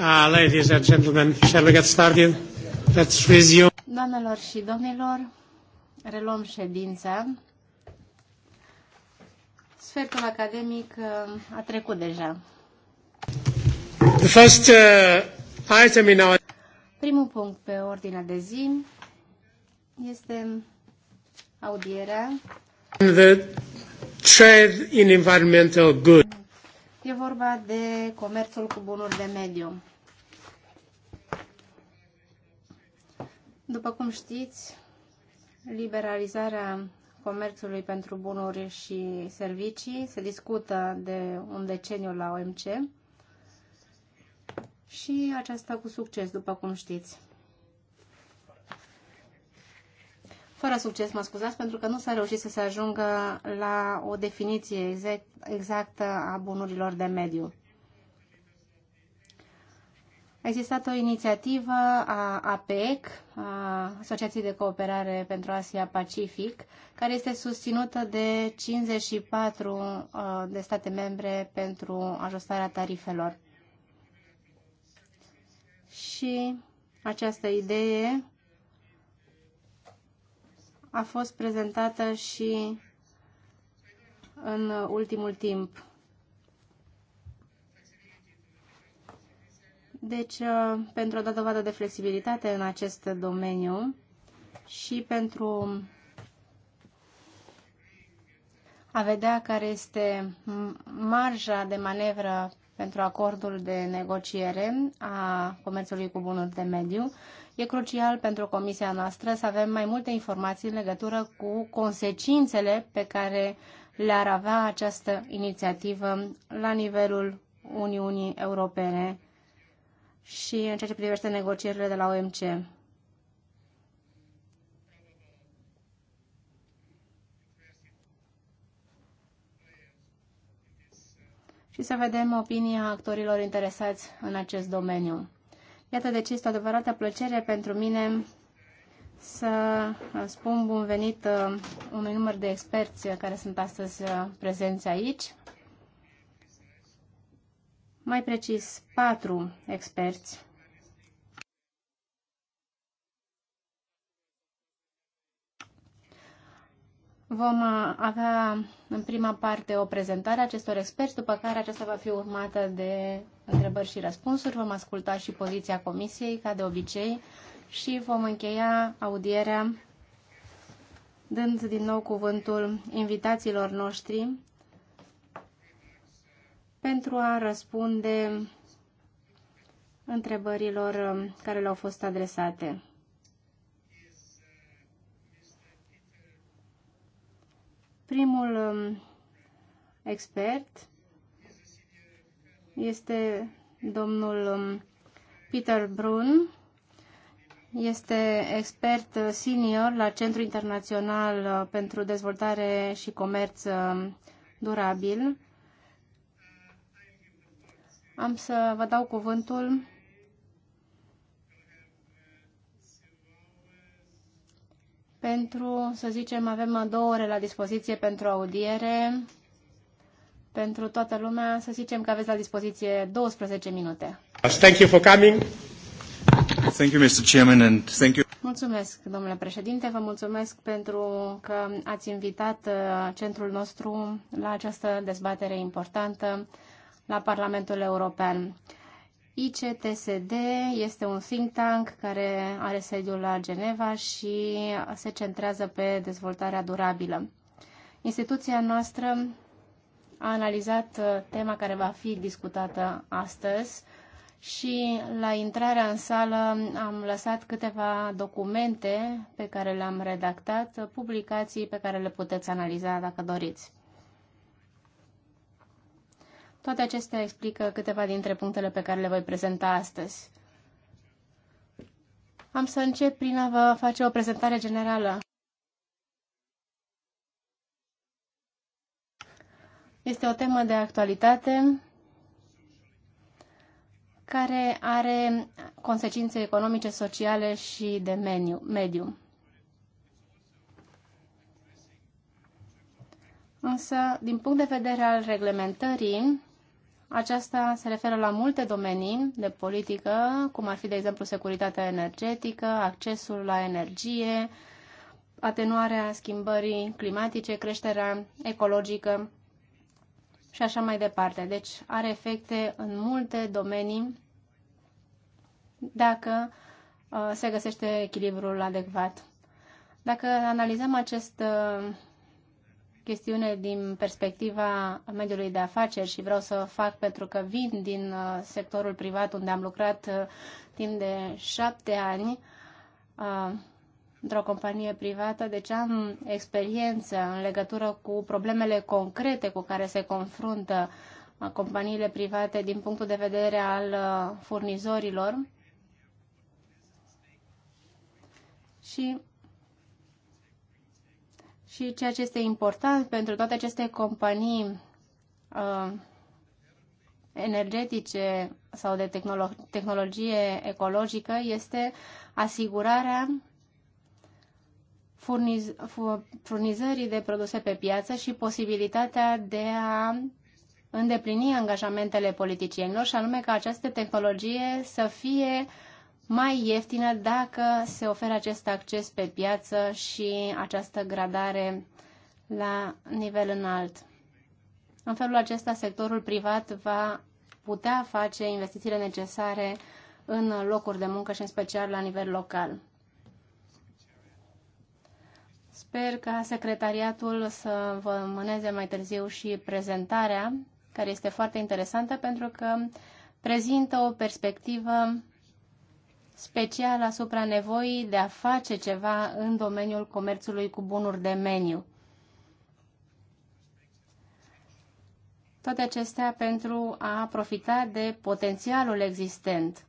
Uh, ladies and gentlemen, shall we get started? Let's resume. Doamnelor și domnilor, reluăm ședința. Sfertul academic uh, a trecut deja. The first uh, item in our... Primul punct pe ordinea de zi este audierea. The trade in environmental goods. E vorba de comerțul cu bunuri de mediu. După cum știți, liberalizarea comerțului pentru bunuri și servicii se discută de un deceniu la OMC și aceasta cu succes, după cum știți. Fără succes, mă scuzați, pentru că nu s-a reușit să se ajungă la o definiție exact, exactă a bunurilor de mediu. A existat o inițiativă a APEC, a Asociației de Cooperare pentru Asia-Pacific, care este susținută de 54 uh, de state membre pentru ajustarea tarifelor. Și această idee a fost prezentată și în ultimul timp. Deci, uh, pentru a da dovadă de flexibilitate în acest domeniu și pentru a vedea care este marja de manevră pentru acordul de negociere a comerțului cu bunuri de mediu. E crucial pentru comisia noastră să avem mai multe informații în legătură cu consecințele pe care le-ar avea această inițiativă la nivelul Uniunii Europene și în ceea ce privește negocierile de la OMC. și să vedem opinia actorilor interesați în acest domeniu. Iată de ce este o adevărată plăcere pentru mine să uh, spun bun venit uh, unui număr de experți uh, care sunt astăzi prezenți aici mai precis patru experți Vom uh, avea în prima parte o prezentare a acestor experți, după care aceasta va fi urmată de întrebări și răspunsuri. Vom asculta și poziția comisiei, ca de obicei, și vom încheia audierea dând din nou cuvântul invitațiilor noștri pentru a răspunde întrebărilor um, care le-au fost adresate. Primul um, expert este domnul um, Peter Brun, este expert uh, senior la Centrul Internațional uh, pentru Dezvoltare și Comerț Durabil am să vă dau cuvântul pentru, să zicem, avem două ore la dispoziție pentru audiere. Pentru toată lumea, să zicem că aveți la dispoziție 12 minute. Thank you for coming. Thank you, Mr. Chairman, and thank you. Mulțumesc, domnule președinte, vă mulțumesc pentru că ați invitat uh, centrul nostru la această dezbatere importantă la Parlamentul European. ICTSD este un think tank care are sediul la Geneva și se centrează pe dezvoltarea durabilă. Instituția noastră a analizat uh, tema care va fi discutată astăzi și la intrarea în sală am lăsat câteva documente pe care le-am redactat, publicații pe care le puteți analiza dacă doriți. Toate acestea explică câteva dintre punctele pe care le voi prezenta astăzi. Am să încep prin a vă face o prezentare generală. Este o temă de actualitate care are consecințe economice, sociale și de meniu, mediu. Însă, din punct de vedere al reglementării, aceasta se referă la multe domenii de politică, cum ar fi, de exemplu, securitatea energetică, accesul la energie, atenuarea schimbării climatice, creșterea ecologică și așa mai departe. Deci are efecte în multe domenii dacă uh, se găsește echilibrul adecvat. Dacă analizăm acest uh, chestiune din perspectiva mediului de afaceri și vreau să o fac pentru că vin din uh, sectorul privat unde am lucrat uh, timp de șapte ani uh, într-o companie privată, deci am experiență în legătură cu problemele concrete cu care se confruntă companiile private din punctul de vedere al furnizorilor. Și și ceea ce este important pentru toate aceste companii uh, energetice sau de tehnolo- tehnologie ecologică este asigurarea furniz- furnizării de produse pe piață și posibilitatea de a îndeplini angajamentele politicienilor și anume ca această tehnologie să fie uh, mai ieftină dacă se oferă acest acces pe piață și această gradare la nivel înalt. În felul acesta, sectorul privat va putea face investițiile necesare în locuri de muncă și în special la nivel local. Sper ca secretariatul să vă mâneze mai târziu și prezentarea, care este foarte interesantă pentru că prezintă o perspectivă special asupra nevoii de a face ceva în domeniul comerțului cu bunuri de meniu. Toate acestea pentru a profita de potențialul existent.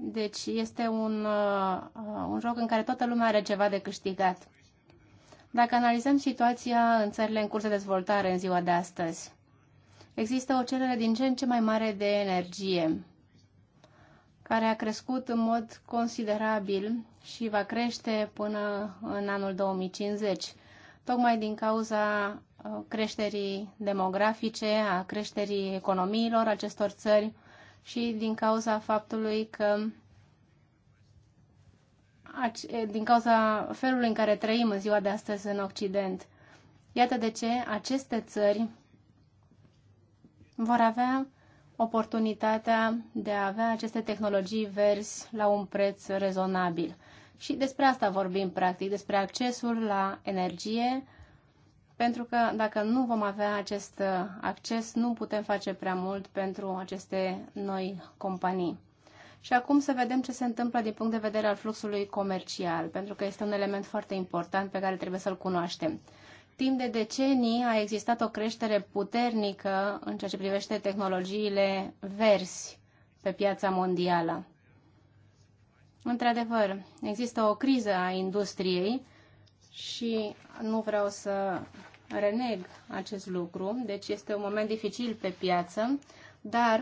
Deci este un, uh, un joc în care toată lumea are ceva de câștigat. Dacă analizăm situația în țările în curs de dezvoltare în ziua de astăzi, există o cerere din ce în ce mai mare de energie care a crescut în mod considerabil și va crește până în anul 2050, tocmai din cauza uh, creșterii demografice, a creșterii economiilor acestor țări și din cauza faptului că din cauza felului în care trăim în ziua de astăzi în Occident. Iată de ce aceste țări vor avea oportunitatea de a avea aceste tehnologii verzi la un preț rezonabil. Și despre asta vorbim, practic, despre accesul la energie, pentru că dacă nu vom avea acest acces, nu putem face prea mult pentru aceste noi companii. Și acum să vedem ce se întâmplă din punct de vedere al fluxului comercial, pentru că este un element foarte important pe care trebuie să-l cunoaștem. Timp de decenii a existat o creștere puternică în ceea ce privește tehnologiile verzi pe piața mondială. Într-adevăr, există o criză a industriei și nu vreau să reneg acest lucru, deci este un moment dificil pe piață, dar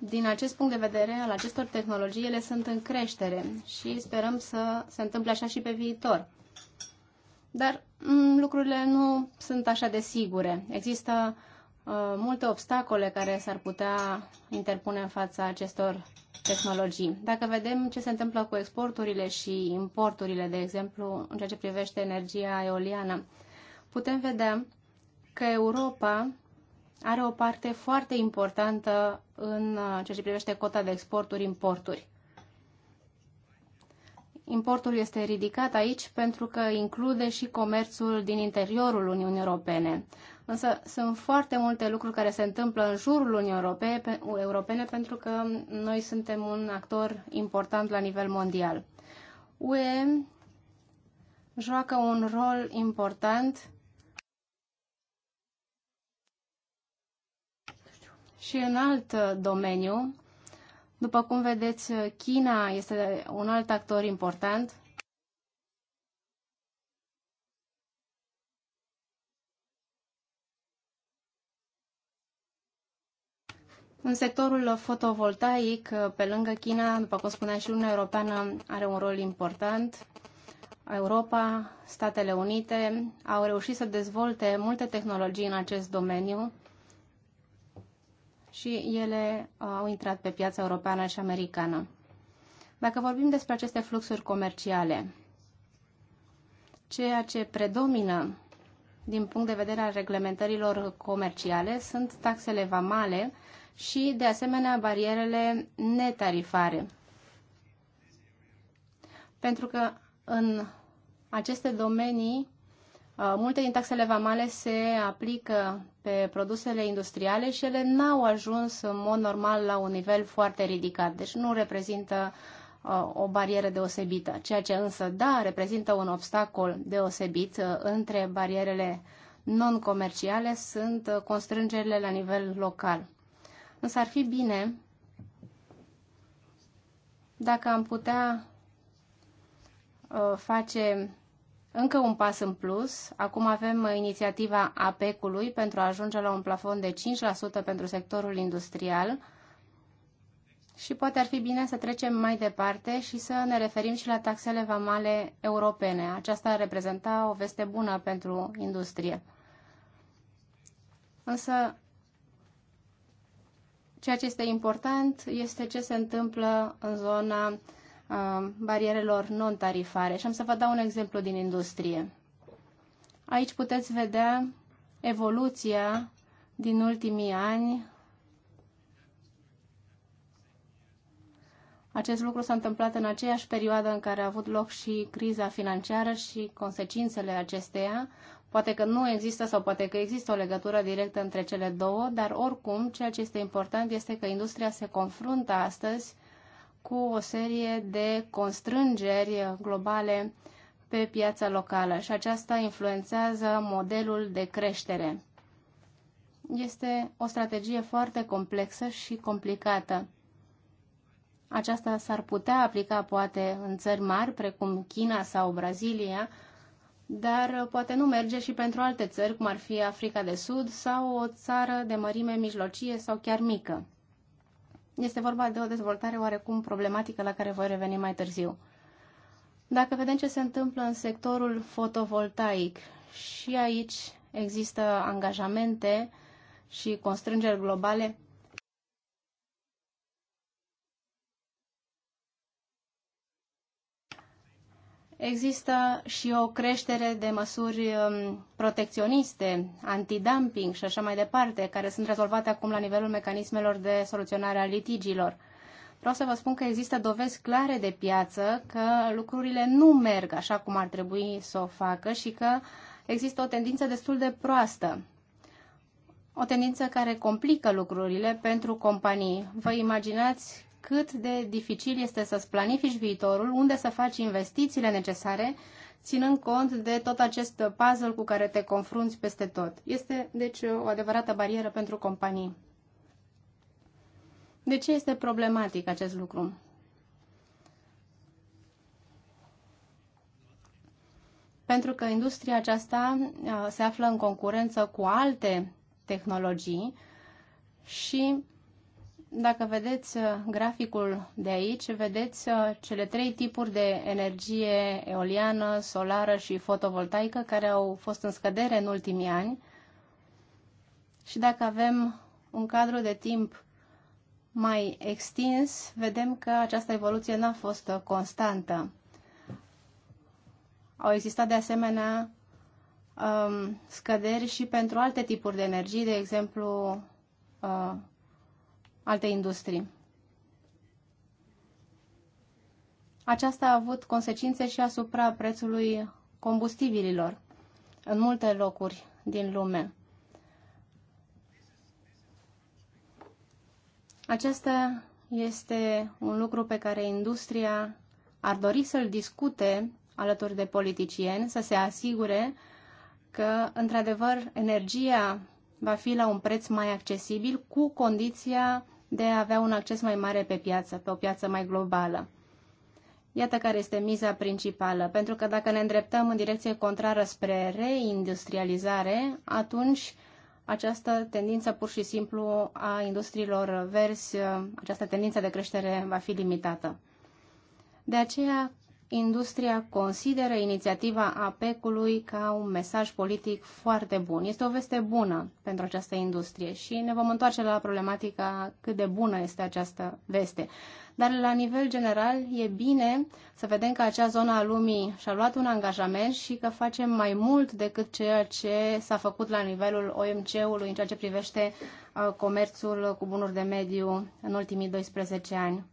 din acest punct de vedere al acestor tehnologii, ele sunt în creștere și sperăm să se întâmple așa și pe viitor dar mm, lucrurile nu sunt așa de sigure. Există uh, multe obstacole care s-ar putea interpune în fața acestor tehnologii. Dacă vedem ce se întâmplă cu exporturile și importurile, de exemplu, în ceea ce privește energia eoliană, putem vedea că Europa are o parte foarte importantă în uh, ceea ce privește cota de exporturi-importuri. Importul este ridicat aici pentru că include și comerțul din interiorul Uniunii Europene. Însă sunt foarte multe lucruri care se întâmplă în jurul Uniunii Europene pentru că noi suntem un actor important la nivel mondial. UE joacă un rol important și în alt domeniu, după cum vedeți, China este un alt actor important În sectorul fotovoltaic, pe lângă China, după cum spunea și Uniunea Europeană, are un rol important. Europa, Statele Unite au reușit să dezvolte multe tehnologii în acest domeniu și ele uh, au intrat pe piața europeană și americană. Dacă vorbim despre aceste fluxuri comerciale, ceea ce predomină din punct de vedere al reglementărilor comerciale sunt taxele vamale și, de asemenea, barierele netarifare. Pentru că în aceste domenii, uh, multe din taxele vamale se aplică pe produsele industriale și ele n-au ajuns în mod normal la un nivel foarte ridicat, deci nu reprezintă uh, o barieră deosebită, ceea ce însă, da, reprezintă un obstacol deosebit uh, între barierele non-comerciale sunt uh, constrângerile la nivel local. Însă ar fi bine dacă am putea face încă un pas în plus. Acum avem uh, inițiativa APEC-ului pentru a ajunge la un plafon de 5% pentru sectorul industrial și poate ar fi bine să trecem mai departe și să ne referim și la taxele vamale europene. Aceasta ar reprezenta o veste bună pentru industrie. Însă, ceea ce este important este ce se întâmplă în zona barierelor non-tarifare. Și am să vă dau un exemplu din industrie. Aici puteți vedea evoluția din ultimii ani. Acest lucru s-a întâmplat în aceeași perioadă în care a avut loc și criza financiară și consecințele acesteia. Poate că nu există sau poate că există o legătură directă între cele două, dar oricum ceea ce este important este că industria se confruntă astăzi cu o serie de constrângeri globale pe piața locală și aceasta influențează modelul de creștere. Este o strategie foarte complexă și complicată. Aceasta s-ar putea aplica poate în țări mari, precum China sau Brazilia, dar poate nu merge și pentru alte țări, cum ar fi Africa de Sud sau o țară de mărime mijlocie sau chiar mică. Este vorba de o dezvoltare oarecum problematică la care voi reveni mai târziu. Dacă vedem ce se întâmplă în sectorul fotovoltaic, și aici există angajamente și constrângeri globale există și o creștere de măsuri um, protecționiste, antidumping și așa mai departe, care sunt rezolvate acum la nivelul mecanismelor de soluționare a litigiilor. Vreau să vă spun că există dovezi clare de piață că lucrurile nu merg așa cum ar trebui să o facă și că există o tendință destul de proastă. O tendință care complică lucrurile pentru companii. Vă imaginați cât de dificil este să-ți planifici viitorul, unde să faci investițiile necesare, ținând cont de tot acest puzzle cu care te confrunți peste tot. Este, deci, o adevărată barieră pentru companii. De ce este problematic acest lucru? Pentru că industria aceasta uh, se află în concurență cu alte tehnologii și dacă vedeți uh, graficul de aici, vedeți uh, cele trei tipuri de energie eoliană, solară și fotovoltaică care au fost în scădere în ultimii ani. Și dacă avem un cadru de timp mai extins, vedem că această evoluție n-a fost uh, constantă. Au existat de asemenea um, scăderi și pentru alte tipuri de energie, de exemplu alte industrii. Aceasta a avut consecințe și asupra prețului combustibililor în multe locuri din lume. Acesta este un lucru pe care industria ar dori să-l discute alături de politicieni, să se asigure că, într-adevăr, energia va fi la un preț mai accesibil cu condiția de a avea un acces mai mare pe piață, pe o piață mai globală. Iată care este miza principală, pentru că dacă ne îndreptăm în direcție contrară spre reindustrializare, atunci această tendință pur și simplu a industriilor verzi, această tendință de creștere va fi limitată. De aceea industria consideră inițiativa APEC-ului ca un mesaj politic foarte bun. Este o veste bună pentru această industrie și ne vom întoarce la problematica cât de bună este această veste. Dar la nivel general e bine să vedem că acea zonă a lumii și-a luat un angajament și că facem mai mult decât ceea ce s-a făcut la nivelul OMC-ului în ceea ce privește uh, comerțul cu bunuri de mediu în ultimii 12 ani.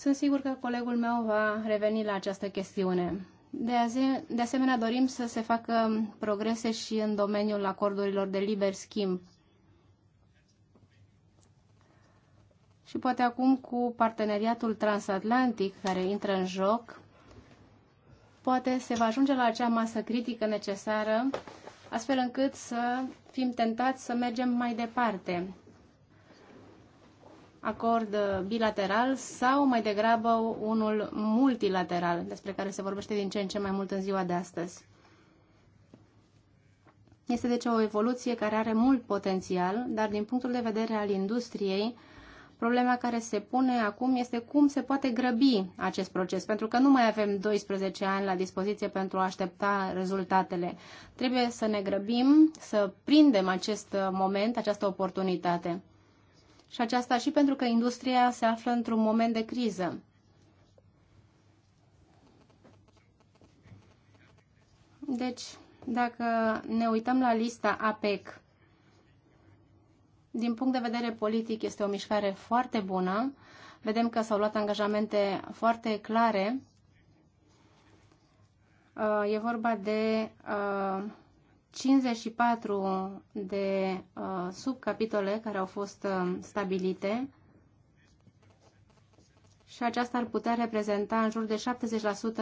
Sunt sigur că colegul meu va reveni la această chestiune. De, aze- de asemenea, dorim să se facă progrese și în domeniul acordurilor de liber schimb. Și poate acum cu parteneriatul transatlantic care intră în joc, poate se va ajunge la acea masă critică necesară, astfel încât să fim tentați să mergem mai departe acord bilateral sau mai degrabă unul multilateral, despre care se vorbește din ce în ce mai mult în ziua de astăzi. Este deci o evoluție care are mult potențial, dar din punctul de vedere al industriei, problema care se pune acum este cum se poate grăbi acest proces, pentru că nu mai avem 12 ani la dispoziție pentru a aștepta rezultatele. Trebuie să ne grăbim, să prindem acest moment, această oportunitate. Și aceasta și pentru că industria se află într-un moment de criză. Deci, dacă ne uităm la lista APEC, din punct de vedere politic este o mișcare foarte bună. Vedem că s-au luat angajamente foarte clare. Uh, e vorba de uh, 54 de uh, subcapitole care au fost uh, stabilite și aceasta ar putea reprezenta în jur de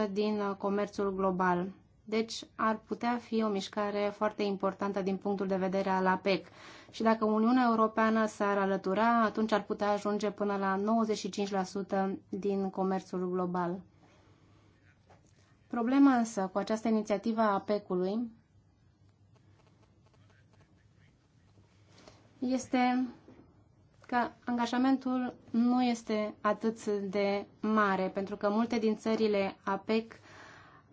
70% din uh, comerțul global. Deci ar putea fi o mișcare foarte importantă din punctul de vedere al APEC. Și dacă Uniunea Europeană s-ar alătura, atunci ar putea ajunge până la 95% din comerțul global. Problema însă cu această inițiativă a APEC-ului este că angajamentul nu este atât de mare, pentru că multe din țările APEC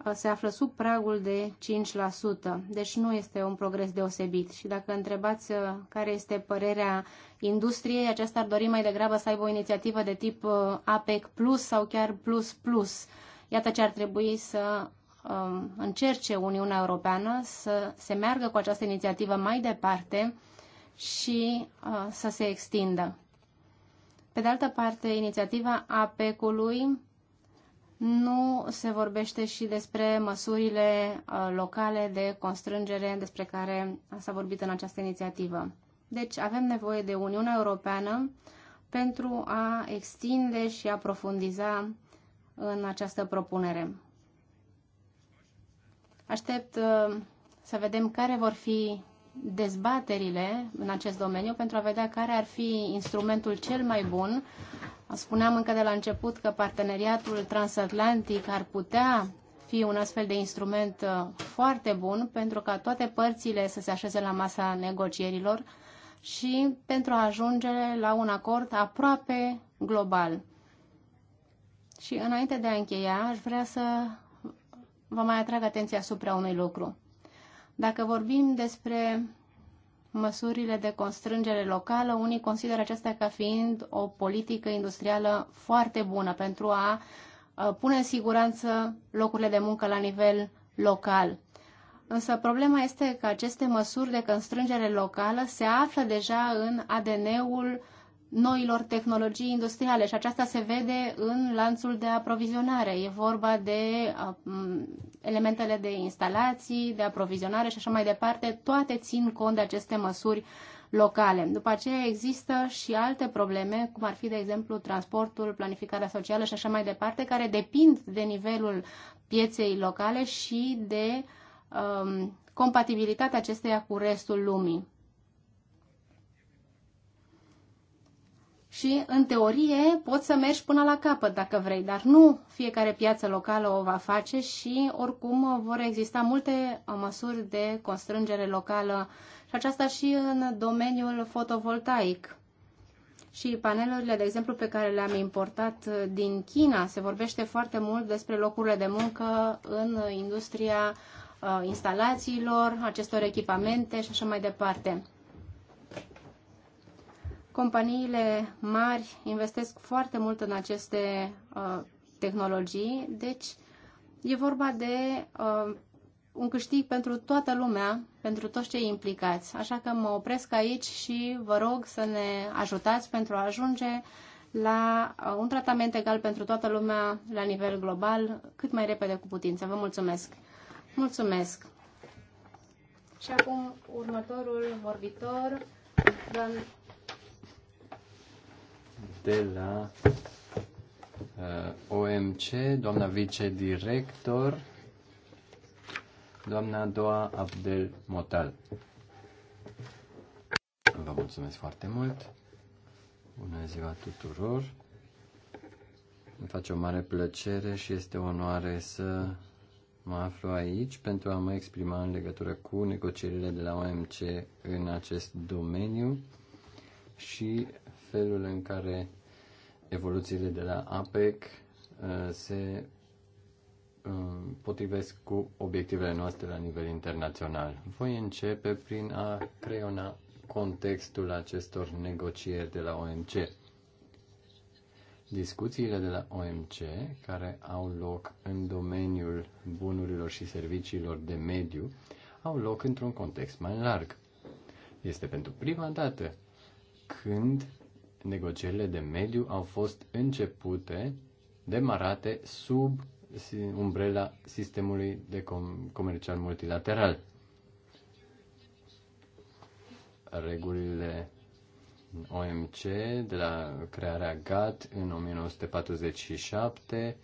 uh, se află sub pragul de 5%, deci nu este un progres deosebit. Și dacă întrebați uh, care este părerea industriei, aceasta ar dori mai degrabă să aibă o inițiativă de tip uh, APEC Plus sau chiar Plus Plus. Iată ce ar trebui să um, încerce Uniunea Europeană să se meargă cu această inițiativă mai departe, și uh, să se extindă. Pe de altă parte, inițiativa APEC-ului nu se vorbește și despre măsurile uh, locale de constrângere despre care s-a vorbit în această inițiativă. Deci avem nevoie de Uniunea Europeană pentru a extinde și a profundiza în această propunere. Aștept uh, să vedem care vor fi dezbaterile în acest domeniu pentru a vedea care ar fi instrumentul cel mai bun. Spuneam încă de la început că parteneriatul transatlantic ar putea fi un astfel de instrument uh, foarte bun pentru ca toate părțile să se așeze la masa negocierilor și pentru a ajunge la un acord aproape global. Și înainte de a încheia, aș vrea să vă mai atrag atenția asupra unui lucru. Dacă vorbim despre măsurile de constrângere locală, unii consideră aceasta ca fiind o politică industrială foarte bună pentru a pune în siguranță locurile de muncă la nivel local. Însă problema este că aceste măsuri de constrângere locală se află deja în ADN-ul uh, noilor tehnologii industriale și aceasta se vede în lanțul de aprovizionare. E vorba de um, elementele de instalații, de aprovizionare și așa mai departe. Toate țin cont de aceste măsuri locale. După aceea există și alte probleme, cum ar fi, de exemplu, transportul, planificarea socială și așa mai departe, care depind de nivelul pieței locale și de um, compatibilitatea acesteia cu restul lumii. și, în teorie, poți să mergi până la capăt dacă vrei, dar nu fiecare piață locală o va face și, oricum, vor exista multe uh, măsuri de constrângere locală și aceasta și în domeniul fotovoltaic. Și panelurile, de exemplu, pe care le-am importat uh, din China, se vorbește foarte mult despre locurile de muncă în industria uh, instalațiilor, acestor echipamente și așa mai departe. Companiile mari investesc foarte mult în aceste uh, tehnologii, deci e vorba de uh, un câștig pentru toată lumea, pentru toți cei implicați. Așa că mă opresc aici și vă rog să ne ajutați pentru a ajunge la uh, un tratament egal pentru toată lumea la nivel global, cât mai repede cu putință. Vă mulțumesc! Mulțumesc! Și acum următorul vorbitor, doamna de la uh, OMC, doamna vicedirector, doamna Doa Abdel Motal. Vă mulțumesc foarte mult. Bună ziua tuturor. Îmi face o mare plăcere și este o onoare să mă aflu aici pentru a mă exprima în legătură cu negocierile de la OMC în acest domeniu și felul în care evoluțiile de la APEC uh, se um, potrivesc cu obiectivele noastre la nivel internațional. Voi începe prin a creiona contextul acestor negocieri de la OMC. Discuțiile de la OMC, care au loc în domeniul bunurilor și serviciilor de mediu, au loc într-un context mai larg. Este pentru prima dată când negocierile de mediu au fost începute, demarate sub umbrela sistemului de com- comercial multilateral. Regulile OMC de la crearea GATT în 1947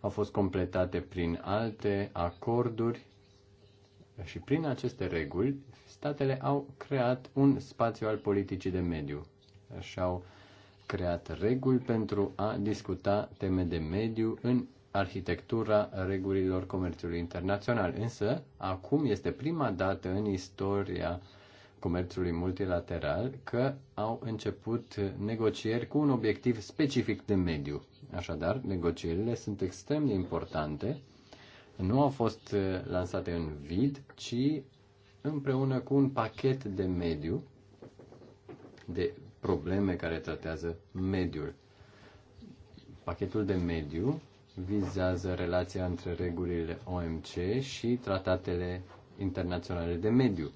au fost completate prin alte acorduri și prin aceste reguli statele au creat un spațiu al politicii de mediu și-au creat reguli pentru a discuta teme de mediu în arhitectura regulilor comerțului internațional. Însă, acum este prima dată în istoria comerțului multilateral că au început negocieri cu un obiectiv specific de mediu. Așadar, negocierile sunt extrem de importante. Nu au fost uh, lansate în vid, ci împreună cu un pachet de mediu de probleme care tratează mediul. Pachetul de mediu vizează relația între regulile OMC și tratatele internaționale de mediu.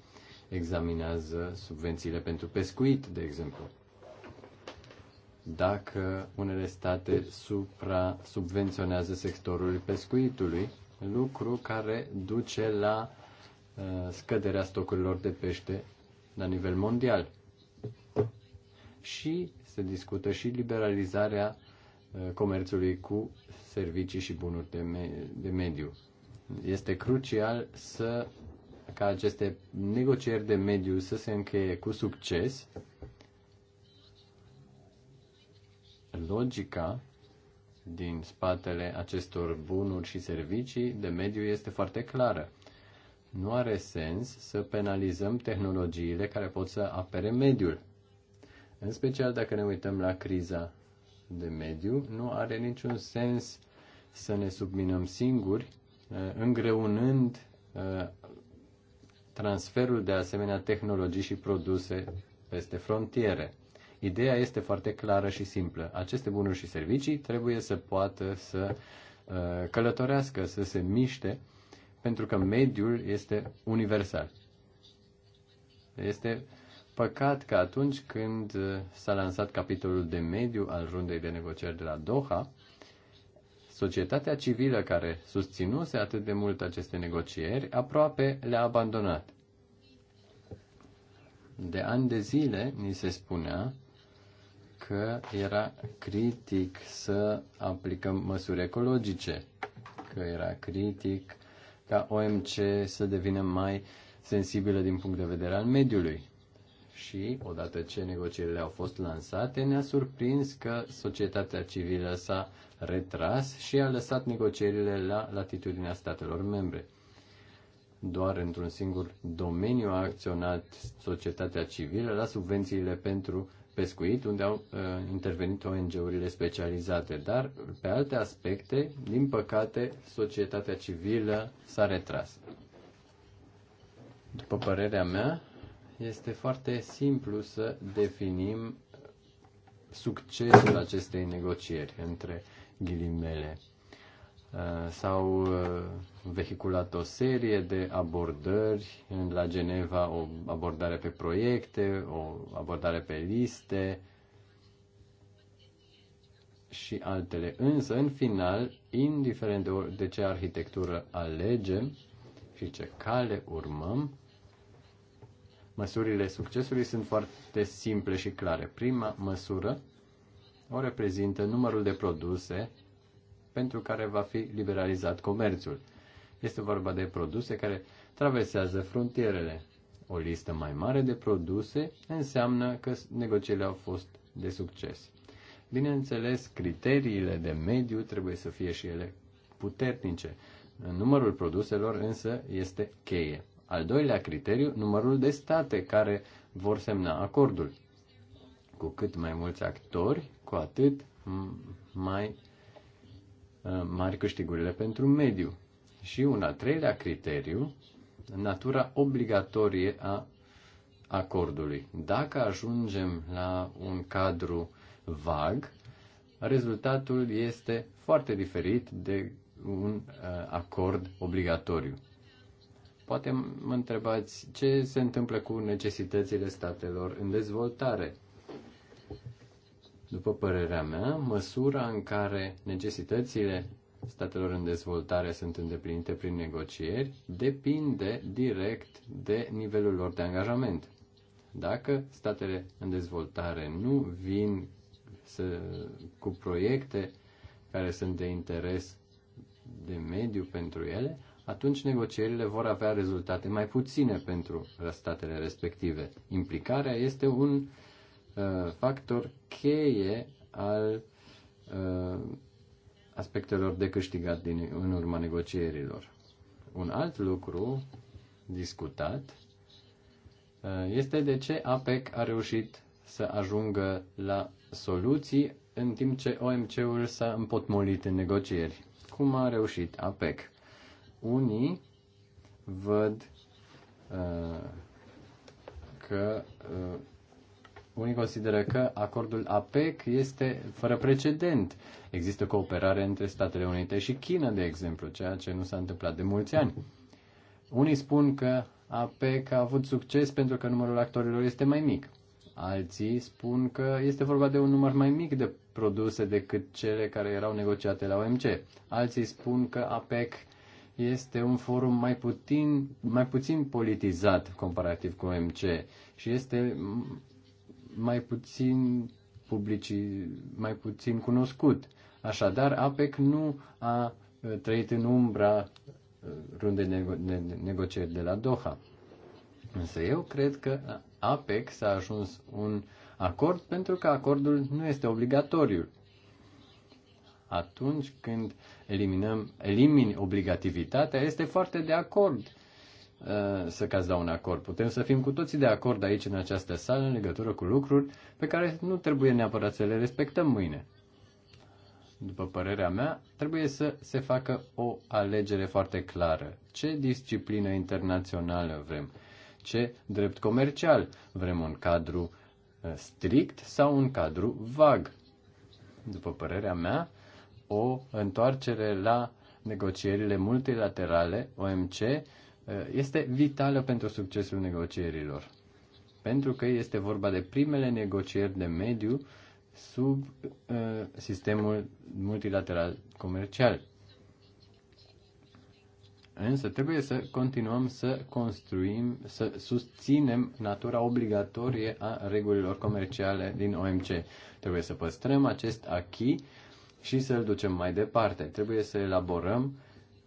Examinează subvențiile pentru pescuit, de exemplu. Dacă unele state supra subvenționează sectorul pescuitului, lucru care duce la uh, scăderea stocurilor de pește la nivel mondial și se discută și liberalizarea uh, comerțului cu servicii și bunuri de, me- de mediu. Este crucial să ca aceste negocieri de mediu să se încheie cu succes. Logica din spatele acestor bunuri și servicii de mediu este foarte clară. Nu are sens să penalizăm tehnologiile care pot să apere mediul. În special dacă ne uităm la criza de mediu, nu are niciun sens să ne subminăm singuri, uh, îngreunând uh, transferul de asemenea tehnologii și produse peste frontiere. Ideea este foarte clară și simplă. Aceste bunuri și servicii trebuie să poată să uh, călătorească, să se miște, pentru că mediul este universal. Este Păcat că atunci când uh, s-a lansat capitolul de mediu al rundei de negocieri de la Doha, societatea civilă care susținuse atât de mult aceste negocieri aproape le-a abandonat. De ani de zile ni se spunea că era critic să aplicăm măsuri ecologice, că era critic ca OMC să devină mai sensibilă din punct de vedere al mediului și, odată ce negocierile au fost lansate, ne-a surprins că societatea civilă s-a retras și a lăsat negocierile la latitudinea statelor membre. Doar într-un singur domeniu a acționat societatea civilă la subvențiile pentru pescuit, unde au uh, intervenit ONG-urile specializate, dar pe alte aspecte, din păcate, societatea civilă s-a retras. După părerea mea, este foarte simplu să definim succesul acestei negocieri între ghilimele. Uh, s-au uh, vehiculat o serie de abordări la Geneva, o abordare pe proiecte, o abordare pe liste și altele. Însă, în final, indiferent de ce arhitectură alegem și ce cale urmăm, Măsurile succesului sunt foarte simple și clare. Prima măsură o reprezintă numărul de produse pentru care va fi liberalizat comerțul. Este vorba de produse care traversează frontierele. O listă mai mare de produse înseamnă că negocierile au fost de succes. Bineînțeles, criteriile de mediu trebuie să fie și ele puternice. Numărul produselor însă este cheie. Al doilea criteriu, numărul de state care vor semna acordul. Cu cât mai mulți actori, cu atât mai uh, mari câștigurile pentru mediu. Și un al treilea criteriu, natura obligatorie a acordului. Dacă ajungem la un cadru vag, rezultatul este foarte diferit de un uh, acord obligatoriu. Poate mă întrebați ce se întâmplă cu necesitățile statelor în dezvoltare. După părerea mea, măsura în care necesitățile statelor în dezvoltare sunt îndeplinite prin negocieri depinde direct de nivelul lor de angajament. Dacă statele în dezvoltare nu vin să, cu proiecte care sunt de interes de mediu pentru ele, atunci negocierile vor avea rezultate mai puține pentru statele respective. Implicarea este un uh, factor cheie al uh, aspectelor de câștigat din, în urma negocierilor. Un alt lucru discutat uh, este de ce APEC a reușit să ajungă la soluții în timp ce OMC-ul s-a împotmolit în negocieri. Cum a reușit APEC? Unii văd uh, că uh, unii consideră că acordul APEC este fără precedent. Există cooperare între Statele Unite și China, de exemplu, ceea ce nu s-a întâmplat de mulți ani. Unii spun că APEC a avut succes pentru că numărul actorilor este mai mic. Alții spun că este vorba de un număr mai mic de produse decât cele care erau negociate la OMC. Alții spun că APEC este un forum mai puțin, mai puțin politizat comparativ cu OMC și este mai puțin publici, mai puțin cunoscut. Așadar, APEC nu a uh, trăit în umbra uh, runde de negocieri de la Doha. Însă eu cred că APEC s-a ajuns un acord pentru că acordul nu este obligatoriu atunci când eliminăm, elimini obligativitatea, este foarte de acord uh, să cați da un acord. Putem să fim cu toții de acord aici, în această sală, în legătură cu lucruri pe care nu trebuie neapărat să le respectăm mâine. După părerea mea, trebuie să se facă o alegere foarte clară. Ce disciplină internațională vrem? Ce drept comercial? Vrem un cadru uh, strict sau un cadru vag? După părerea mea, o întoarcere la negocierile multilaterale, OMC, eh, este vitală pentru succesul negocierilor. Pentru că este vorba de primele negocieri de mediu sub eh, sistemul multilateral comercial. Însă trebuie să continuăm să construim, să susținem natura obligatorie a regulilor comerciale din OMC. Trebuie să păstrăm acest acquis și să-l ducem mai departe. Trebuie să elaborăm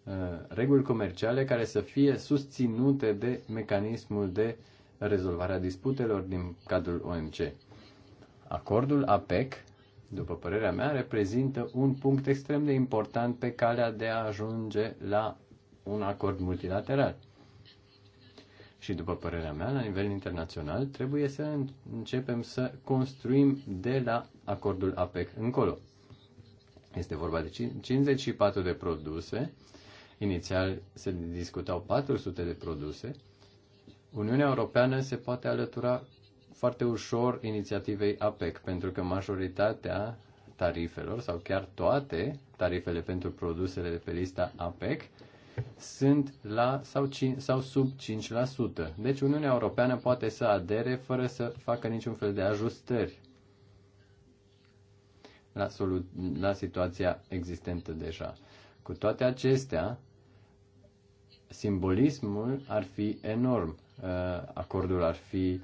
uh, reguli comerciale care să fie susținute de mecanismul de rezolvare a disputelor din cadrul OMC. Acordul APEC, după părerea mea, reprezintă un punct extrem de important pe calea de a ajunge la un acord multilateral. Și după părerea mea, la nivel internațional, trebuie să începem să construim de la acordul APEC încolo. Este vorba de 54 de produse. Inițial se discutau 400 de produse. Uniunea Europeană se poate alătura foarte ușor inițiativei APEC, pentru că majoritatea tarifelor sau chiar toate tarifele pentru produsele de pe lista APEC sunt la sau, 5, sau sub 5%. Deci Uniunea Europeană poate să adere fără să facă niciun fel de ajustări la, la situația existentă deja. Cu toate acestea, simbolismul ar fi enorm. Uh, acordul ar fi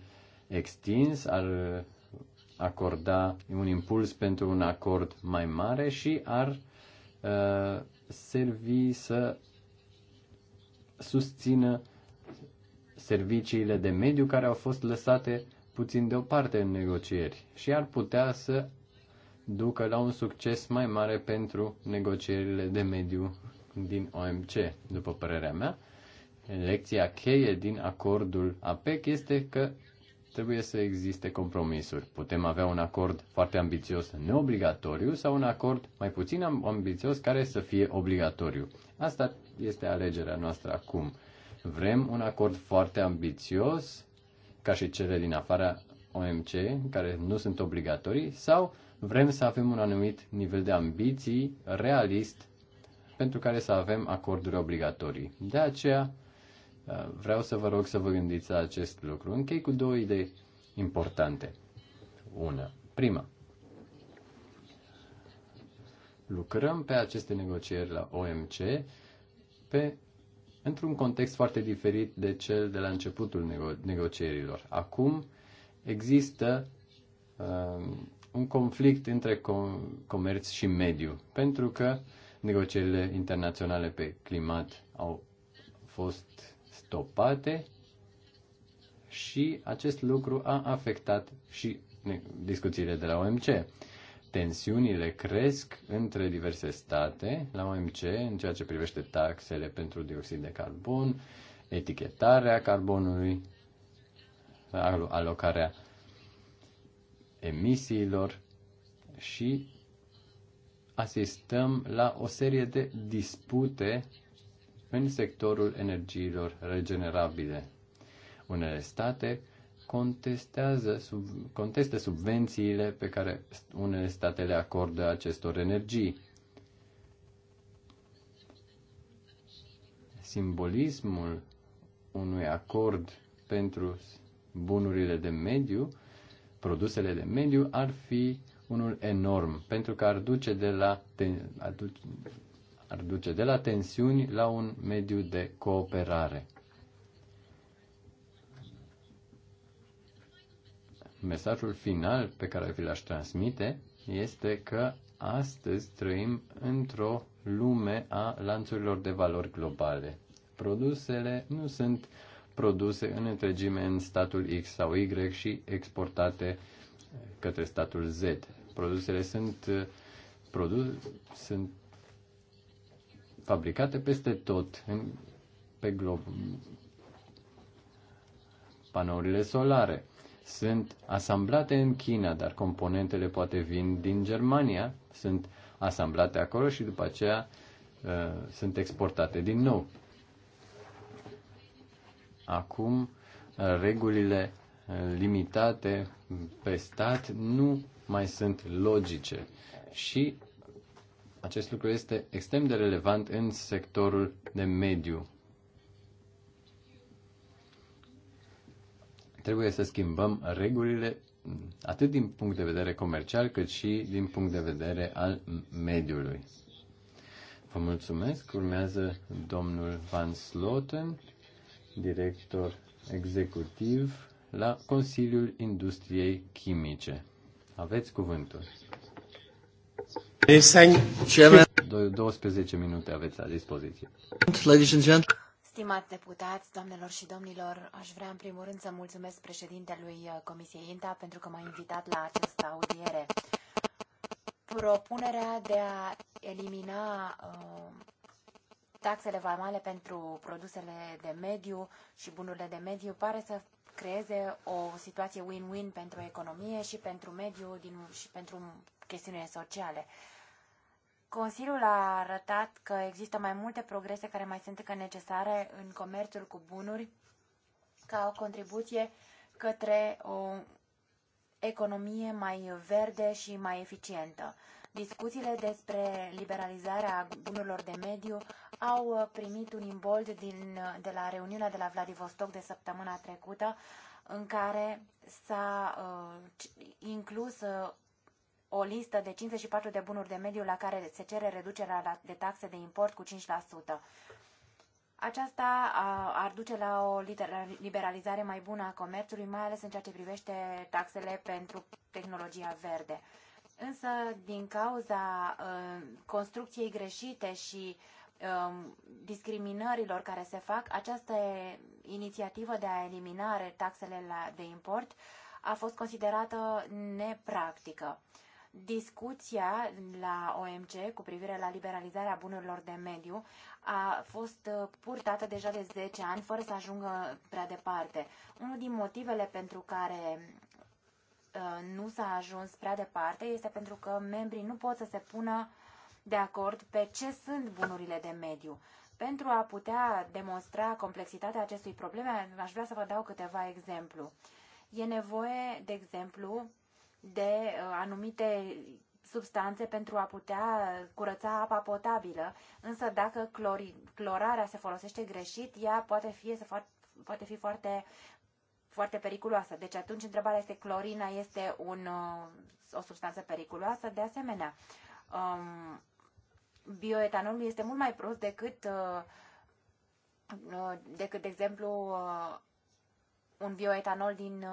extins, ar acorda un impuls pentru un acord mai mare și ar uh, servi să susțină serviciile de mediu care au fost lăsate puțin deoparte în negocieri și ar putea să ducă la un succes mai mare pentru negocierile de mediu din OMC, după părerea mea. Lecția cheie din acordul APEC este că trebuie să existe compromisuri. Putem avea un acord foarte ambițios neobligatoriu sau un acord mai puțin ambițios care să fie obligatoriu. Asta este alegerea noastră acum. Vrem un acord foarte ambițios, ca și cele din afara OMC, care nu sunt obligatorii, sau Vrem să avem un anumit nivel de ambiții realist pentru care să avem acorduri obligatorii. De aceea uh, vreau să vă rog să vă gândiți la acest lucru. Închei cu două idei importante. Una. Prima. Lucrăm pe aceste negocieri la OMC pe, într-un context foarte diferit de cel de la începutul nego- negocierilor. Acum există uh, un conflict între com- comerț și mediu, pentru că negocierile internaționale pe climat au fost stopate și acest lucru a afectat și discuțiile de la OMC. Tensiunile cresc între diverse state la OMC în ceea ce privește taxele pentru dioxid de carbon, etichetarea carbonului, alocarea emisiilor și asistăm la o serie de dispute în sectorul energiilor regenerabile. Unele state contestează, sub, conteste subvențiile pe care unele state le acordă acestor energii. Simbolismul unui acord pentru bunurile de mediu produsele de mediu ar fi unul enorm, pentru că ar duce de la, ten, ar duce, ar duce de la tensiuni la un mediu de cooperare. Mesajul final pe care vi l-aș transmite este că astăzi trăim într-o lume a lanțurilor de valori globale. Produsele nu sunt uh, produse în întregime în statul X sau Y și exportate către statul Z. Produsele sunt, uh, produ- sunt fabricate peste tot în, pe glob. Panourile solare sunt asamblate în China, dar componentele poate vin din Germania, sunt asamblate acolo și după aceea uh, sunt exportate din nou. Acum, uh, regulile uh, limitate pe stat nu mai sunt logice și acest lucru este extrem de relevant în sectorul de mediu. Trebuie să schimbăm regulile atât din punct de vedere comercial cât și din punct de vedere al mediului. Vă mulțumesc. Urmează domnul Van Sloten director executiv la Consiliul Industriei Chimice. Aveți cuvântul. 12 minute aveți la dispoziție. Stimați deputați, doamnelor și domnilor, aș vrea în primul rând să mulțumesc președintelui uh, Comisiei INTA pentru că m-a invitat la această audiere. Propunerea de a elimina uh, taxele vamale pentru produsele de mediu și bunurile de mediu pare să creeze o situație win-win pentru economie și pentru mediu din, și pentru chestiunile sociale. Consiliul a arătat că există mai multe progrese care mai sunt încă necesare în comerțul cu bunuri ca o contribuție către o economie mai verde și mai eficientă. Discuțiile despre liberalizarea bunurilor de mediu au uh, primit un imbold din, uh, de la reuniunea de la Vladivostok de săptămâna trecută, în care s-a uh, inclus uh, o listă de 54 de bunuri de mediu la care se cere reducerea de taxe de import cu 5%. Aceasta ar duce la o liberalizare mai bună a comerțului, mai ales în ceea ce privește taxele pentru tehnologia verde. Însă, din cauza uh, construcției greșite și Um, discriminărilor care se fac, această inițiativă de a elimina taxele la, de import a fost considerată nepractică. Discuția la OMC cu privire la liberalizarea bunurilor de mediu a fost uh, purtată deja de 10 ani, fără să ajungă prea departe. Unul din motivele pentru care uh, nu s-a ajuns prea departe este pentru că membrii nu pot să se pună de acord pe ce sunt bunurile de mediu. Pentru a putea demonstra complexitatea acestui probleme, aș vrea să vă dau câteva exemplu. E nevoie, de exemplu, de uh, anumite substanțe pentru a putea curăța apa potabilă, însă dacă clori, clorarea se folosește greșit, ea poate fi, se poate fi foarte foarte periculoasă. Deci atunci întrebarea este clorina este un, uh, o substanță periculoasă. De asemenea, um, bioetanolul este mult mai prost decât, uh, uh, decât de exemplu, uh, un bioetanol din,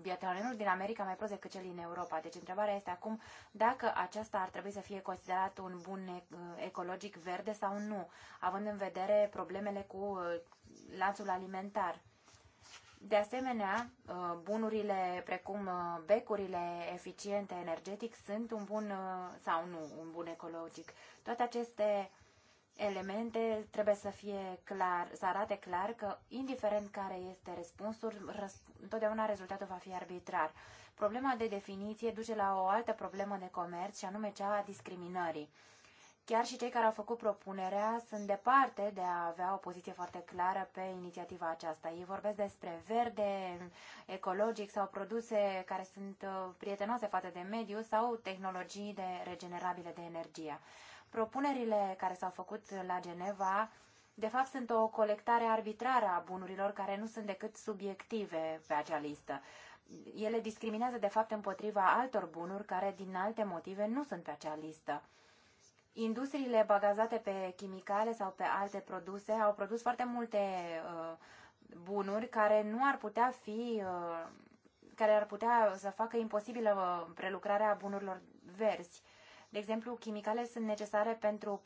bioetanolul din America mai prost decât cel din Europa. Deci întrebarea este acum dacă aceasta ar trebui să fie considerat un bun ecologic verde sau nu, având în vedere problemele cu lanțul alimentar. De asemenea, uh, bunurile precum uh, becurile eficiente energetic sunt un bun uh, sau nu un bun ecologic. Toate aceste elemente trebuie să fie clar, să arate clar că indiferent care este răspunsul, răsp- întotdeauna rezultatul va fi arbitrar. Problema de definiție duce la o altă problemă de comerț și anume cea a discriminării. Chiar și cei care au făcut propunerea sunt departe de a avea o poziție foarte clară pe inițiativa aceasta. Ei vorbesc despre verde, ecologic sau produse care sunt uh, prietenoase față de mediu sau tehnologii de regenerabile de energie. Propunerile care s-au făcut la Geneva de fapt, sunt o colectare arbitrară a bunurilor care nu sunt decât subiective pe acea listă. Ele discriminează, de fapt, împotriva altor bunuri care, din alte motive, nu sunt pe acea listă. Industriile bazate pe chimicale sau pe alte produse au produs foarte multe uh, bunuri care nu ar putea fi uh, care ar putea să facă imposibilă uh, prelucrarea bunurilor verzi. De exemplu, chimicale sunt necesare pentru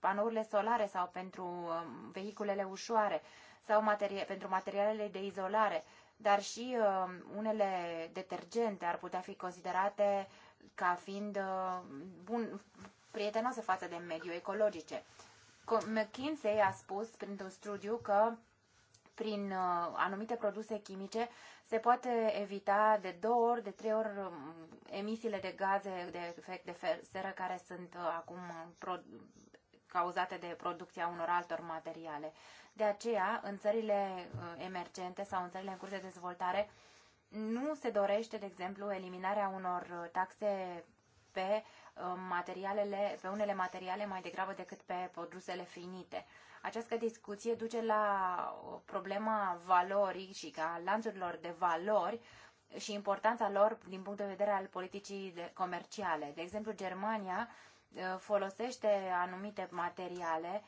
panourile solare sau pentru um, vehiculele ușoare sau materie, pentru materialele de izolare, dar și uh, unele detergente ar putea fi considerate ca fiind uh, bun, prietenoase față de mediu ecologice. McKinsey a spus printr-un studiu că prin uh, anumite produse chimice se poate evita de două ori, de trei ori um, emisiile de gaze de efect de seră care sunt uh, acum uh, cauzate de producția unor altor materiale. De aceea, în țările emergente sau în țările în curs de dezvoltare, nu se dorește, de exemplu, eliminarea unor taxe pe Um, materialele, pe unele materiale mai degrabă decât pe produsele finite. Această discuție duce la problema valorii și ca lanțurilor de valori și importanța lor din punct de vedere al politicii comerciale. De exemplu, Germania uh, folosește anumite materiale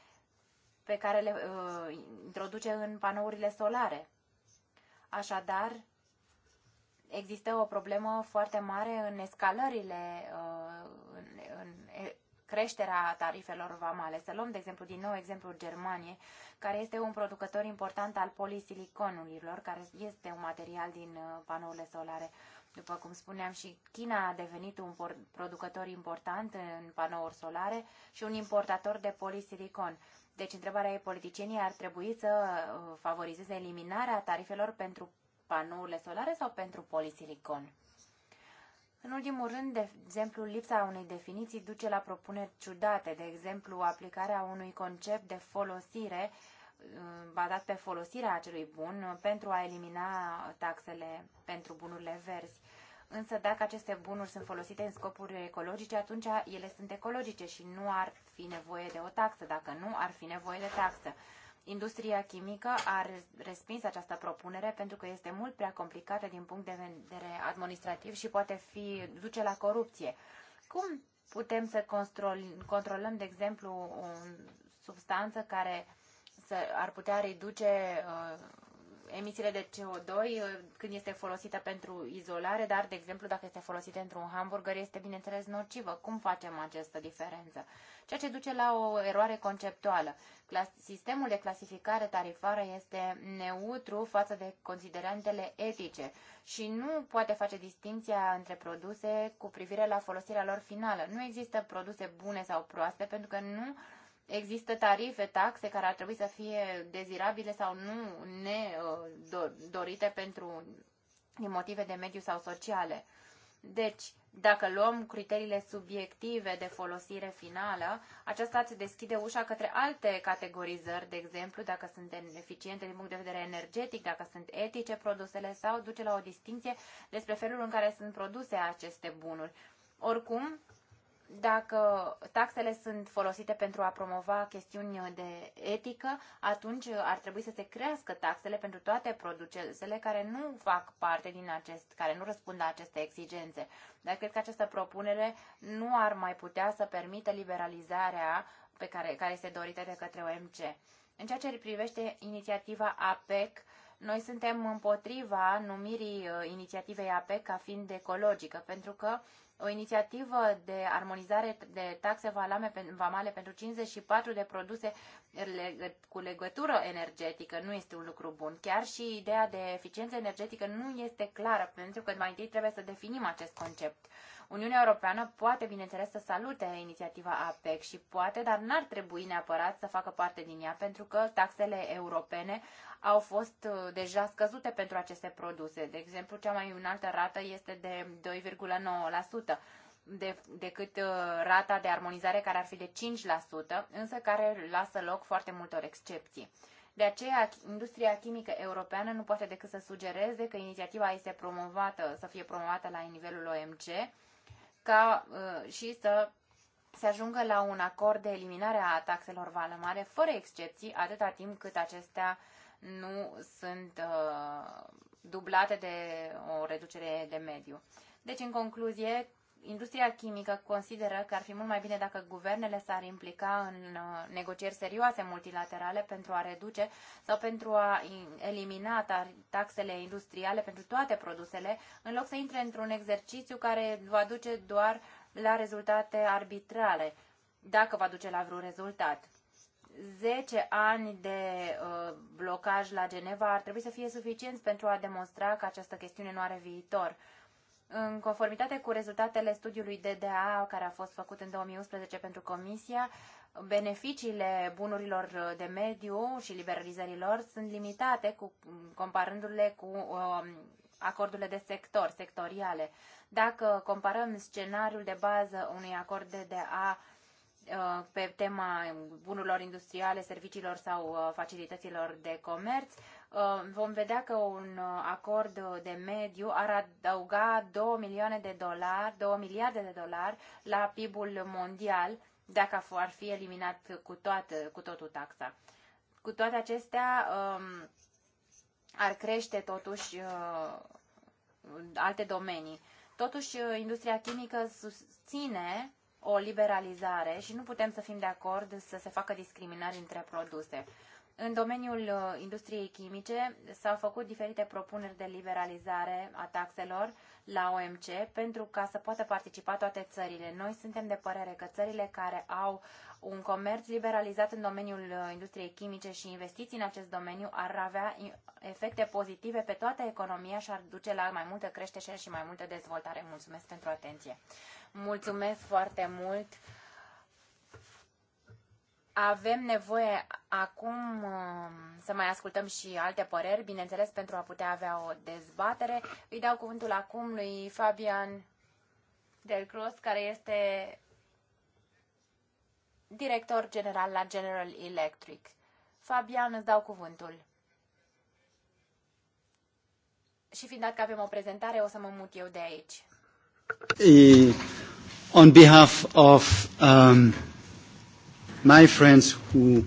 pe care le uh, introduce în panourile solare. Așadar, există o problemă foarte mare în escalările uh, creșterea tarifelor vamale. Să luăm, de exemplu, din nou exemplul Germaniei, care este un producător important al polisiliconurilor, care este un material din uh, panourile solare. După cum spuneam, și China a devenit un producător important în panouri solare și un importator de polisilicon. Deci, întrebarea e, politicienii ar trebui să uh, favorizeze eliminarea tarifelor pentru panourile solare sau pentru polisilicon? În ultimul rând, de exemplu, lipsa unei definiții duce la propuneri ciudate, de exemplu, aplicarea unui concept de folosire uh, bazat pe folosirea acelui bun pentru a elimina taxele pentru bunurile verzi. Însă dacă aceste bunuri sunt folosite în scopuri ecologice, atunci ele sunt ecologice și nu ar fi nevoie de o taxă. Dacă nu, ar fi nevoie de taxă. Industria chimică a respins această propunere pentru că este mult prea complicată din punct de vedere administrativ și poate fi duce la corupție. Cum putem să controlăm, de exemplu, o substanță care să, ar putea reduce uh, emisiile de CO2 uh, când este folosită pentru izolare, dar, de exemplu, dacă este folosită într-un hamburger, este, bineînțeles, nocivă. Cum facem această diferență? Ceea ce duce la o eroare conceptuală. Sistemul de clasificare tarifară este neutru față de considerantele etice și nu poate face distinția între produse cu privire la folosirea lor finală. Nu există produse bune sau proaste pentru că nu Există tarife, taxe care ar trebui să fie dezirabile sau nu nedorite uh, pentru motive de mediu sau sociale. Deci, dacă luăm criteriile subiective de folosire finală, aceasta îți deschide ușa către alte categorizări, de exemplu, dacă sunt eficiente din punct de vedere energetic, dacă sunt etice produsele sau duce la o distinție despre felul în care sunt produse aceste bunuri. Oricum, dacă taxele sunt folosite pentru a promova chestiuni de etică, atunci ar trebui să se crească taxele pentru toate produsele care nu fac parte din acest, care nu răspund la aceste exigențe. Dar cred că această propunere nu ar mai putea să permită liberalizarea pe care, care este dorită de către OMC. În ceea ce privește inițiativa APEC, noi suntem împotriva numirii uh, inițiativei APEC ca fiind ecologică, pentru că o inițiativă de armonizare de taxe vamale pentru 54 de produse cu legătură energetică nu este un lucru bun. Chiar și ideea de eficiență energetică nu este clară, pentru că mai întâi trebuie să definim acest concept. Uniunea Europeană poate, bineînțeles, să salute inițiativa APEC și poate, dar n-ar trebui neapărat să facă parte din ea, pentru că taxele europene au fost uh, deja scăzute pentru aceste produse. De exemplu, cea mai înaltă rată este de 2,9% de, decât uh, rata de armonizare care ar fi de 5%, însă care lasă loc foarte multor excepții. De aceea, industria chimică europeană nu poate decât să sugereze că inițiativa este promovată, să fie promovată la nivelul OMC ca uh, și să se ajungă la un acord de eliminare a taxelor valămare, fără excepții, atâta timp cât acestea nu sunt uh, dublate de o reducere de mediu. Deci, în concluzie, industria chimică consideră că ar fi mult mai bine dacă guvernele s-ar implica în uh, negocieri serioase multilaterale pentru a reduce sau pentru a elimina taxele industriale pentru toate produsele, în loc să intre într-un exercițiu care va duce doar la rezultate arbitrale, dacă va duce la vreun rezultat. 10 ani de uh, blocaj la Geneva ar trebui să fie suficienți pentru a demonstra că această chestiune nu are viitor. Uh, în conformitate cu rezultatele studiului DDA care a fost făcut în 2011 pentru Comisia, beneficiile bunurilor de mediu și liberalizărilor sunt limitate cu, comparându-le cu um, acordurile de sector, sectoriale. Dacă comparăm scenariul de bază unui acord DDA uh, pe tema bunurilor industriale, serviciilor sau uh, facilităților de comerț, Uh, vom vedea că un uh, acord de mediu ar adăuga 2 milioane de dolari, 2 miliarde de dolari la PIB-ul mondial dacă ar fi eliminat cu, toată, cu totul taxa. Cu toate acestea, um, ar crește totuși uh, alte domenii. Totuși, industria chimică susține o liberalizare și nu putem să fim de acord să se facă discriminări între produse. În domeniul uh, industriei chimice s-au făcut diferite propuneri de liberalizare a taxelor la OMC pentru ca să poată participa toate țările. Noi suntem de părere că țările care au un comerț liberalizat în domeniul uh, industriei chimice și investiții în acest domeniu ar avea efecte pozitive pe toată economia și ar duce la mai multă creștere și mai multă dezvoltare. Mulțumesc pentru atenție. Mulțumesc foarte mult. Avem nevoie acum um, să mai ascultăm și alte păreri, bineînțeles, pentru a putea avea o dezbatere. Îi dau cuvântul acum lui Fabian Del Cruz, care este director general la General Electric. Fabian, îți dau cuvântul. Și fiind dat că avem o prezentare, o să mă mut eu de aici. On behalf of um, my friends who,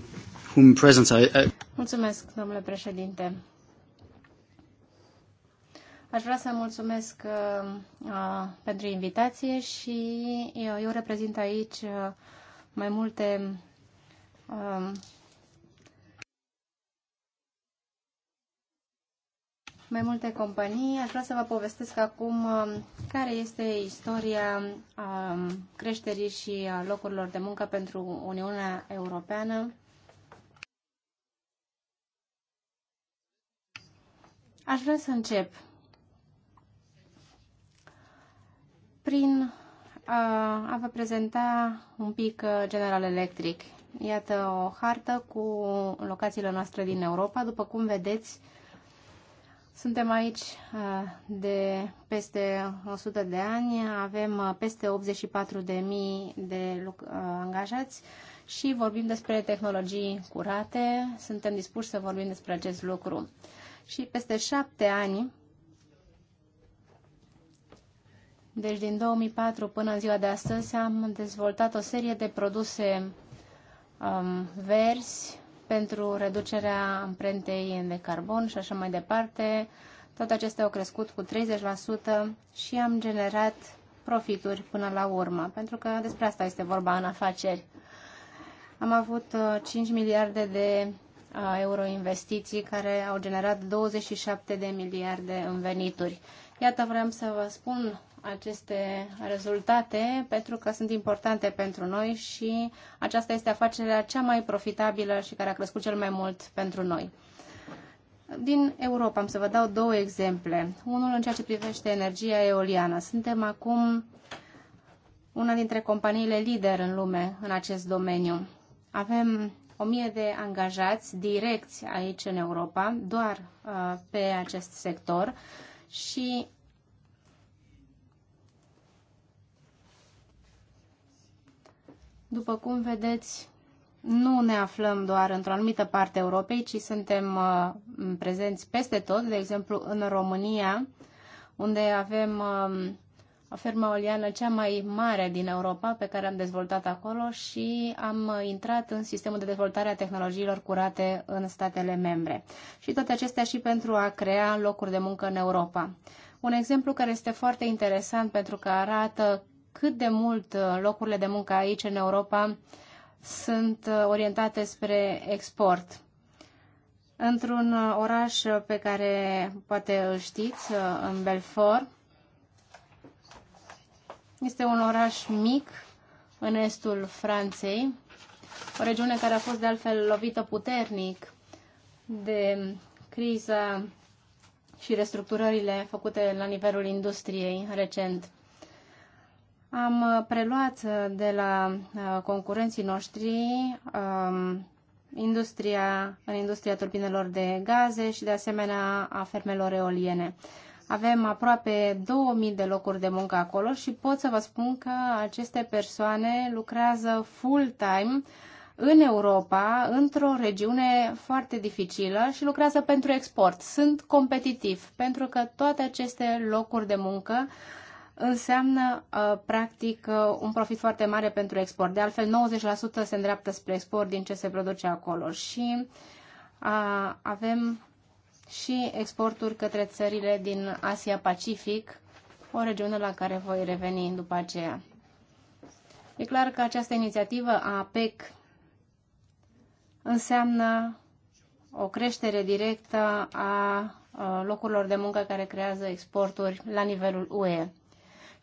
whom present. I, I... Mulțumesc, domnule președinte. Aș vrea să mulțumesc uh, pentru invitație și eu, eu reprezint aici uh, mai multe uh, mai multe companii. Aș vrea să vă povestesc acum um, care este istoria um, creșterii și a locurilor de muncă pentru Uniunea Europeană. Aș vrea să încep prin a vă prezenta un pic uh, General Electric. Iată o hartă cu locațiile noastre din Europa. După cum vedeți, suntem aici uh, de peste 100 de ani, avem uh, peste 84.000 de uh, angajați și vorbim despre tehnologii curate, suntem dispuși să vorbim despre acest lucru. Și peste șapte ani, deci din 2004 până în ziua de astăzi, am dezvoltat o serie de produse um, verzi, pentru reducerea amprentei de carbon și așa mai departe. Toate acestea au crescut cu 30% și am generat profituri până la urmă, pentru că despre asta este vorba în afaceri. Am avut 5 uh, miliarde de uh, euro investiții care au generat 27 de miliarde în venituri. Iată, vreau să vă spun aceste rezultate pentru că sunt importante pentru noi și aceasta este afacerea cea mai profitabilă și care a crescut cel mai mult pentru noi. Din Europa am să vă dau două exemple. Unul în ceea ce privește energia eoliană. Suntem acum una dintre companiile lider în lume în acest domeniu. Avem o mie de angajați direcți aici în Europa, doar uh, pe acest sector și După cum vedeți, nu ne aflăm doar într-o anumită parte a Europei, ci suntem uh, prezenți peste tot, de exemplu în România, unde avem um, ferma oliană cea mai mare din Europa pe care am dezvoltat acolo și am intrat în sistemul de dezvoltare a tehnologiilor curate în statele membre. Și toate acestea și pentru a crea locuri de muncă în Europa. Un exemplu care este foarte interesant pentru că arată cât de mult uh, locurile de muncă aici în Europa sunt uh, orientate spre export. Într-un uh, oraș pe care poate îl știți, în Belfort, este un oraș mic în estul Franței, o regiune care a fost de altfel lovită puternic de criza și restructurările făcute la nivelul industriei recent. Am uh, preluat uh, de la uh, concurenții noștri um, industria, în industria turbinelor de gaze și de asemenea a fermelor eoliene. Avem aproape 2000 de locuri de muncă acolo și pot să vă spun că aceste persoane lucrează full-time în Europa, într-o regiune foarte dificilă și lucrează pentru export. Sunt competitivi pentru că toate aceste locuri de muncă înseamnă uh, practic uh, un profit foarte mare pentru export. De altfel, 90% se îndreaptă spre export din ce se produce acolo și uh, avem și exporturi către țările din Asia-Pacific, o regiune la care voi reveni după aceea. E clar că această inițiativă a APEC înseamnă o creștere directă a locurilor de muncă care creează exporturi la nivelul UE.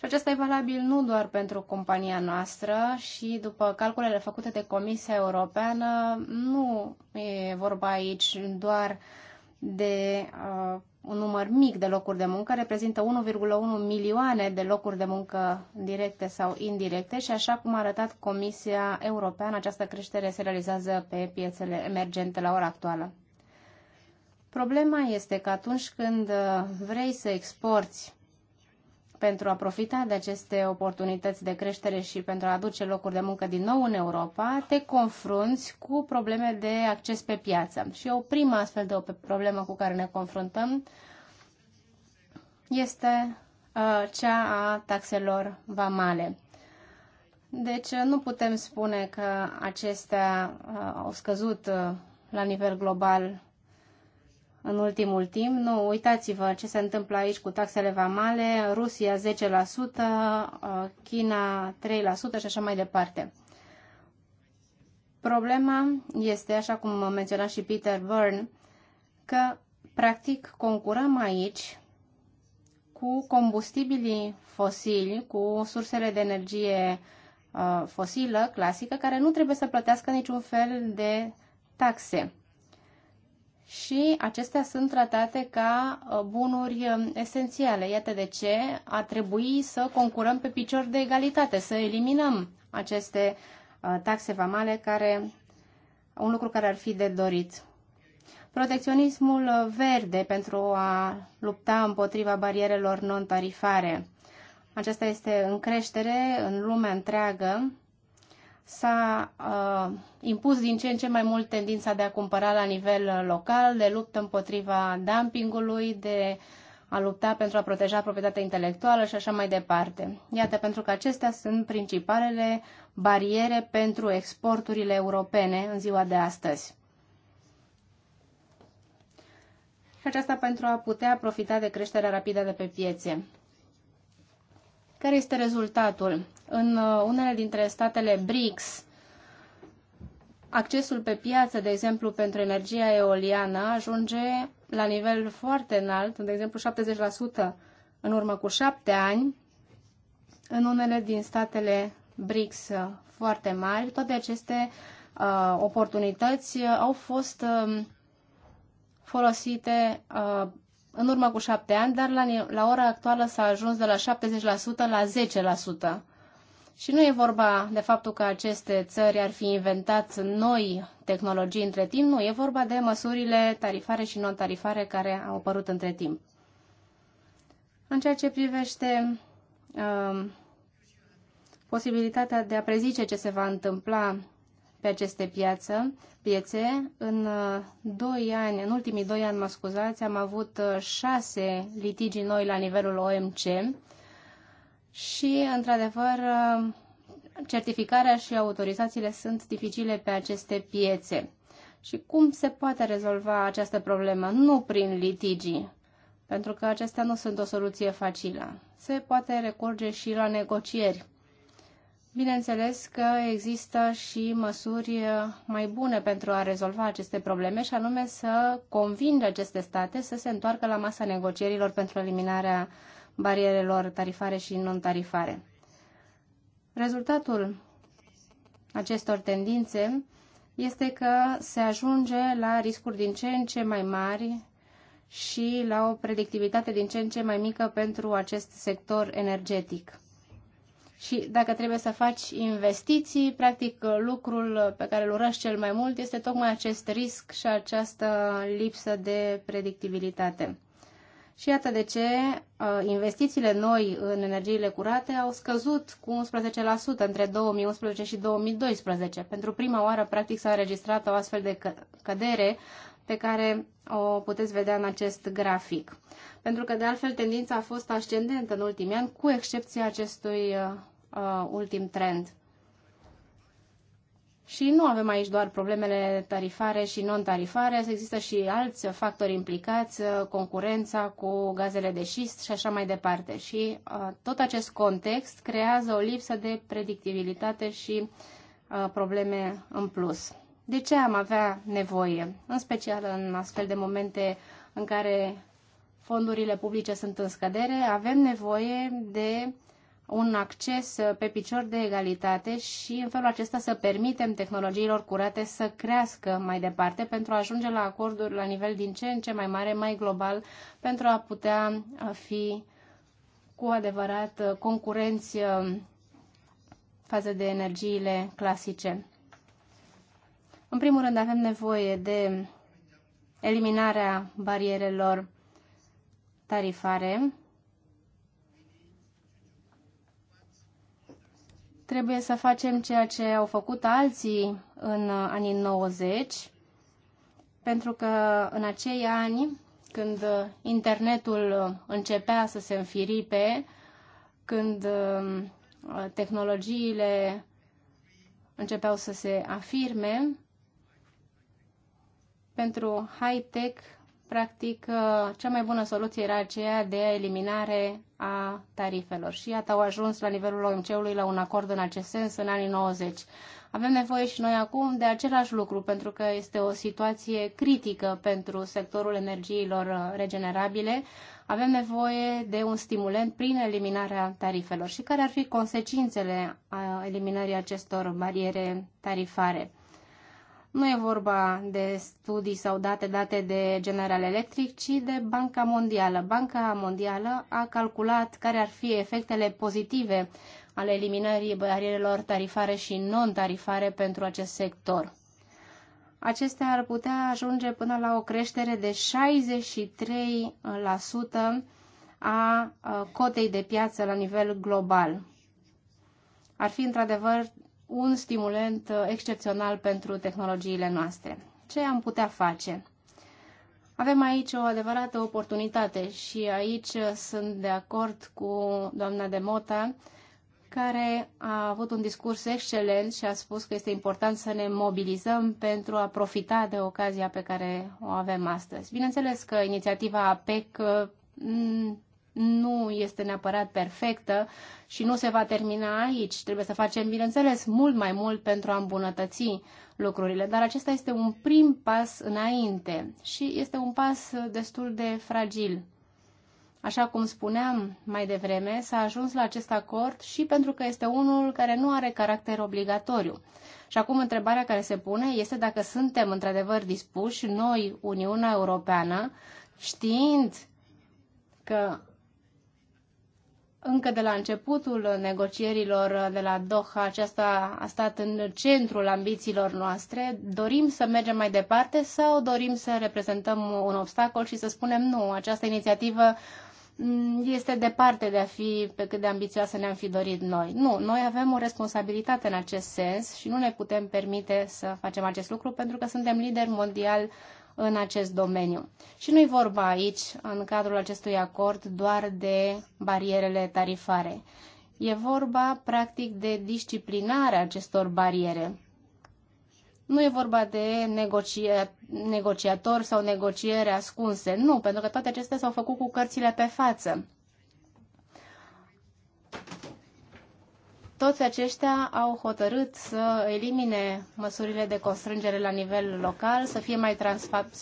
Și acesta e valabil nu doar pentru compania noastră și după calculele făcute de Comisia Europeană, nu e vorba aici doar de uh, un număr mic de locuri de muncă, reprezintă 1,1 milioane de locuri de muncă directe sau indirecte și așa cum a arătat Comisia Europeană, această creștere se realizează pe piețele emergente la ora actuală. Problema este că atunci când uh, vrei să exporți pentru a profita de aceste oportunități de creștere și pentru a aduce locuri de muncă din nou în Europa, te confrunți cu probleme de acces pe piață. Și o prima astfel de problemă cu care ne confruntăm este uh, cea a taxelor vamale. Deci uh, nu putem spune că acestea uh, au scăzut la nivel global în ultimul timp. Nu uitați-vă ce se întâmplă aici cu taxele vamale, Rusia 10%, uh, China 3% și așa mai departe. Problema este, așa cum menționa și Peter Byrne, că practic concurăm aici cu combustibilii fosili, cu sursele de energie uh, fosilă, clasică, care nu trebuie să plătească niciun fel de taxe și acestea sunt tratate ca uh, bunuri um, esențiale. Iată de ce ar trebui să concurăm pe picior de egalitate, să eliminăm aceste uh, taxe vamale care un lucru care ar fi de dorit. Protecționismul uh, verde pentru a lupta împotriva barierelor non-tarifare. Aceasta este în creștere în lumea întreagă s-a uh, impus din ce în ce mai mult tendința de a cumpăra la nivel local, de luptă împotriva dumpingului, de a lupta pentru a proteja proprietatea intelectuală și așa mai departe. Iată, pentru că acestea sunt principalele bariere pentru exporturile europene în ziua de astăzi. Și aceasta pentru a putea profita de creșterea rapidă de pe piețe. Care este rezultatul? în uh, unele dintre statele BRICS, accesul pe piață, de exemplu, pentru energia eoliană ajunge la nivel foarte înalt, de exemplu 70% în urmă cu șapte ani, în unele din statele BRICS uh, foarte mari. Toate aceste uh, oportunități uh, au fost uh, folosite uh, în urmă cu șapte ani, dar la, la ora actuală s-a ajuns de la 70% la 10%. Și nu e vorba de faptul că aceste țări ar fi inventat noi tehnologii între timp, nu, e vorba de măsurile tarifare și non-tarifare care au apărut între timp. În ceea ce privește uh, posibilitatea de a prezice ce se va întâmpla pe aceste piață, piețe. În uh, doi ani, în ultimii doi ani, mă scuzați, am avut uh, șase litigi noi la nivelul OMC și, într-adevăr, certificarea și autorizațiile sunt dificile pe aceste piețe. Și cum se poate rezolva această problemă? Nu prin litigii, pentru că acestea nu sunt o soluție facilă. Se poate recurge și la negocieri. Bineînțeles că există și măsuri mai bune pentru a rezolva aceste probleme și anume să convingă aceste state să se întoarcă la masa negocierilor pentru eliminarea uh, barierelor tarifare și non-tarifare. Rezultatul acestor tendințe este că se ajunge la riscuri din ce în ce mai mari și la o predictivitate din ce în ce mai mică pentru acest sector energetic. Și dacă trebuie să faci investiții, practic lucrul pe care îl urăști cel mai mult este tocmai acest risc și această lipsă de predictibilitate. Și iată de ce uh, investițiile noi în energiile curate au scăzut cu 11% între 2011 și 2012. Pentru prima oară, practic, s-a înregistrat o astfel de cădere pe care o puteți vedea în acest grafic. Pentru că, de altfel, tendința a fost ascendentă în ultimii ani, cu excepția acestui uh, uh, ultim trend. Și nu avem aici doar problemele tarifare și non-tarifare, există și alți factori implicați, concurența cu gazele de șist și așa mai departe. Și uh, tot acest context creează o lipsă de predictibilitate și uh, probleme în plus. De ce am avea nevoie, în special în astfel de momente în care fondurile publice sunt în scădere, avem nevoie de un acces uh, pe picior de egalitate și în felul acesta să permitem tehnologiilor curate să crească mai departe pentru a ajunge la acorduri la nivel din ce în ce mai mare, mai global, pentru a putea uh, fi cu adevărat uh, concurenți față de energiile clasice. În primul rând avem nevoie de eliminarea barierelor tarifare Trebuie să facem ceea ce au făcut alții în anii 90, pentru că în acei ani, când internetul începea să se înfiripe, când uh, tehnologiile începeau să se afirme, pentru high-tech practic, uh, cea mai bună soluție era aceea de eliminare a tarifelor. Și iată, au ajuns la nivelul OMC-ului la un acord în acest sens în anii 90. Avem nevoie și noi acum de același lucru, pentru că este o situație critică pentru sectorul energiilor uh, regenerabile. Avem nevoie de un stimulent prin eliminarea tarifelor. Și care ar fi consecințele a uh, eliminării acestor bariere tarifare? Nu e vorba de studii sau date date de General Electric, ci de Banca Mondială. Banca Mondială a calculat care ar fi efectele pozitive ale eliminării barierelor tarifare și non-tarifare pentru acest sector. Acestea ar putea ajunge până la o creștere de 63% a cotei de piață la nivel global. Ar fi într-adevăr un stimulent uh, excepțional pentru tehnologiile noastre. Ce am putea face? Avem aici o adevărată oportunitate și aici uh, sunt de acord cu doamna Demota, care a avut un discurs excelent și a spus că este important să ne mobilizăm pentru a profita de ocazia pe care o avem astăzi. Bineînțeles că inițiativa APEC uh, nu este neapărat perfectă și nu se va termina aici. Trebuie să facem, bineînțeles, mult mai mult pentru a îmbunătăți lucrurile, dar acesta este un prim pas înainte și este un pas destul de fragil. Așa cum spuneam mai devreme, s-a ajuns la acest acord și pentru că este unul care nu are caracter obligatoriu. Și acum întrebarea care se pune este dacă suntem într-adevăr dispuși noi, Uniunea Europeană, știind că încă de la începutul negocierilor de la Doha, aceasta a stat în centrul ambițiilor noastre. Dorim să mergem mai departe sau dorim să reprezentăm un obstacol și să spunem nu, această inițiativă mm, este departe de a fi pe cât de ambițioasă ne-am fi dorit noi. Nu, noi avem o responsabilitate în acest sens și nu ne putem permite să facem acest lucru pentru că suntem lideri mondial în acest domeniu. Și nu-i vorba aici, în cadrul acestui acord, doar de barierele tarifare. E vorba, practic, de disciplinarea acestor bariere. Nu e vorba de negocia, negociator sau negociere ascunse, nu, pentru că toate acestea s-au făcut cu cărțile pe față. Toți aceștia au hotărât să elimine măsurile de constrângere la nivel local, să fie mai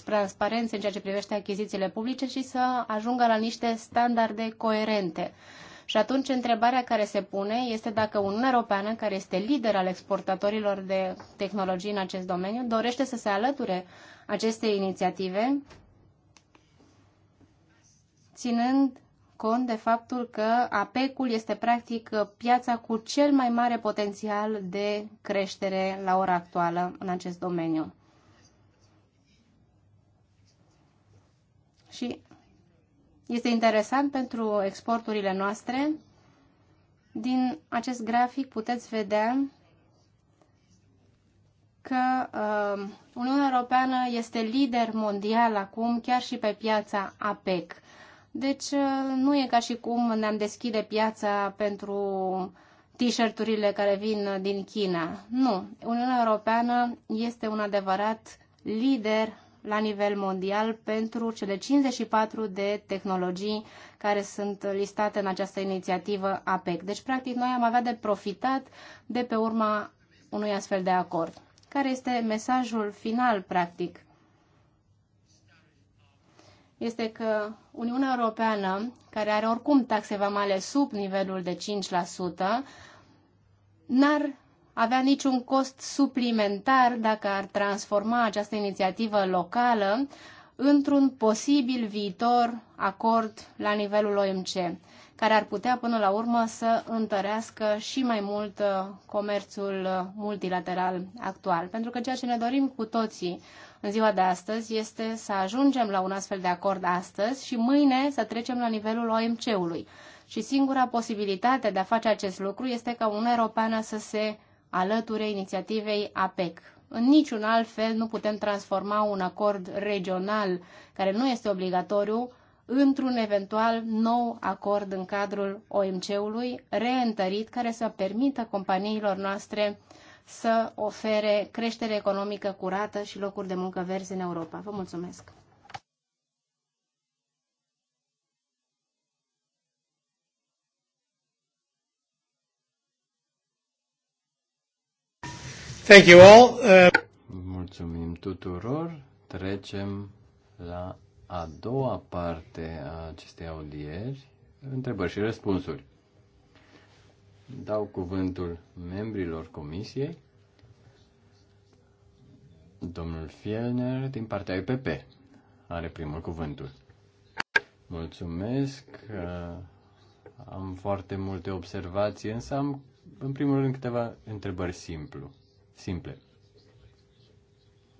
transparenți în ceea ce privește achizițiile publice și să ajungă la niște standarde coerente. Și atunci întrebarea care se pune este dacă Uniunea Europeană, care este lider al exportatorilor de tehnologii în acest domeniu, dorește să se alăture acestei inițiative, ținând cont de faptul că APEC-ul este practic piața cu cel mai mare potențial de creștere la ora actuală în acest domeniu. Și este interesant pentru exporturile noastre. Din acest grafic puteți vedea că uh, Uniunea Europeană este lider mondial acum chiar și pe piața APEC. Deci uh, nu e ca și cum ne-am deschide piața pentru t-shirturile care vin din China. Nu. Uniunea Europeană este un adevărat lider la nivel mondial pentru cele 54 de tehnologii care sunt listate în această inițiativă APEC. Deci, practic, noi am avea de profitat de pe urma unui astfel de acord. Care este mesajul final, practic? este că Uniunea Europeană, care are oricum taxe vamale sub nivelul de 5%, n-ar avea niciun cost suplimentar dacă ar transforma această inițiativă locală într-un posibil viitor acord la nivelul OMC, care ar putea până la urmă să întărească și mai mult uh, comerțul uh, multilateral actual. Pentru că ceea ce ne dorim cu toții în ziua de astăzi este să ajungem la un astfel de acord astăzi și mâine să trecem la nivelul OMC-ului. Și singura posibilitate de a face acest lucru este ca Uniunea Europeană să se alăture inițiativei APEC. În niciun alt fel nu putem transforma un acord regional, care nu este obligatoriu, într-un eventual nou acord în cadrul OMC-ului reîntărit care să permită companiilor noastre uh, să ofere creștere economică curată și locuri de muncă verzi în Europa. Vă mulțumesc! Thank you all. Uh... Mulțumim tuturor. Trecem la a doua parte a acestei audieri, întrebări și răspunsuri dau cuvântul membrilor comisiei. Domnul Fielner, din partea IPP, are primul cuvântul. Mulțumesc. Uh, am foarte multe observații, însă am, în primul rând, câteva întrebări simplu, simple.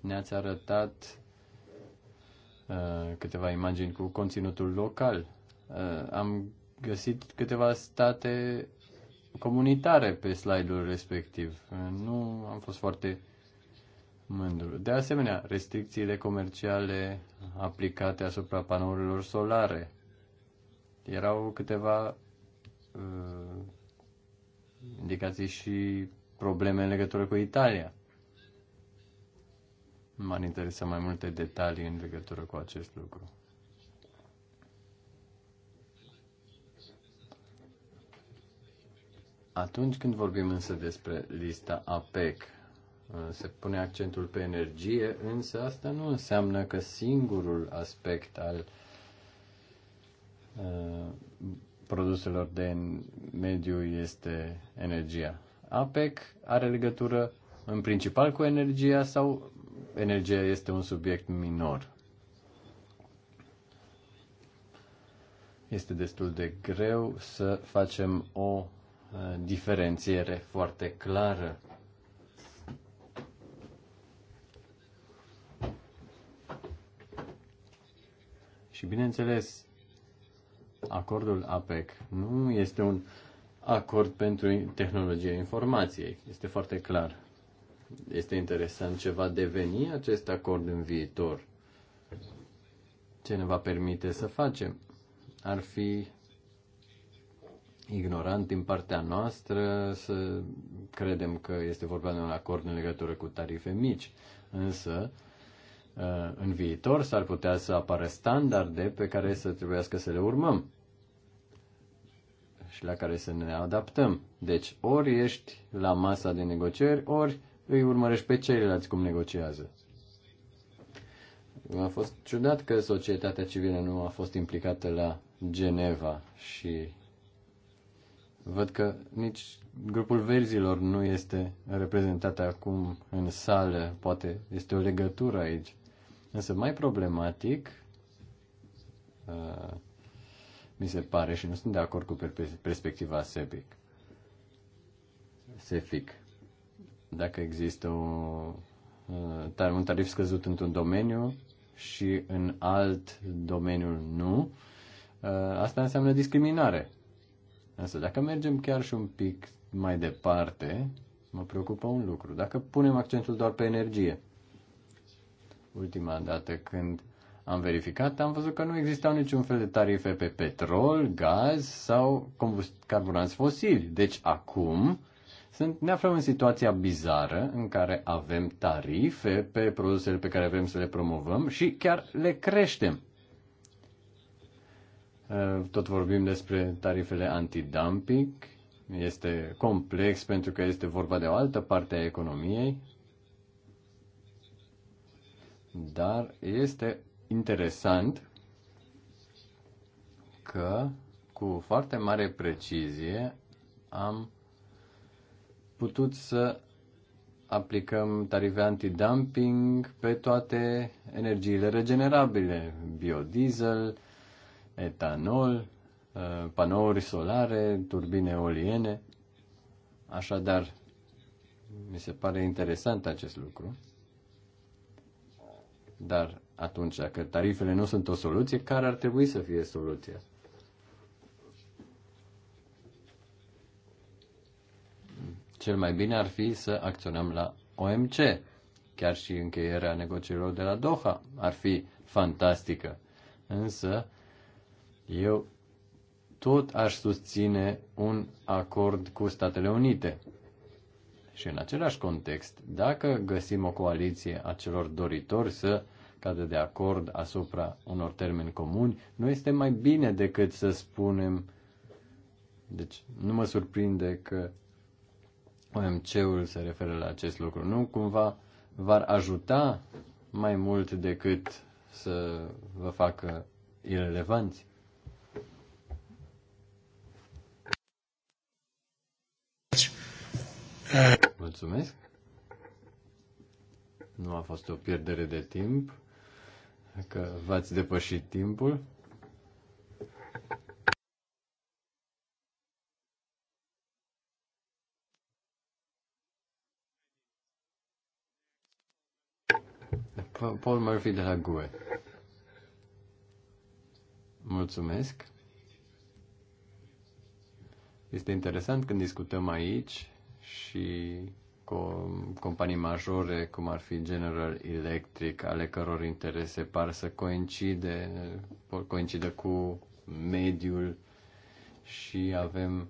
Ne-ați arătat uh, câteva imagini cu conținutul local. Uh, am găsit câteva state comunitare pe slide-ul respectiv. Nu am fost foarte mândru. De asemenea, restricțiile comerciale aplicate asupra panourilor solare. Erau câteva uh, indicații și probleme în legătură cu Italia. M-ar interesa mai multe detalii în legătură cu acest lucru. Atunci când vorbim însă despre lista APEC, uh, se pune accentul pe energie, însă asta nu înseamnă că singurul aspect al uh, produselor de mediu este energia. APEC are legătură în principal cu energia sau energia este un subiect minor? Este destul de greu să facem o diferențiere foarte clară. Și bineînțeles, acordul APEC nu este un acord pentru tehnologia informației. Este foarte clar. Este interesant ce va deveni acest acord în viitor. Ce ne va permite să facem? Ar fi ignorant din partea noastră să credem că este vorba de un acord în legătură cu tarife mici, însă uh, în viitor s-ar putea să apară standarde pe care să trebuiască să le urmăm și la care să ne adaptăm. Deci ori ești la masa de negocieri, ori îi urmărești pe ceilalți cum negociază. A fost ciudat că societatea civilă nu a fost implicată la Geneva și Văd că nici grupul verzilor nu este reprezentat acum în sală, poate este o legătură aici. Însă mai problematic, uh, mi se pare, și nu sunt de acord cu perspectiva SEPIC, SEFIC, dacă există o, uh, un tarif scăzut într-un domeniu și în alt domeniu nu, uh, asta înseamnă discriminare Însă dacă mergem chiar și un pic mai departe, mă preocupă un lucru. Dacă punem accentul doar pe energie, ultima dată când am verificat, am văzut că nu existau niciun fel de tarife pe petrol, gaz sau carburanți fosili. Deci acum sunt, ne aflăm în situația bizară în care avem tarife pe produsele pe care vrem să le promovăm și chiar le creștem. Eh, tot vorbim despre tarifele antidumping. Este complex pentru că este vorba de o altă parte a economiei, dar este interesant că cu foarte mare precizie am putut să aplicăm tarife antidumping pe toate energiile regenerabile, biodiesel, etanol, uh, panouri solare, turbine eoliene. Așadar, mi se pare interesant acest lucru. Dar atunci, dacă tarifele nu sunt o soluție, care ar trebui să fie soluția? Cel mai bine ar fi să acționăm la OMC. Chiar și încheierea negocierilor de la Doha ar fi fantastică. Însă, eu tot aș susține un acord cu Statele Unite. Și în același context, dacă găsim o coaliție a celor doritori să cadă de acord asupra unor termeni comuni, nu este mai bine decât să spunem. Deci, nu mă surprinde că OMC-ul se referă la acest lucru. Nu cumva v-ar ajuta mai mult decât să vă facă irelevanți. Mulțumesc. Nu a fost o pierdere de timp, că v-ați depășit timpul. Paul Murphy de la GUE. Mulțumesc. Este interesant când discutăm aici și companii majore, cum ar fi General Electric, ale căror interese par să coincide, coincide cu mediul și avem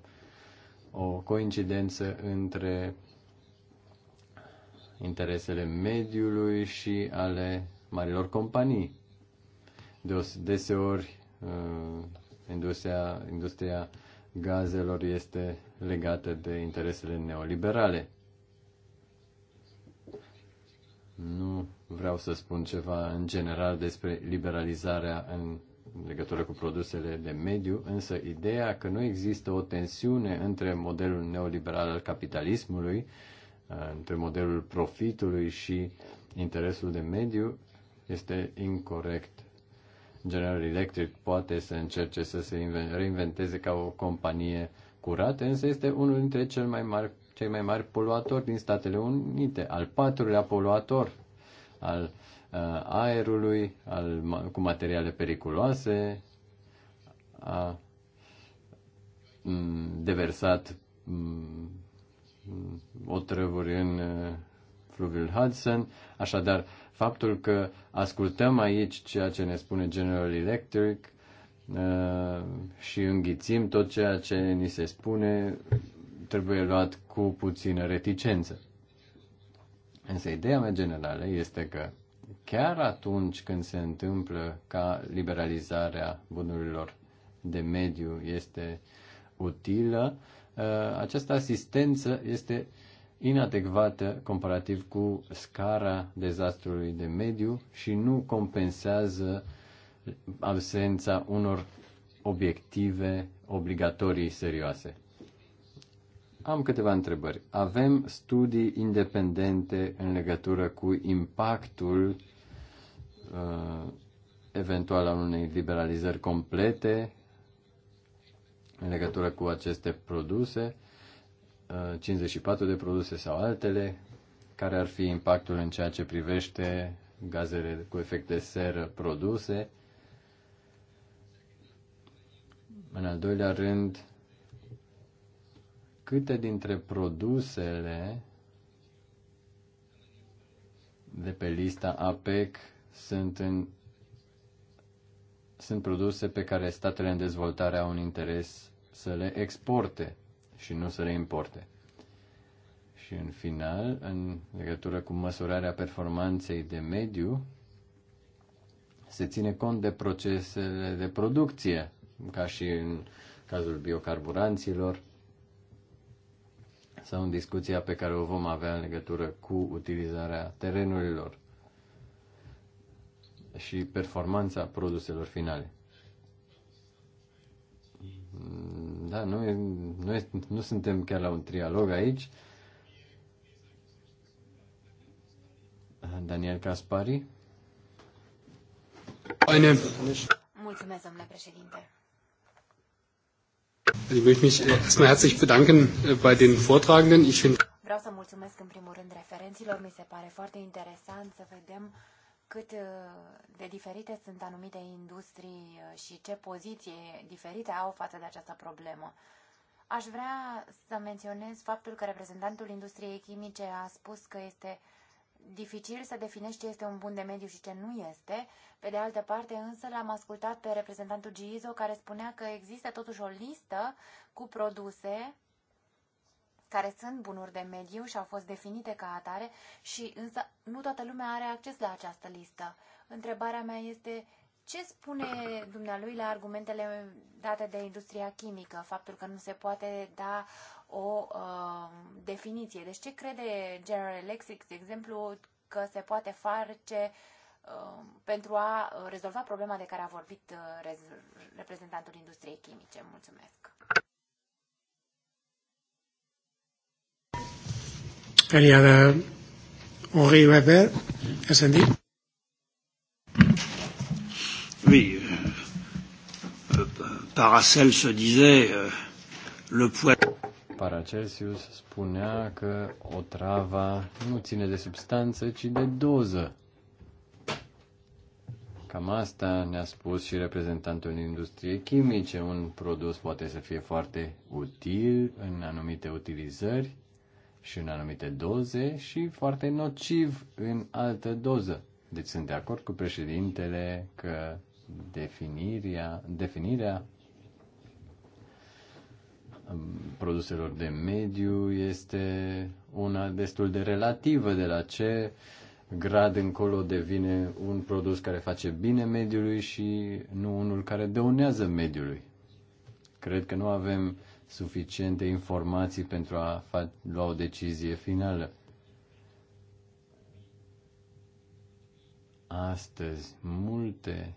o coincidență între interesele mediului și ale marilor companii. Deseori, uh, industria, industria gazelor este legată de interesele neoliberale. Nu vreau să spun ceva în general despre liberalizarea în legătură cu produsele de mediu, însă ideea că nu există o tensiune între modelul neoliberal al capitalismului, între modelul profitului și interesul de mediu, este incorrect. General Electric poate să încerce să se reinventeze ca o companie curată, însă este unul dintre cel mai mari, cei mai mari poluatori din Statele Unite, al patrulea poluator al uh, aerului, al, cu materiale periculoase, a m, mm, deversat m, mm, mm, otrăvuri în uh, fluviul Hudson, așadar faptul că ascultăm aici ceea ce ne spune General Electric uh, și înghițim tot ceea ce ni se spune, trebuie luat cu puțină reticență. Însă ideea mea generală este că chiar atunci când se întâmplă ca liberalizarea bunurilor de mediu este utilă, uh, această asistență este inadecvată comparativ cu scara dezastrului de mediu și nu compensează absența unor obiective obligatorii serioase. Am câteva întrebări. Avem studii independente în legătură cu impactul uh, eventual al unei liberalizări complete în legătură cu aceste produse 54 de produse sau altele, care ar fi impactul în ceea ce privește gazele cu efect de seră produse. În al doilea rând, câte dintre produsele de pe lista APEC sunt, în, sunt produse pe care statele în dezvoltare au un interes să le exporte și nu să le importe. Și în final, în legătură cu măsurarea performanței de mediu, se ține cont de procesele de producție, ca și în cazul biocarburanților sau în discuția pe care o vom avea în legătură cu utilizarea terenurilor și performanța produselor finale da, nu, e, nu, e, nu suntem chiar la un trialog aici. Daniel Caspari. Eine. Mulțumesc, domnule președinte. Ich möchte mich äh, erstmal herzlich bedanken äh, bei den Vortragenden. Ich finde Vreau să mulțumesc în primul rând referenților. Mi se pare foarte interesant să vedem cât uh, de diferite sunt anumite industrii uh, și ce poziție diferite au față de această problemă. Aș vrea să menționez faptul că reprezentantul industriei chimice a spus că este dificil să definești ce este un bun de mediu și ce nu este. Pe de altă parte, însă, l-am ascultat pe reprezentantul GIZO care spunea că există totuși o listă cu produse care sunt bunuri de mediu și au fost definite ca atare și însă nu toată lumea are acces la această listă. Întrebarea mea este ce spune dumnealui la argumentele date de industria chimică, faptul că nu se poate da o uh, definiție. Deci ce crede General Electric, de exemplu, că se poate face uh, pentru a rezolva problema de care a vorbit uh, reprezentantul industriei chimice? Mulțumesc! période Henri Weber, SND. Oui, Paracel euh, se disait euh, le poids. Paracelsius spunea că otrava nu ține de substanță, ci de doză. Cam asta ne-a spus și reprezentantul industriei chimice. Un produs poate să fie foarte util în anumite utilizări, și în anumite doze și foarte nociv în altă doză. Deci sunt de acord cu președintele că definirea, definirea um, produselor de mediu este una destul de relativă de la ce grad încolo devine un produs care face bine mediului și nu unul care dăunează mediului. Cred că nu avem suficiente informații pentru a lua o decizie finală. Astăzi, multe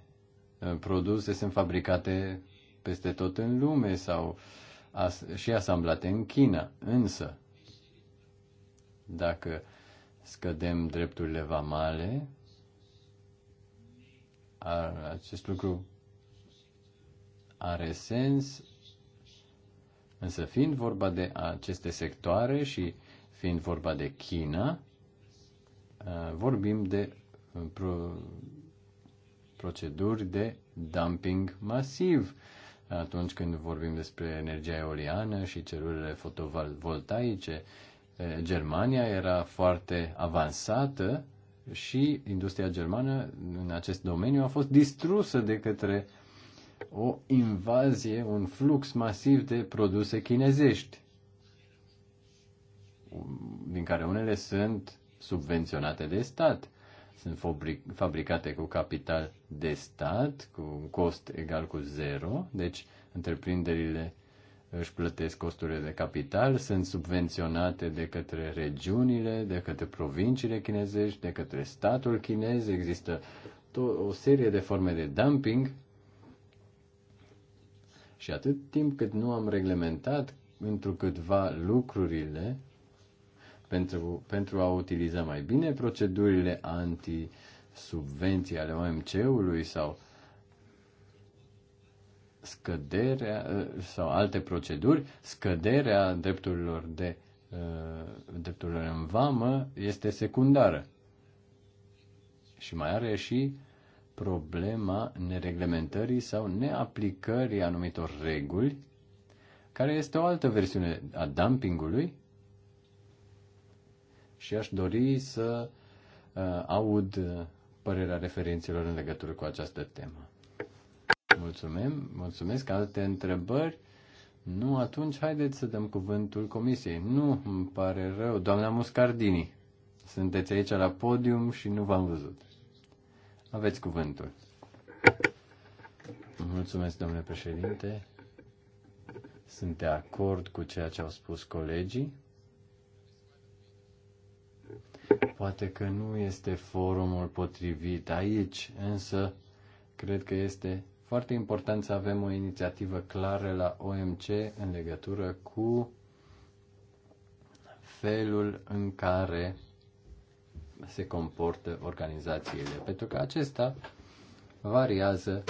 uh, produse sunt fabricate peste tot în lume sau as- și asamblate în China. Însă, dacă scădem drepturile vamale, acest lucru are sens Însă fiind vorba de aceste sectoare și fiind vorba de China, uh, vorbim de uh, proceduri de dumping masiv atunci când vorbim despre energia eoliană și celulele fotovoltaice. Uh, Germania era foarte avansată și industria germană în acest domeniu a fost distrusă de către uh, o invazie, un flux masiv de produse chinezești, um, din care unele sunt subvenționate de stat. Sunt fabricate cu capital de stat, cu un cost egal cu zero, deci întreprinderile își plătesc costurile de capital, sunt subvenționate de către regiunile, de către provinciile chinezești, de către statul chinez, există o serie de forme de dumping și atât timp cât nu am reglementat câtva lucrurile pentru, pentru a utiliza mai bine procedurile anti-subvenții ale OMC-ului sau scăderea sau alte proceduri, scăderea drepturilor de uh, drepturilor în vamă este secundară. Și mai are și problema nereglementării sau neaplicării anumitor reguli, care este o altă versiune a dumpingului. Și aș dori să uh, aud uh, părerea referenților în legătură cu această temă. Mulțumim, mulțumesc. Alte întrebări? Nu, atunci haideți să dăm cuvântul comisiei. Nu, îmi pare rău. Doamna Muscardini, sunteți aici la podium și nu v-am văzut. Aveți cuvântul. Mulțumesc, domnule președinte. Sunt de acord cu ceea ce au spus colegii. Poate că nu este forumul potrivit aici, însă cred că este foarte important să avem o inițiativă clară la OMC în legătură cu felul în care se comportă organizațiile, pentru că acesta variază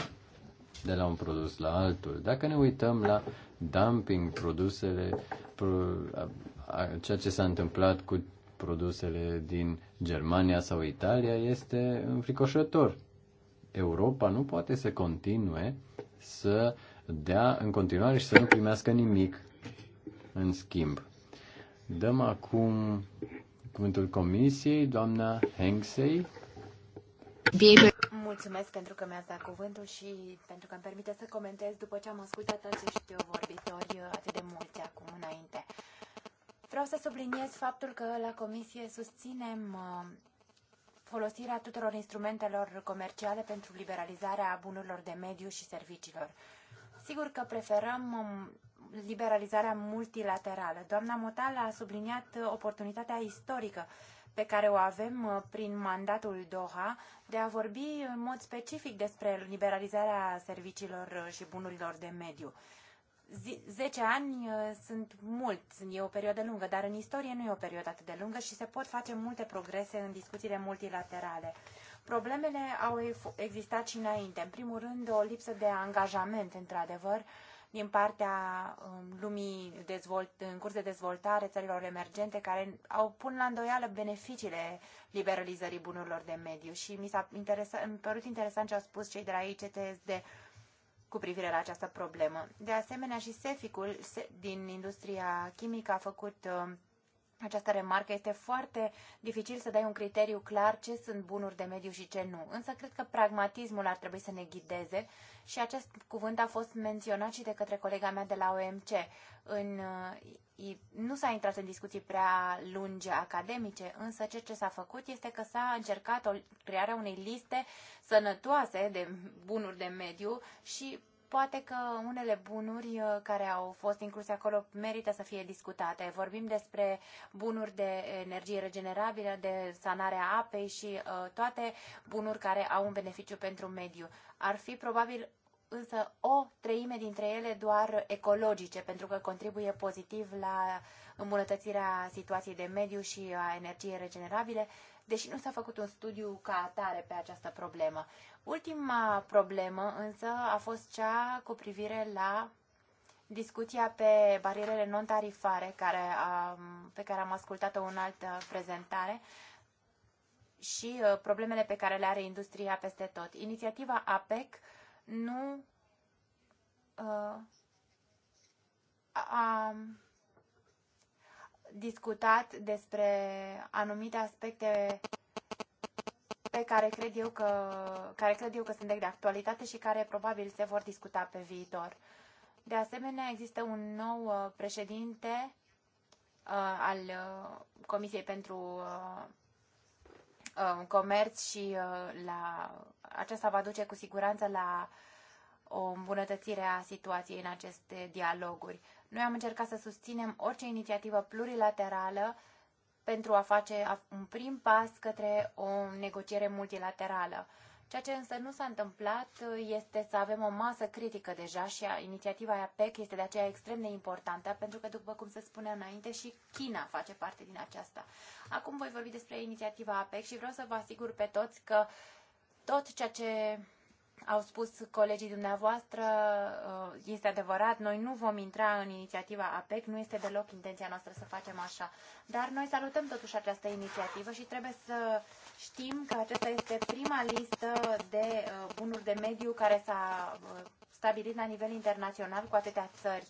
de la un produs la altul. Dacă ne uităm la dumping, produsele, ceea ce s-a întâmplat cu produsele din Germania sau Italia este înfricoșător. Europa nu poate să continue să dea în continuare și să nu primească nimic în schimb. Dăm acum cuvântul comisiei, doamna Hengsei. Mulțumesc pentru că mi-ați dat cuvântul și pentru că îmi permite să comentez după ce am ascultat acești vorbitori atât de mulți acum înainte. Vreau să subliniez faptul că la comisie susținem uh, folosirea tuturor instrumentelor comerciale pentru liberalizarea bunurilor de mediu și serviciilor. Sigur că preferăm um, liberalizarea multilaterală. Doamna Motal a subliniat oportunitatea istorică pe care o avem uh, prin mandatul Doha de a vorbi în mod specific despre liberalizarea serviciilor uh, și bunurilor de mediu. Zece ani uh, sunt mult, e o perioadă lungă, dar în istorie nu e o perioadă atât de lungă și se pot face multe progrese în discuțiile multilaterale. Problemele au existat și înainte. În primul rând, o lipsă de angajament, într-adevăr, din partea um, lumii dezvolt, în curs de dezvoltare, țărilor emergente, care au pun la îndoială beneficiile liberalizării bunurilor de mediu. Și mi s-a interesa, părut interesant ce au spus cei de la ICTSD cu privire la această problemă. De asemenea, și SEFIC-ul din industria chimică a făcut uh, această remarcă. Este foarte dificil să dai un criteriu clar ce sunt bunuri de mediu și ce nu. Însă cred că pragmatismul ar trebui să ne ghideze și acest cuvânt a fost menționat și de către colega mea de la OMC. În, uh, nu s-a intrat în discuții prea lungi academice, însă ceea ce s-a făcut este că s-a încercat o, crearea unei liste sănătoase de bunuri de mediu și Poate că unele bunuri uh, care au fost incluse acolo merită să fie discutate. Vorbim despre bunuri de energie regenerabilă, de sanarea apei și uh, toate bunuri care au un beneficiu pentru mediu. Ar fi probabil însă o treime dintre ele doar ecologice, pentru că contribuie pozitiv la îmbunătățirea situației de mediu și a energiei regenerabile, deși nu s-a făcut un studiu ca atare pe această problemă. Ultima problemă însă a fost cea cu privire la discuția pe barierele non-tarifare care a, pe care am ascultat-o în altă prezentare și uh, problemele pe care le are industria peste tot. Inițiativa APEC nu uh, a discutat despre anumite aspecte subiecte care cred, eu că, care cred eu că sunt de actualitate și care probabil se vor discuta pe viitor. De asemenea, există un nou uh, președinte uh, al uh, Comisiei pentru Comerț și la, aceasta va duce cu siguranță la o îmbunătățire a situației în aceste dialoguri. Noi am încercat să susținem orice inițiativă plurilaterală pentru a face un prim pas către o negociere multilaterală. Ceea ce însă nu s-a întâmplat este să avem o masă critică deja și inițiativa APEC este de aceea extrem de importantă, pentru că, după cum se spune înainte, și China face parte din aceasta. Acum voi vorbi despre inițiativa APEC și vreau să vă asigur pe toți că tot ceea ce au spus colegii dumneavoastră, uh, este adevărat, noi nu vom intra în inițiativa APEC, nu este deloc intenția noastră să facem așa. Dar noi salutăm totuși această inițiativă și trebuie să știm că aceasta este prima listă de uh, bunuri de mediu care s-a uh, stabilit la nivel internațional cu atâtea țări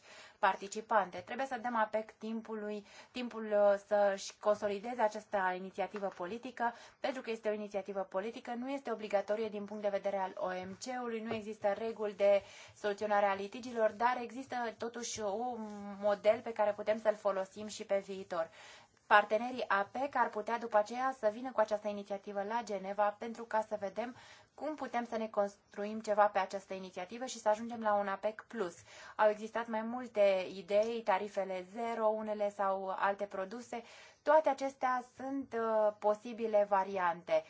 participante. Trebuie să dăm apec timpului, timpul uh, să-și consolideze această inițiativă politică, pentru că este o inițiativă politică, nu este obligatorie din punct de vedere al OMC-ului, nu există reguli de soluționare a litigilor, dar există totuși un model pe care putem să-l folosim și pe viitor. Partenerii APEC ar putea după aceea să vină cu această inițiativă la Geneva pentru ca să vedem cum putem să ne construim ceva pe această inițiativă și să ajungem la un APEC+. Plus. Au existat mai multe idei, tarifele zero, unele sau alte produse. Toate acestea sunt uh, posibile variante.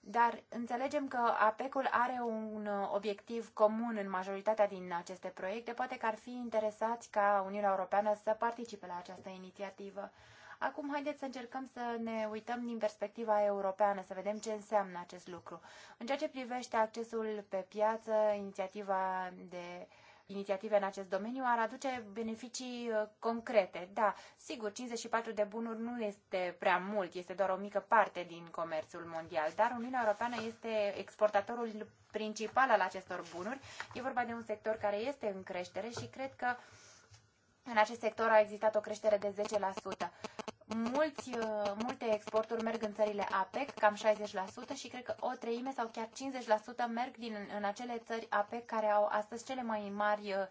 Dar înțelegem că APEC-ul are un uh, obiectiv comun în majoritatea din aceste proiecte. Poate că ar fi interesați ca Uniunea Europeană să participe la această inițiativă. Acum haideți să încercăm să ne uităm din perspectiva europeană, să vedem ce înseamnă acest lucru. În ceea ce privește accesul pe piață, inițiativa de inițiative în acest domeniu ar aduce beneficii uh, concrete. Da, sigur, 54 de bunuri nu este prea mult, este doar o mică parte din comerțul mondial, dar Uniunea Europeană este exportatorul principal al acestor bunuri. E vorba de un sector care este în creștere și cred că în acest sector a existat o creștere de 10% mulți, uh, multe exporturi merg în țările APEC, cam 60%, și cred că o treime sau chiar 50% merg din, în acele țări APEC care au astăzi cele mai mari uh,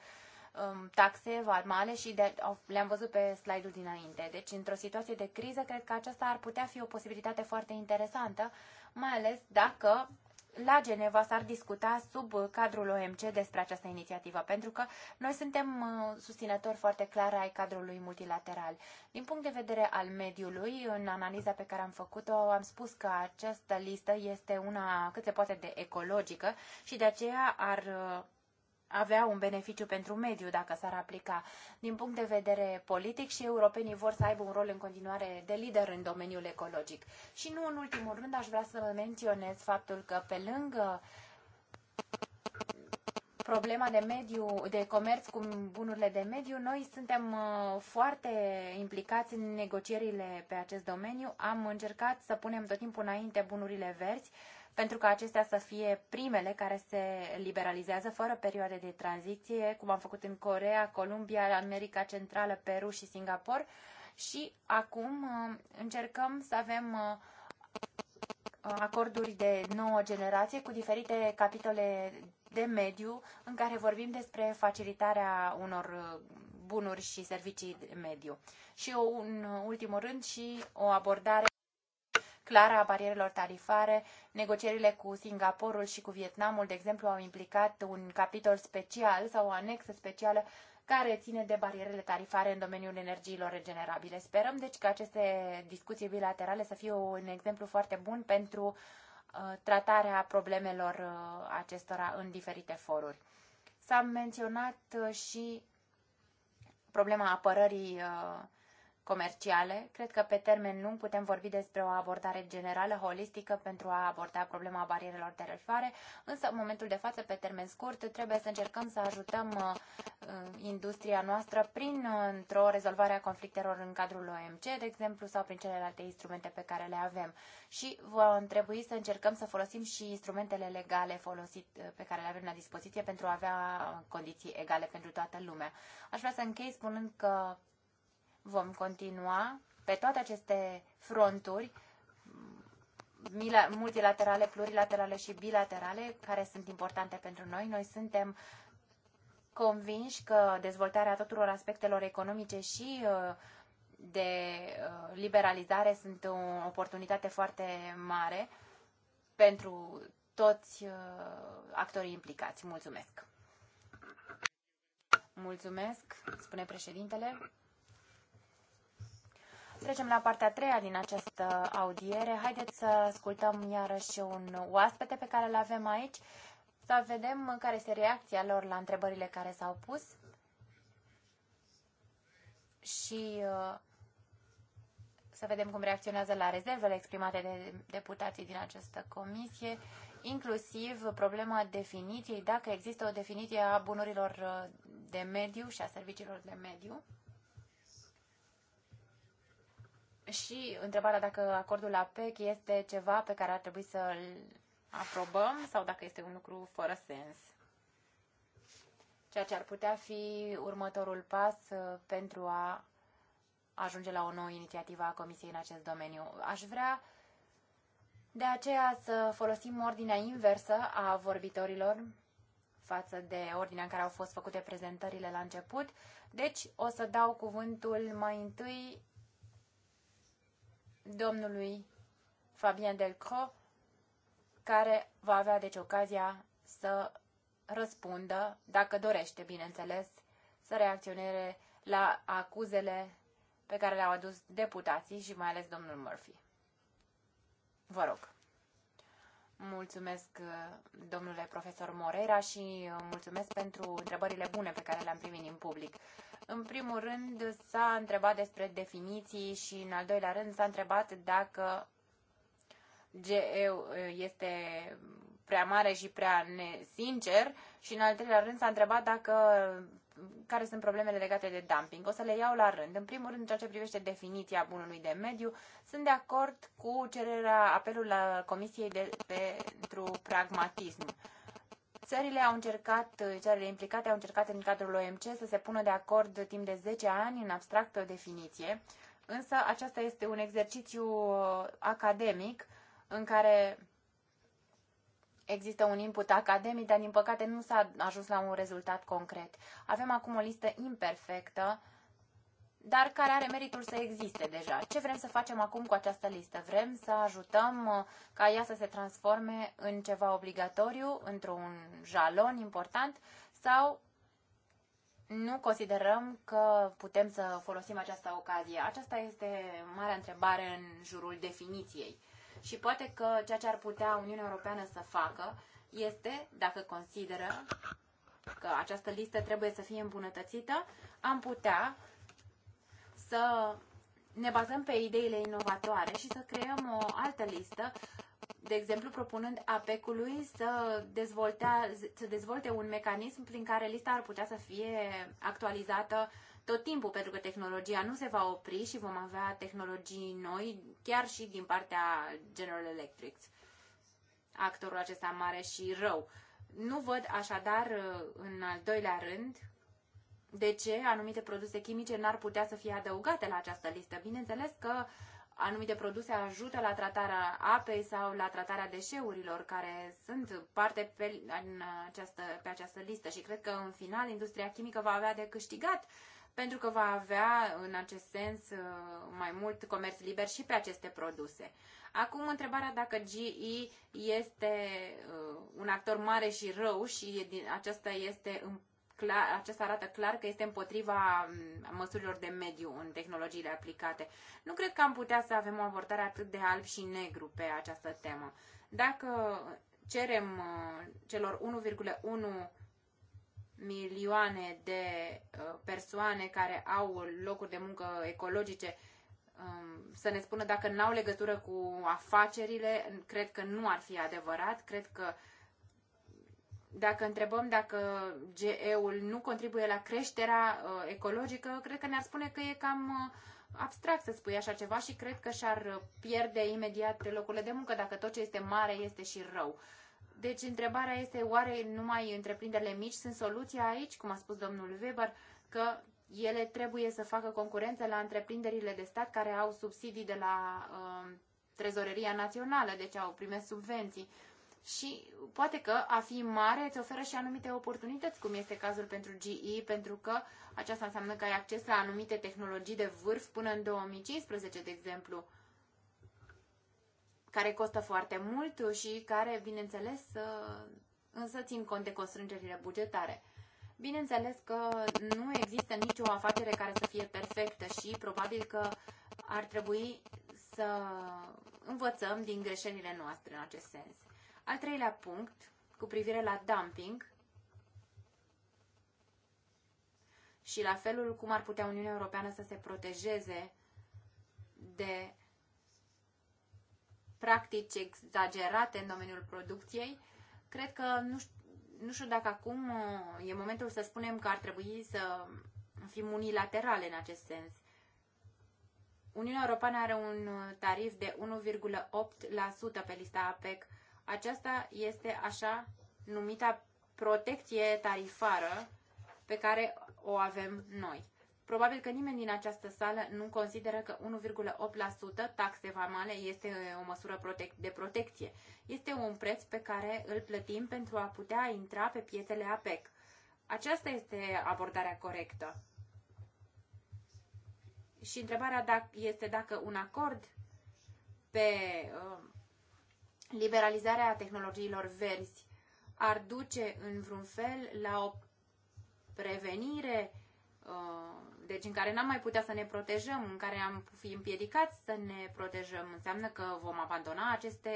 um, taxe varmale și de, le-am văzut pe slide-ul dinainte. Deci, într-o situație de criză, cred că aceasta ar putea fi o posibilitate foarte interesantă, mai ales dacă la Geneva s-ar discuta sub cadrul OMC despre această inițiativă, pentru că noi suntem uh, susținători foarte clar ai cadrului multilateral. Din punct de vedere al mediului, în analiza pe care am făcut-o, am spus că această listă este una cât se poate de ecologică și de aceea ar uh, avea un beneficiu pentru mediu dacă s-ar aplica. Din punct de vedere politic și europenii vor să aibă un rol în continuare de lider în domeniul ecologic. Și nu în ultimul rând aș vrea să menționez faptul că pe lângă problema de mediu, de comerț cu bunurile de mediu, noi suntem uh, foarte implicați în negocierile pe acest domeniu. Am încercat să punem tot timpul înainte bunurile verzi pentru ca acestea să fie primele care se liberalizează fără perioade de tranziție, cum am făcut în Corea, Columbia, America Centrală, Peru și Singapore. Și acum uh, încercăm să avem uh, acorduri de nouă generație cu diferite capitole de mediu în care vorbim despre facilitarea unor uh, bunuri și servicii de mediu. Și un ultimul rând și o abordare clară a barierelor tarifare. Negocierile cu Singaporul și cu Vietnamul, de exemplu, au implicat un capitol special sau o anexă specială care ține de barierele tarifare în domeniul energiilor regenerabile. Sperăm, deci, că aceste discuții bilaterale să fie un exemplu foarte bun pentru uh, tratarea problemelor uh, acestora în diferite foruri. S-a menționat uh, și problema apărării comerciale, cred că pe termen lung putem vorbi despre o abordare generală, holistică, pentru a aborda problema barierelor tarifare, însă în momentul de față, pe termen scurt, trebuie să încercăm să ajutăm uh, uh, industria noastră prin uh, o rezolvare a conflictelor în cadrul OMC, de exemplu, sau prin celelalte instrumente pe care le avem. Și va trebui să încercăm să folosim și instrumentele legale folosit, pe care le avem la dispoziție pentru a avea condiții egale pentru toată lumea. Aș vrea să închei spunând că vom continua pe toate aceste fronturi multilaterale, plurilaterale și bilaterale, care sunt importante pentru noi. Noi suntem convinși că dezvoltarea tuturor aspectelor economice și uh, de uh, liberalizare sunt o oportunitate foarte mare pentru toți uh, actorii implicați. Mulțumesc! Mulțumesc, spune președintele. Trecem la partea a treia din această audiere. Haideți să ascultăm iarăși un oaspete pe care îl avem aici, să vedem care este reacția lor la întrebările care s-au pus. Și uh, să vedem cum reacționează la rezervele exprimate de deputații din această comisie, inclusiv problema definiției, dacă există o definiție a bunurilor uh, de mediu și a serviciilor de mediu și întrebarea dacă acordul PEC este ceva pe care ar trebui să-l aprobăm sau dacă este un lucru fără sens. Ceea ce ar putea fi următorul pas uh, pentru a ajunge la o nouă inițiativă a Comisiei în acest domeniu. Aș vrea de aceea să folosim ordinea inversă a vorbitorilor față de ordinea în care au fost făcute prezentările la început. Deci o să dau cuvântul mai întâi domnului Fabien Delcro, care va avea deci ocazia să răspundă, dacă dorește, bineînțeles, să reacționeze la acuzele pe care le-au adus deputații și mai ales domnul Murphy. Vă rog. Mulțumesc, domnule profesor Morera, și uh, mulțumesc pentru întrebările bune pe care le-am primit din public. În primul rând s-a întrebat despre definiții și în al doilea rând s-a întrebat dacă GE este prea mare și prea nesincer și în al treilea rând s-a întrebat dacă care sunt problemele legate de dumping. O să le iau la rând. În primul rând, în ceea ce privește definiția bunului de mediu, sunt de acord cu cererea apelul la Comisiei de, pentru pragmatism. Țările au încercat, țările implicate au încercat în cadrul OMC să se pună de acord timp de 10 ani în abstractă definiție, însă acesta este un exercițiu uh, academic în care există un input academic, dar din păcate nu s-a ajuns la un rezultat concret. Avem acum o listă imperfectă dar care are meritul să existe deja. Ce vrem să facem acum cu această listă? Vrem să ajutăm uh, ca ea să se transforme în ceva obligatoriu, într-un jalon important sau nu considerăm că putem să folosim această ocazie? Aceasta este marea întrebare în jurul definiției. Și poate că ceea ce ar putea Uniunea Europeană să facă este, dacă consideră că această listă trebuie să fie îmbunătățită, am putea să ne bazăm pe ideile inovatoare și să creăm o altă listă, de exemplu propunând APEC-ului să, să dezvolte un mecanism prin care lista ar putea să fie actualizată tot timpul, pentru că tehnologia nu se va opri și vom avea tehnologii noi, chiar și din partea General Electric, actorul acesta mare și rău. Nu văd așadar, în al doilea rând, de ce anumite produse chimice n-ar putea să fie adăugate la această listă. Bineînțeles că anumite produse ajută la tratarea apei sau la tratarea deșeurilor care sunt parte pe, în această, pe această listă și cred că în final industria chimică va avea de câștigat pentru că va avea în acest sens mai mult comerț liber și pe aceste produse. Acum întrebarea dacă GE este uh, un actor mare și rău și aceasta este clar, acesta arată clar că este împotriva mm, măsurilor de mediu în tehnologiile aplicate. Nu cred că am putea să avem o abordare atât de alb și negru pe această temă. Dacă cerem uh, celor 1,1 milioane de uh, persoane care au locuri de muncă ecologice um, să ne spună dacă n-au legătură cu afacerile, cred că nu ar fi adevărat. Cred că dacă întrebăm dacă GE-ul nu contribuie la creșterea uh, ecologică, cred că ne-ar spune că e cam uh, abstract să spui așa ceva și cred că și-ar uh, pierde imediat locurile de muncă dacă tot ce este mare este și rău. Deci întrebarea este oare numai întreprinderile mici sunt soluția aici, cum a spus domnul Weber, că ele trebuie să facă concurență la întreprinderile de stat care au subsidii de la uh, Trezoreria Națională, deci au primit subvenții și poate că a fi mare îți oferă și anumite oportunități, cum este cazul pentru GE, pentru că aceasta înseamnă că ai acces la anumite tehnologii de vârf până în 2015, de exemplu, care costă foarte mult și care, bineînțeles, ă, însă țin cont de constrângerile bugetare. Bineînțeles că nu există nicio afacere care să fie perfectă și probabil că ar trebui să învățăm din greșelile noastre în acest sens. Al treilea punct, cu privire la dumping și la felul cum ar putea Uniunea Europeană să se protejeze de practici exagerate în domeniul producției, cred că nu știu, nu știu dacă acum uh, e momentul să spunem că ar trebui să fim unilaterale în acest sens. Uniunea Europeană are un uh, tarif de 1,8% pe lista APEC aceasta este așa numita protecție tarifară pe care o avem noi. Probabil că nimeni din această sală nu consideră că 1,8% taxe vamale este o măsură de protecție. Este un preț pe care îl plătim pentru a putea intra pe piețele APEC. Aceasta este abordarea corectă. Și întrebarea da-, este dacă un acord pe uh, liberalizarea tehnologiilor verzi ar duce în vreun fel la o prevenire, uh, deci în care n-am mai putea să ne protejăm, în care am fi împiedicați să ne protejăm, înseamnă că vom abandona aceste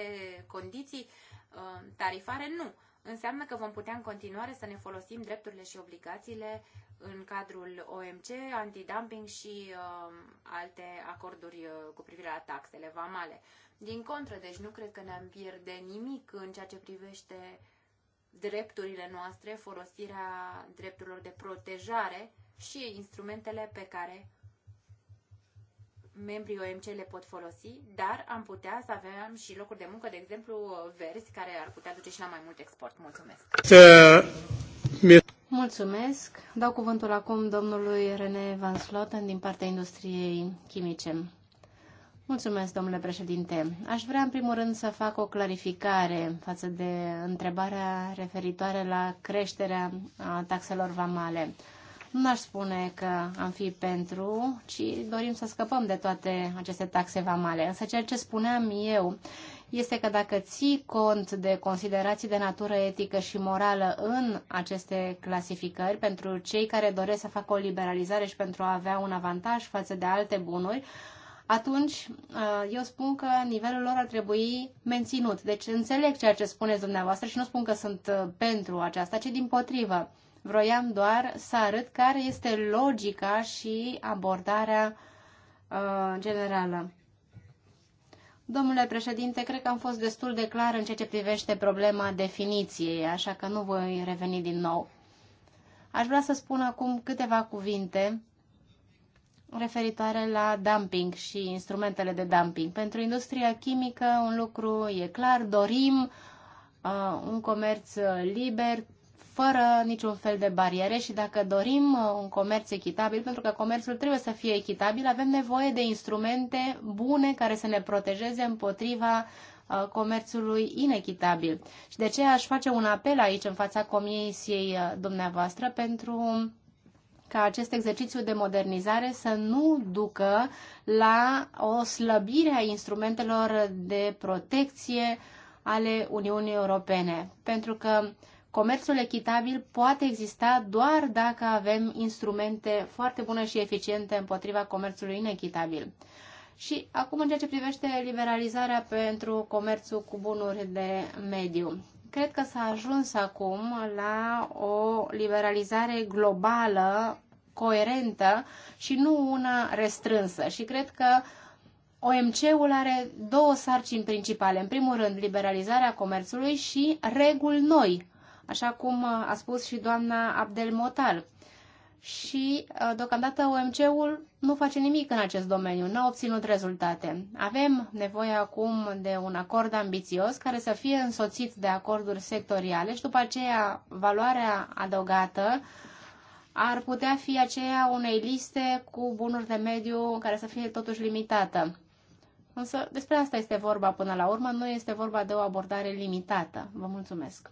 condiții uh, tarifare? Nu. Înseamnă că vom putea în continuare să ne folosim drepturile și obligațiile în cadrul OMC, antidumping și uh, alte acorduri uh, cu privire la taxele vamale. Din contră, deci nu cred că ne-am pierde nimic în ceea ce privește drepturile noastre, folosirea drepturilor de protejare și instrumentele pe care membrii OMC le pot folosi, dar am putea să avem și locuri de muncă, de exemplu, uh, verzi, care ar putea duce și la mai mult export. Mulțumesc! Uh, Mulțumesc. Dau cuvântul acum domnului René Van Sloten din partea industriei chimice. Mulțumesc, domnule președinte. Aș vrea, în primul rând, să fac o clarificare față de întrebarea referitoare la creșterea taxelor vamale. Nu aș spune că am fi pentru, ci dorim să scăpăm de toate aceste taxe vamale. Însă ceea ce spuneam eu este că dacă ții cont de considerații de natură etică și morală în aceste clasificări, pentru cei care doresc să facă o liberalizare și pentru a avea un avantaj față de alte bunuri, atunci uh, eu spun că nivelul lor ar trebui menținut. Deci înțeleg ceea ce spuneți dumneavoastră și nu spun că sunt uh, pentru aceasta, ci din potrivă. Vroiam doar să arăt care este logica și abordarea uh, generală. Domnule președinte, cred că am fost destul de clar în ceea ce privește problema definiției, așa că nu voi reveni din nou. Aș vrea să spun acum câteva cuvinte referitoare la dumping și instrumentele de dumping. Pentru industria chimică un lucru e clar, dorim uh, un comerț liber, fără niciun fel de bariere și dacă dorim uh, un comerț echitabil, pentru că comerțul trebuie să fie echitabil, avem nevoie de instrumente bune care să ne protejeze împotriva uh, comerțului inechitabil. Și de ce aș face un apel aici în fața comisiei uh, dumneavoastră pentru ca acest exercițiu de modernizare să nu ducă la o slăbire a instrumentelor de protecție ale Uniunii Europene. Pentru că Comerțul echitabil poate exista doar dacă avem instrumente foarte bune și eficiente împotriva comerțului inechitabil. Și acum în ceea ce privește liberalizarea pentru comerțul cu bunuri de mediu. Cred că s-a ajuns acum la o liberalizare globală, coerentă și nu una restrânsă. Și cred că OMC-ul are două sarcini principale. În primul rând, liberalizarea comerțului și reguli noi așa cum uh, a spus și doamna Motal. Și, uh, deocamdată, OMC-ul nu face nimic în acest domeniu, nu a obținut rezultate. Avem nevoie acum de un acord ambițios care să fie însoțit de acorduri sectoriale și, după aceea, valoarea adăugată ar putea fi aceea unei liste cu bunuri de mediu care să fie totuși limitată. Însă despre asta este vorba până la urmă, nu este vorba de o abordare limitată. Vă mulțumesc!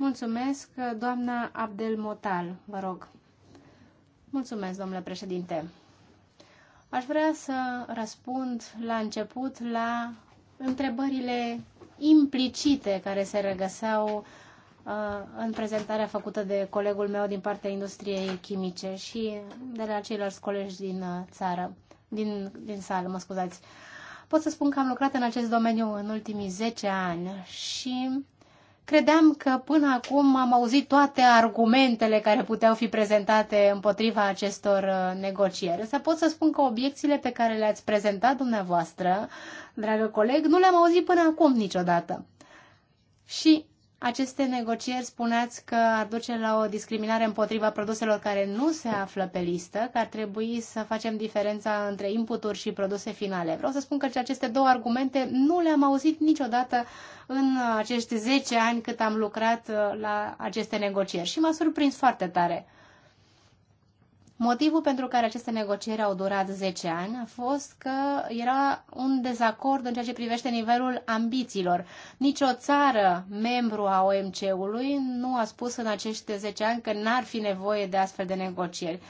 Mulțumesc, doamna Abdel Motal, vă rog. Mulțumesc, domnule președinte. Aș vrea să răspund la început la întrebările implicite care se regăseau uh, în prezentarea făcută de colegul meu din partea industriei chimice și de la ceilalți colegi din uh, țară, din, din sală, mă scuzați. Pot să spun că am lucrat în acest domeniu în ultimii 10 ani și Credeam că până acum am auzit toate argumentele care puteau fi prezentate împotriva acestor uh, negocieri. Să pot să spun că obiecțiile pe care le-ați prezentat dumneavoastră, dragă coleg, nu le-am auzit până acum niciodată. Și aceste negocieri spuneați că ar duce la o discriminare împotriva produselor care nu se află pe listă, că ar trebui să facem diferența între inputuri și produse finale. Vreau să spun că aceste două argumente nu le-am auzit niciodată în acești 10 ani cât am lucrat uh, la aceste negocieri și m-a surprins foarte tare. Motivul pentru care aceste negocieri au durat 10 ani a fost că era un dezacord în ceea ce privește nivelul ambițiilor. Nici o țară membru a OMC-ului nu a spus în acești 10 ani că n-ar fi nevoie de astfel de negocieri.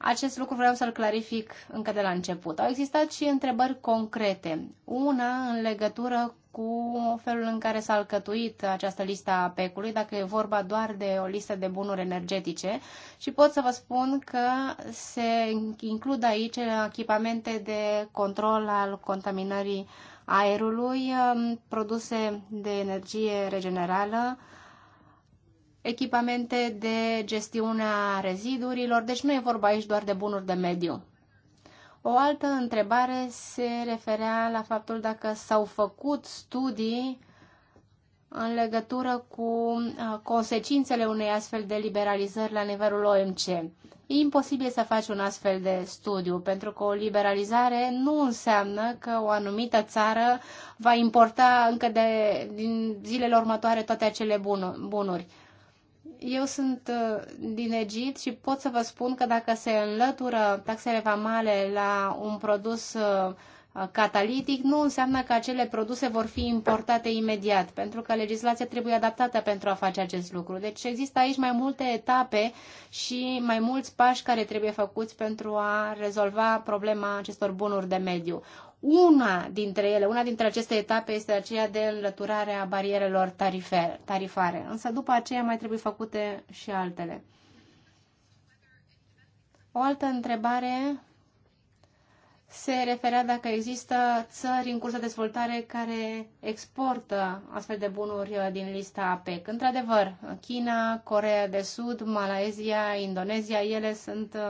Acest lucru vreau să-l clarific încă de la început. Au existat și întrebări concrete. Una în legătură cu felul în care s-a alcătuit această listă a PEC-ului, dacă e vorba doar de o listă de bunuri energetice. Și pot să vă spun că se includ aici echipamente de control al contaminării aerului, um, produse de energie regenerală, echipamente de gestiune a rezidurilor, deci nu e vorba aici doar de bunuri de mediu. O altă întrebare se referea la faptul dacă s-au făcut studii în legătură cu uh, consecințele unei astfel de liberalizări la nivelul OMC. E imposibil să faci un astfel de studiu, pentru că o liberalizare nu înseamnă că o anumită țară va importa încă de, din zilele următoare toate acele bunuri eu sunt uh, din Egipt și pot să vă spun că dacă se înlătură taxele vamale la un produs uh, uh, catalitic, nu înseamnă că acele produse vor fi importate imediat, pentru că legislația trebuie adaptată pentru a face acest lucru. Deci există aici mai multe etape și mai mulți pași care trebuie făcuți pentru a rezolva problema acestor bunuri de mediu. Una dintre ele, una dintre aceste etape este aceea de înlăturare a barierelor tarife, tarifare, însă după aceea mai trebuie făcute și altele. O altă întrebare se referea dacă există țări în curs de dezvoltare care exportă astfel de bunuri uh, din lista APEC. Într-adevăr, China, Corea de Sud, Malaezia, Indonezia, ele sunt uh,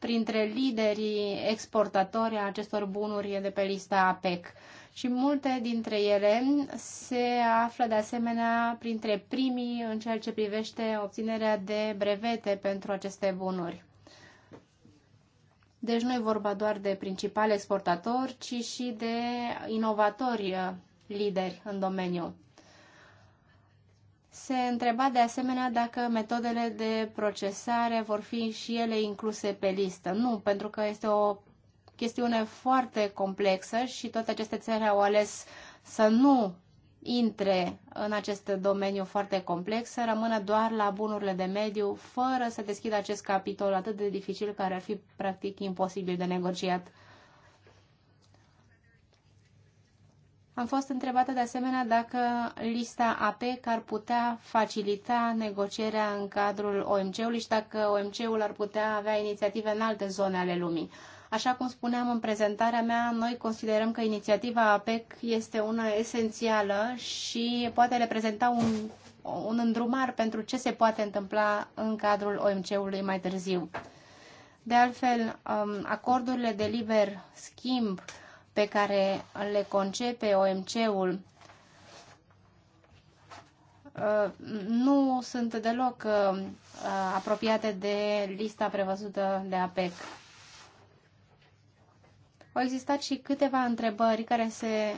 printre liderii exportatori a acestor bunuri de pe lista APEC. Și multe dintre ele se află de asemenea printre primii în ceea ce privește obținerea de brevete pentru aceste bunuri. Deci nu e vorba doar de principali exportatori, ci și de inovatori uh, lideri în domeniu. Se întreba de asemenea dacă metodele de procesare vor fi și ele incluse pe listă. Nu, pentru că este o chestiune foarte complexă și toate aceste țări au ales să nu intre în acest domeniu foarte complex, să rămână doar la bunurile de mediu, fără să deschidă acest capitol atât de dificil care ar fi practic imposibil de negociat Am fost întrebată de asemenea dacă lista APEC ar putea facilita negocierea în cadrul OMC-ului și dacă OMC-ul ar putea avea inițiative în alte zone ale lumii. Așa cum spuneam în prezentarea mea, noi considerăm că inițiativa APEC este una esențială și poate reprezenta un, un îndrumar pentru ce se poate întâmpla în cadrul OMC-ului mai târziu. De altfel, um, acordurile de liber schimb pe care le concepe OMC-ul uh, nu sunt deloc uh, apropiate de lista prevăzută de APEC. Au existat și câteva întrebări care se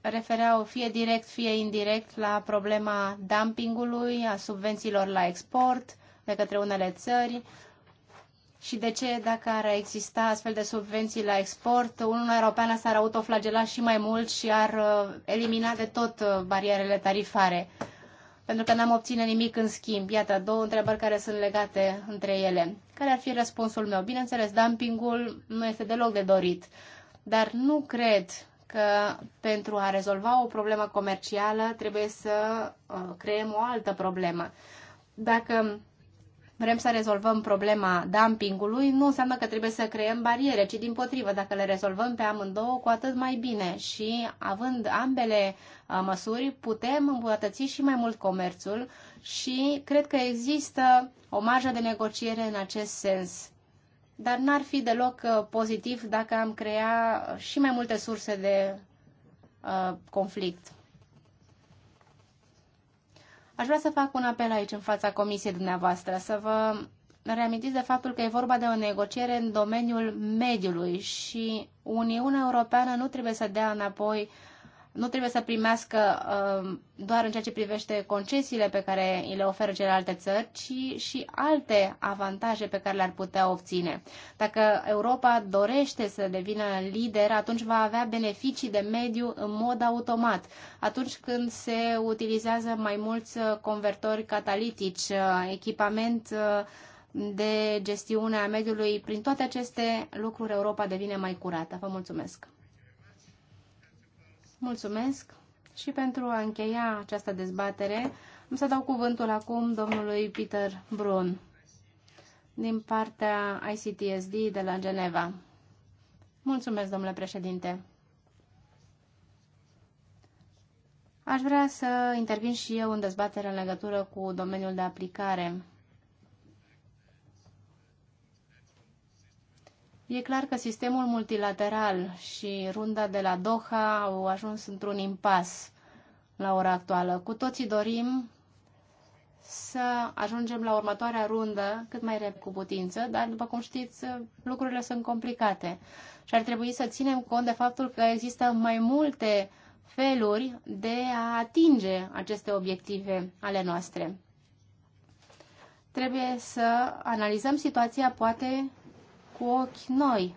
refereau fie direct, fie indirect la problema dumpingului, a subvențiilor la export de către unele țări, și de ce, dacă ar exista astfel de subvenții la export, Uniunea Europeană s-ar autoflagela și mai mult și ar uh, elimina de tot uh, barierele tarifare? Pentru că n-am obține nimic în schimb. Iată, două întrebări care sunt legate între ele. Care ar fi răspunsul meu? Bineînțeles, dumpingul nu este deloc de dorit, dar nu cred că pentru a rezolva o problemă comercială trebuie să uh, creăm o altă problemă. Dacă vrem să rezolvăm problema dumpingului, nu înseamnă că trebuie să creăm bariere, ci din potrivă, dacă le rezolvăm pe amândouă, cu atât mai bine. Și având ambele uh, măsuri, putem îmbunătăți și mai mult comerțul și cred că există o marjă de negociere în acest sens. Dar n-ar fi deloc uh, pozitiv dacă am crea uh, și mai multe surse de uh, conflict. Aș vrea să fac un apel aici în fața comisiei dumneavoastră, să vă reamintiți de faptul că e vorba de o negociere în domeniul mediului și Uniunea Europeană nu trebuie să dea înapoi uh, nu trebuie să primească uh, doar în ceea ce privește concesiile pe care îi le oferă celelalte țări, ci și alte avantaje pe care le-ar putea obține. Dacă Europa dorește să devină lider, atunci va avea beneficii de mediu în mod automat. Atunci când se utilizează mai mulți convertori catalitici, uh, echipament uh, de gestiune a mediului, prin toate aceste lucruri Europa devine mai curată. Vă mulțumesc! Mulțumesc și pentru a încheia această dezbatere, am să dau cuvântul acum domnului Peter Brun din partea ICTSD de la Geneva. Mulțumesc, domnule președinte. Aș vrea să intervin și eu în dezbatere în legătură cu domeniul de aplicare E clar că sistemul multilateral și runda de la Doha au ajuns într-un impas la ora actuală. Cu toții dorim să ajungem la următoarea rundă cât mai repede cu putință, dar, după cum știți, lucrurile sunt complicate și ar trebui să ținem cont de faptul că există mai multe feluri de a atinge aceste obiective ale noastre. Trebuie să analizăm situația, poate, cu ochi noi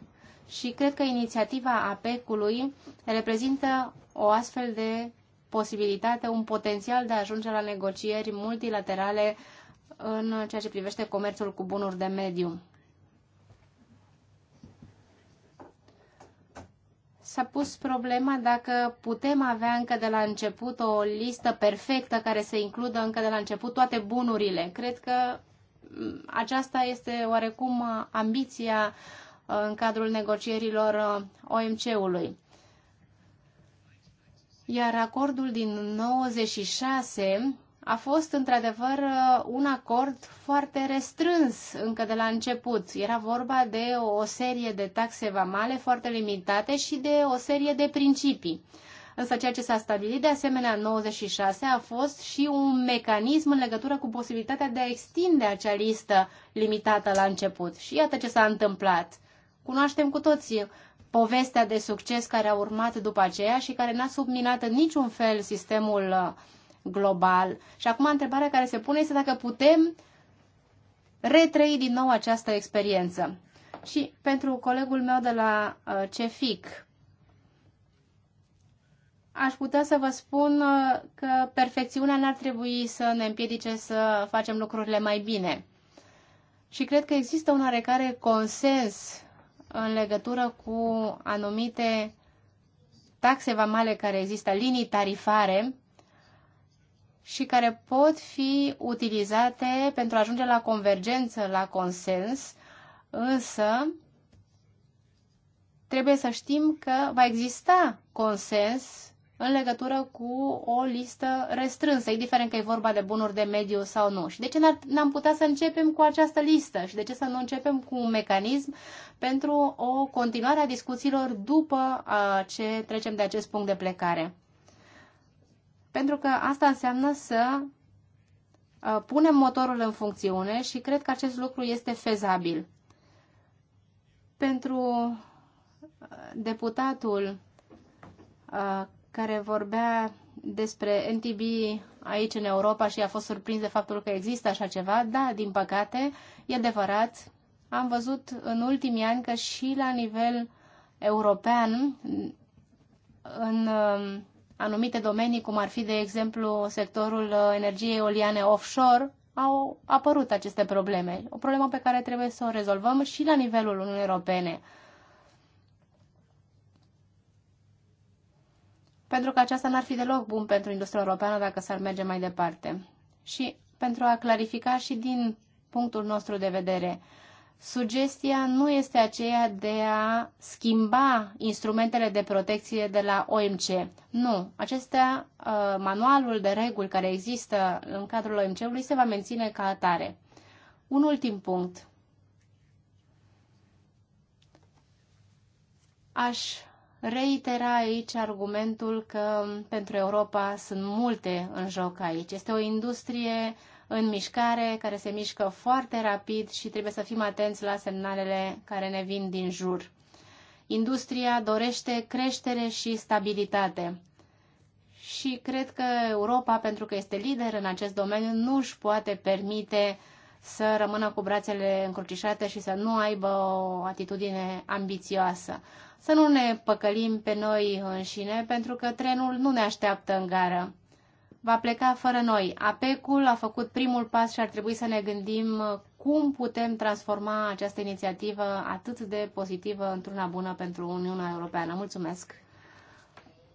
și cred că inițiativa APEC-ului reprezintă o astfel de posibilitate, un potențial de a ajunge la negocieri multilaterale în ceea ce privește comerțul cu bunuri de mediu. s-a pus problema dacă putem avea încă de la început o listă perfectă care să includă încă de la început toate bunurile. Cred că aceasta este oarecum uh, ambiția uh, în cadrul negocierilor uh, OMC-ului. Iar acordul din 96 a fost într-adevăr un acord foarte restrâns încă de la început. Era vorba de o serie de taxe vamale foarte limitate și de o serie de principii. Însă ceea ce s-a stabilit de asemenea în 96 a fost și un mecanism în legătură cu posibilitatea de a extinde acea listă limitată la început. Și iată ce s-a întâmplat. Cunoaștem cu toții povestea de succes care a urmat după aceea și care n-a subminat în niciun fel sistemul uh, global. Și acum întrebarea care se pune este dacă putem retrăi din nou această experiență. Și pentru colegul meu de la uh, CEFIC, aș putea să vă spun uh, că perfecțiunea n-ar trebui să ne împiedice să facem lucrurile mai bine. Și cred că există un oarecare consens în legătură cu anumite taxe vamale care există, linii tarifare și care pot fi utilizate pentru a ajunge la convergență, la consens, însă trebuie să știm că va exista consens în legătură cu o listă restrânsă, indiferent că e vorba de bunuri de mediu sau nu. Și de ce n-am putea să începem cu această listă și de ce să nu începem cu un mecanism pentru o continuare a discuțiilor după ce trecem de acest punct de plecare? Pentru că asta înseamnă să punem motorul în funcțiune și cred că acest lucru este fezabil. Pentru deputatul care vorbea despre NTB aici în Europa și a fost surprins de faptul că există așa ceva. Da, din păcate, e adevărat. Am văzut în ultimii ani că și la nivel european, în um, anumite domenii, cum ar fi, de exemplu, sectorul uh, energiei eoliane offshore, au apărut aceste probleme. O problemă pe care trebuie să o rezolvăm și la nivelul Uniunii Europene. pentru că aceasta n-ar fi deloc bun pentru industria europeană dacă s-ar merge mai departe. Și pentru a clarifica și din punctul nostru de vedere, sugestia nu este aceea de a schimba instrumentele de protecție de la OMC. Nu. Acestea, uh, manualul de reguli care există în cadrul OMC-ului se va menține ca atare. Un ultim punct. Aș reitera aici argumentul că pentru Europa sunt multe în joc aici. Este o industrie în mișcare, care se mișcă foarte rapid și trebuie să fim atenți la semnalele care ne vin din jur. Industria dorește creștere și stabilitate. Și cred că Europa, pentru că este lider în acest domeniu, nu își poate permite uh, să rămână cu brațele încrucișate și să nu aibă o atitudine ambițioasă. Să nu ne păcălim pe noi înșine, pentru că trenul nu ne așteaptă în gară. Va pleca fără noi. APEC-ul a făcut primul pas și ar trebui să ne gândim cum putem transforma această inițiativă atât de pozitivă într-una bună pentru Uniunea Europeană. Mulțumesc!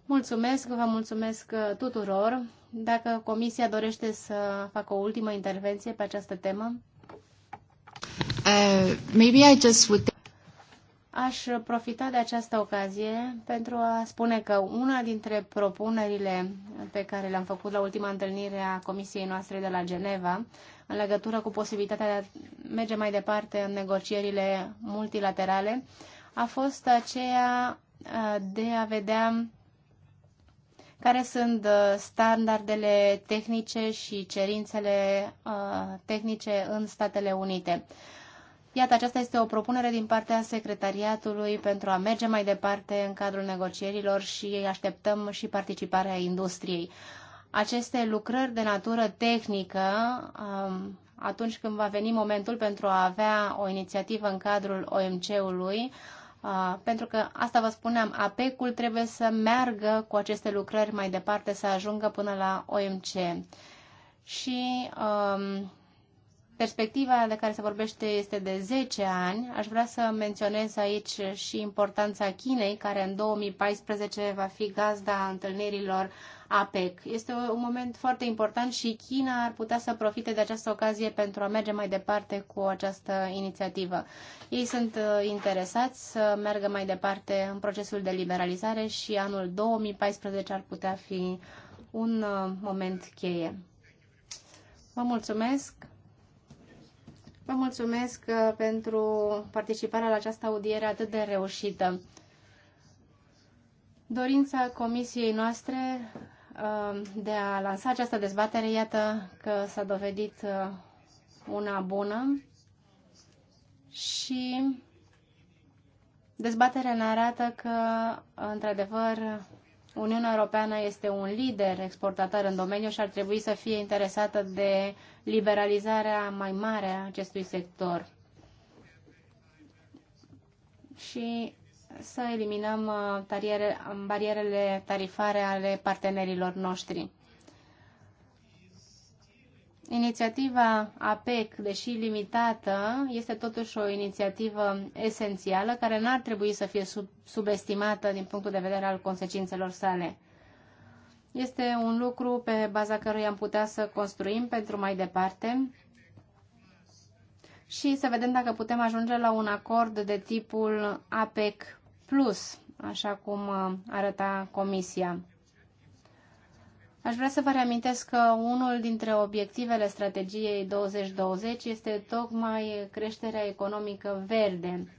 Mulțumesc, vă mulțumesc uh, tuturor! dacă Comisia dorește să facă o ultimă intervenție pe această temă. Uh, maybe I just would... Aș profita de această ocazie pentru a spune că una dintre propunerile pe care le-am făcut la ultima întâlnire a Comisiei noastre de la Geneva, în legătură cu posibilitatea de a merge mai departe în negocierile multilaterale, a fost aceea uh, de a vedea care sunt uh, standardele tehnice și cerințele uh, tehnice în Statele Unite. Iată, aceasta este o propunere din partea secretariatului pentru a merge mai departe în cadrul negocierilor și așteptăm și participarea industriei. Aceste lucrări de natură tehnică, um, atunci când va veni momentul pentru a avea o inițiativă în cadrul OMC-ului, pentru că asta vă spuneam, APEC-ul trebuie să meargă cu aceste lucrări mai departe, să ajungă până la OMC. Și um, perspectiva de care se vorbește este de 10 ani. Aș vrea să menționez aici și importanța Chinei, care în 2014 va fi gazda întâlnirilor uh, APEC. Este un moment foarte important și China ar putea să profite de această ocazie pentru a merge mai departe cu această inițiativă. Ei sunt uh, interesați să meargă mai departe în procesul de liberalizare și anul 2014 ar putea fi un uh, moment cheie. Vă mulțumesc! Vă mulțumesc uh, pentru participarea la această audiere atât de reușită. Dorința comisiei noastre Um, de a lansa această dezbatere, iată că s-a dovedit uh, una bună și dezbaterea ne arată că, într-adevăr, Uniunea Europeană este un lider exportator în domeniu și ar trebui să fie interesată de liberalizarea mai mare a acestui sector. Și să eliminăm uh, tariere, barierele tarifare ale partenerilor noștri. Inițiativa APEC, deși limitată, este totuși o inițiativă esențială care n-ar trebui să fie sub, subestimată din punctul de vedere al consecințelor sale. Este un lucru pe baza căruia am putea să construim pentru mai departe și să vedem dacă putem ajunge la un acord de tipul APEC plus, așa cum uh, arăta Comisia. Aș vrea să vă reamintesc că unul dintre obiectivele strategiei 2020 este tocmai creșterea economică verde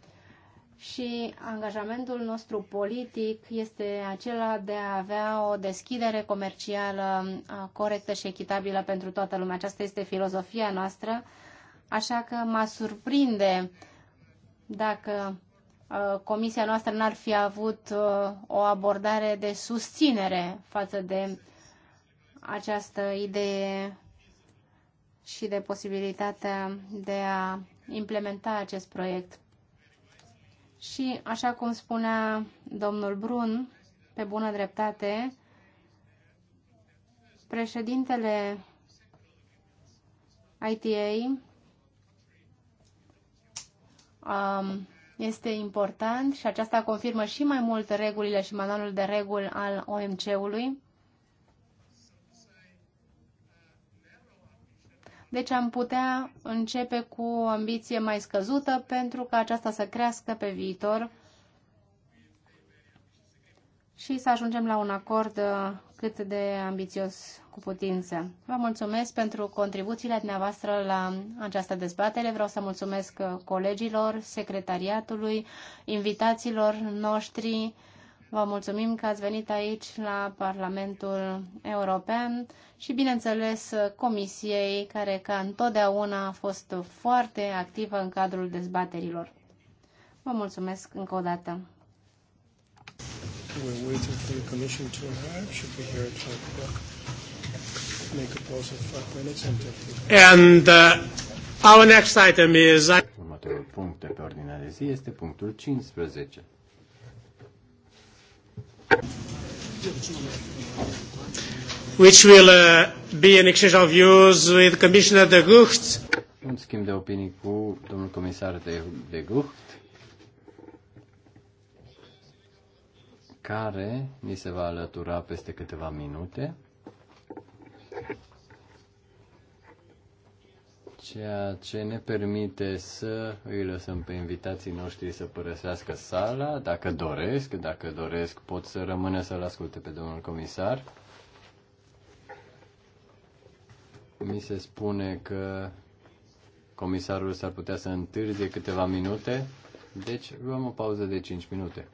și angajamentul nostru politic este acela de a avea o deschidere comercială uh, corectă și echitabilă pentru toată lumea. Aceasta este filozofia noastră, așa că mă surprinde dacă Uh, comisia noastră n-ar fi avut uh, o abordare de susținere față de această idee și de posibilitatea de a implementa acest proiect. Și, așa cum spunea domnul Brun, pe bună dreptate, președintele ITA um, este important și aceasta confirmă și mai mult regulile și manualul de reguli al OMC-ului. Deci am putea începe cu o ambiție mai scăzută pentru ca aceasta să crească pe viitor și să ajungem la un acord cât de ambițios cu putință. Vă mulțumesc pentru contribuțiile dumneavoastră la această dezbatere. Vreau să mulțumesc uh, colegilor, secretariatului, invitațiilor noștri. Vă mulțumim că ați venit aici la Parlamentul European și, bineînțeles, uh, Comisiei, care ca întotdeauna a fost foarte activă în cadrul dezbaterilor. Vă mulțumesc încă o dată. We're waiting for the commission to arrive. Should be here at 5 o'clock. Make a pause of 5 minutes and take the And uh, our next item is... Următorul punct de pe ordinea de zi este punctul 15. Which will uh, be an exchange of views with Commissioner de Gucht. Un schimb de opinii cu domnul comisar de, de Gucht care ni se va alătura peste câteva minute, ceea ce ne permite să îi lăsăm pe invitații noștri să părăsească sala, dacă doresc, dacă doresc pot să rămână să-l asculte pe domnul comisar. Mi se spune că comisarul s-ar putea să întârzie câteva minute, deci luăm o pauză de 5 minute.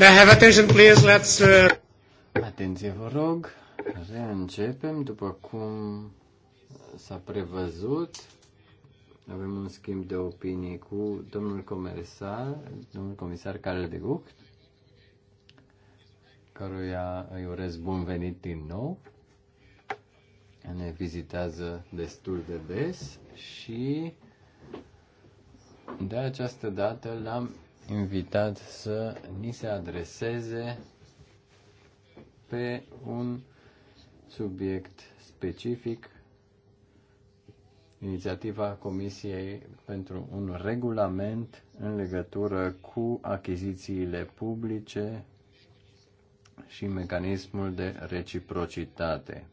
May I have attention, please? Let's... Uh... Atenție, vă rog. Reîncepem după cum s-a prevăzut. Avem un schimb de opinii cu domnul comisar, domnul comisar Carl de Gucht, căruia îi urez bun venit din nou. Ne vizitează destul de des și de această dată l-am invitat să ni se adreseze pe un subiect specific inițiativa Comisiei pentru un regulament în legătură cu achizițiile publice și mecanismul de reciprocitate.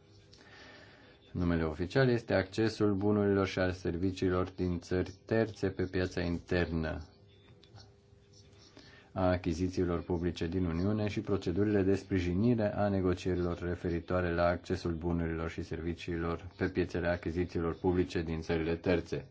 Numele oficial este accesul bunurilor și al serviciilor din țări terțe pe piața internă a achizițiilor publice din Uniune și procedurile de sprijinire a negocierilor referitoare la accesul bunurilor și serviciilor pe piețele achizițiilor publice din țările terțe.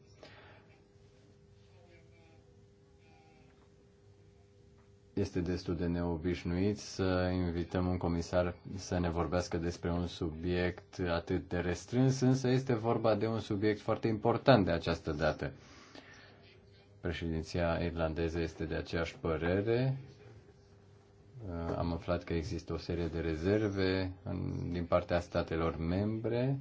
Este destul de neobișnuit să invităm un comisar să ne vorbească despre un subiect atât de restrâns, însă este vorba de un subiect foarte important de această dată. Președinția irlandeză este de aceeași părere. Am aflat că există o serie de rezerve în, din partea statelor membre.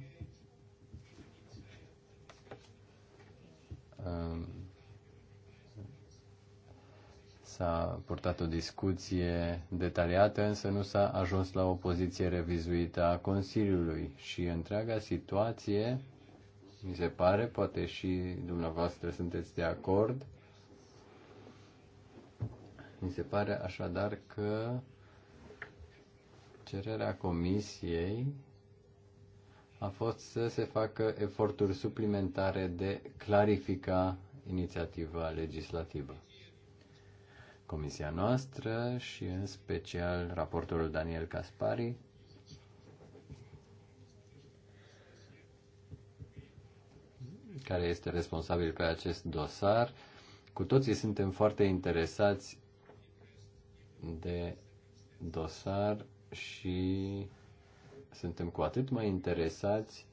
S-a purtat o discuție detaliată, însă nu s-a ajuns la o poziție revizuită a Consiliului și întreaga situație, mi se pare, poate și dumneavoastră sunteți de acord, mi se pare așadar că cererea comisiei a fost să se facă eforturi suplimentare de clarifica inițiativa legislativă. Comisia noastră și în special raportorul Daniel Caspari care este responsabil pe acest dosar. Cu toții suntem foarte interesați de dosar și suntem cu atât mai interesați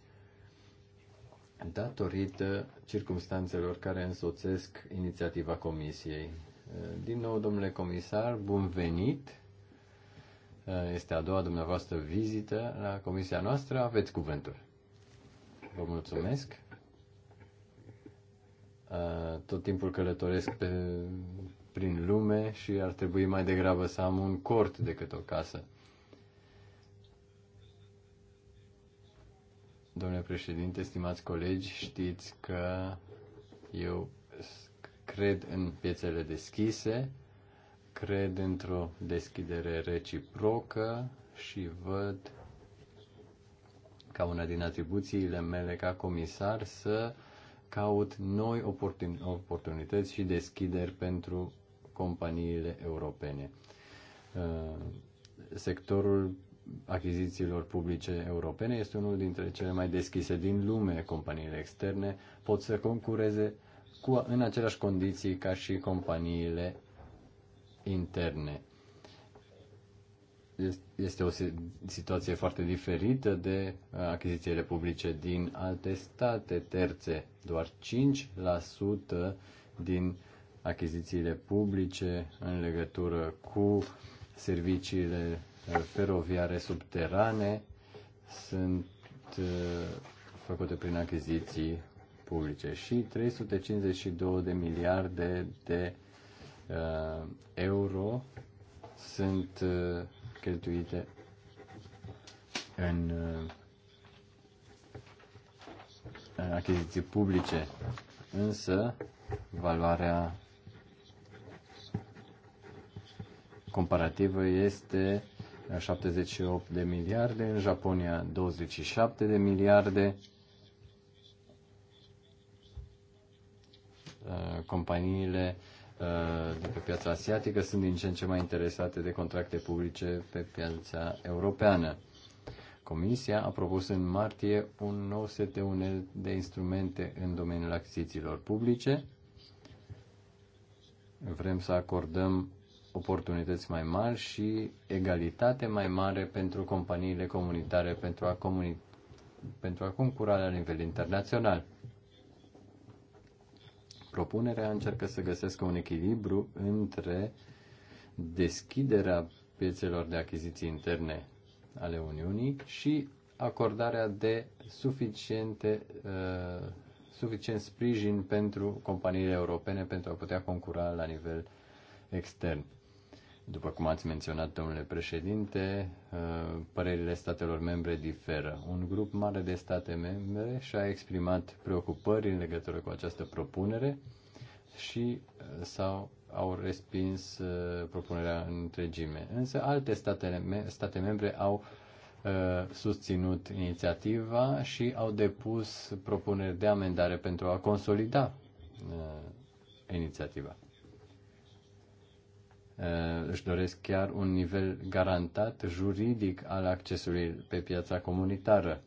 datorită circumstanțelor care însoțesc inițiativa Comisiei. Din nou, domnule comisar, bun venit! Este a doua dumneavoastră vizită la Comisia noastră. Aveți cuvântul. Vă mulțumesc! Tot timpul călătoresc pe prin lume și ar trebui mai degrabă să am un cort decât o casă. Domnule președinte, stimați colegi, știți că eu cred în piețele deschise, cred într-o deschidere reciprocă și văd ca una din atribuțiile mele ca comisar să caut noi oportun- oportunități și deschideri pentru companiile europene. Uh, sectorul achizițiilor publice europene este unul dintre cele mai deschise din lume. Companiile externe pot să concureze cu, în aceleași condiții ca și companiile interne. Este o situație foarte diferită de uh, achizițiile publice din alte state terțe. Doar 5% din uh, achizițiile publice în legătură cu serviciile uh, feroviare subterane sunt uh, făcute prin achiziții publice și 352 de miliarde de uh, euro sunt cheltuite în achiziții publice, însă valoarea comparativă este 78 de miliarde, în Japonia 27 de miliarde. Uh, companiile uh, de pe piața asiatică sunt din ce în ce mai interesate de contracte publice pe piața europeană. Comisia a propus în martie un nou set de unel de instrumente în domeniul achizițiilor publice. Vrem să acordăm oportunități mai mari și egalitate mai mare pentru companiile comunitare pentru a, comuni- pentru a concura la nivel internațional. Propunerea încearcă să găsească un echilibru între deschiderea piețelor de achiziții interne ale Uniunii și acordarea de suficiente, uh, suficient sprijin pentru companiile europene pentru a putea concura la nivel extern. După cum ați menționat, domnule președinte, uh, părerile statelor membre diferă. Un grup mare de state membre și-a exprimat preocupări în legătură cu această propunere și uh, s-au au respins uh, propunerea în întregime. Însă alte state, state membre au susținut inițiativa și au depus propuneri de amendare pentru a consolida inițiativa. Eh, își doresc chiar un nivel garantat juridic al accesului pe piața comunitară.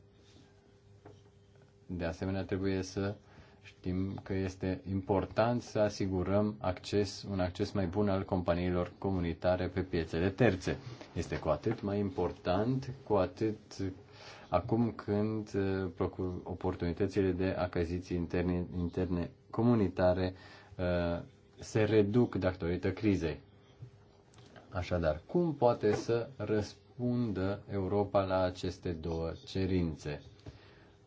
De asemenea, trebuie să știm că este important să asigurăm acces, un acces mai bun al companiilor comunitare pe piețele terțe. Este cu atât mai important, cu atât acum când eh, oportunitățile de achiziții interne, interne comunitare eh, se reduc datorită crizei. Așadar, cum poate să răspundă Europa la aceste două cerințe?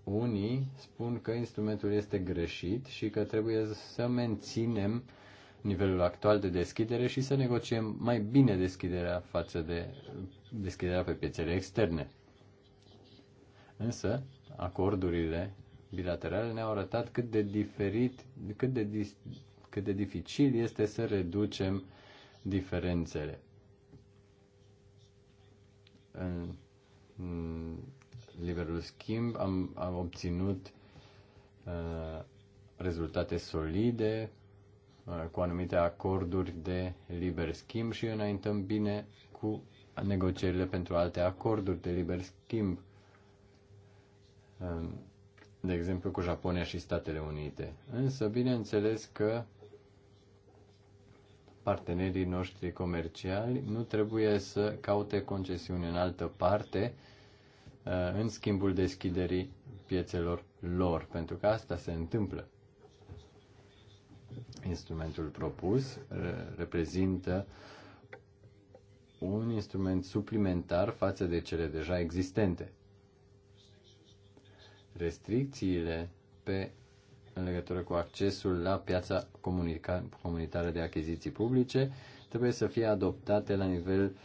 Unii spun că instrumentul este greșit și că trebuie să menținem nivelul actual de deschidere și să negociem mai bine deschiderea față de deschiderea pe piețele externe. Însă, acordurile bilaterale ne-au arătat cât de diferit, cât de, cât de dificil este să reducem diferențele în liberul schimb am, am obținut uh, rezultate solide uh, cu anumite acorduri de liber schimb și înaintăm bine cu negocierile pentru alte acorduri de liber schimb, uh, de exemplu cu Japonia și Statele Unite. Însă, bineînțeles că partenerii noștri comerciali nu trebuie să caute concesiuni în altă parte uh, în schimbul deschiderii piețelor lor, pentru că asta se întâmplă. Instrumentul propus uh, reprezintă un instrument suplimentar față de cele deja existente. Restricțiile pe în legătură cu accesul la piața comunitară de achiziții publice trebuie să fie adoptate la nivel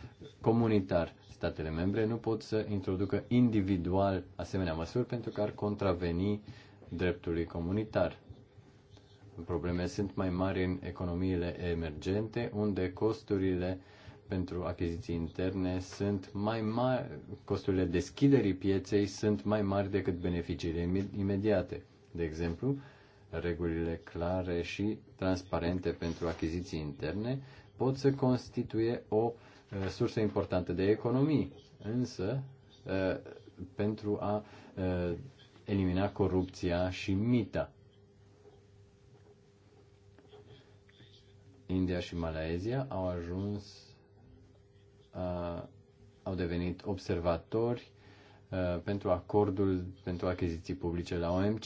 comunitar. Statele membre nu pot să introducă individual asemenea măsuri pentru că ar contraveni dreptului comunitar. Probleme sunt mai mari în economiile emergente, unde costurile pentru achiziții interne sunt mai mari, costurile deschiderii pieței sunt mai mari decât beneficiile imediate. De exemplu, regulile clare și transparente pentru achiziții interne pot să constituie o uh, sursă importantă de economii, însă uh, pentru a uh, elimina corupția și mita. India și Malaezia au ajuns, au devenit observatori pentru acordul pentru achiziții publice la OMC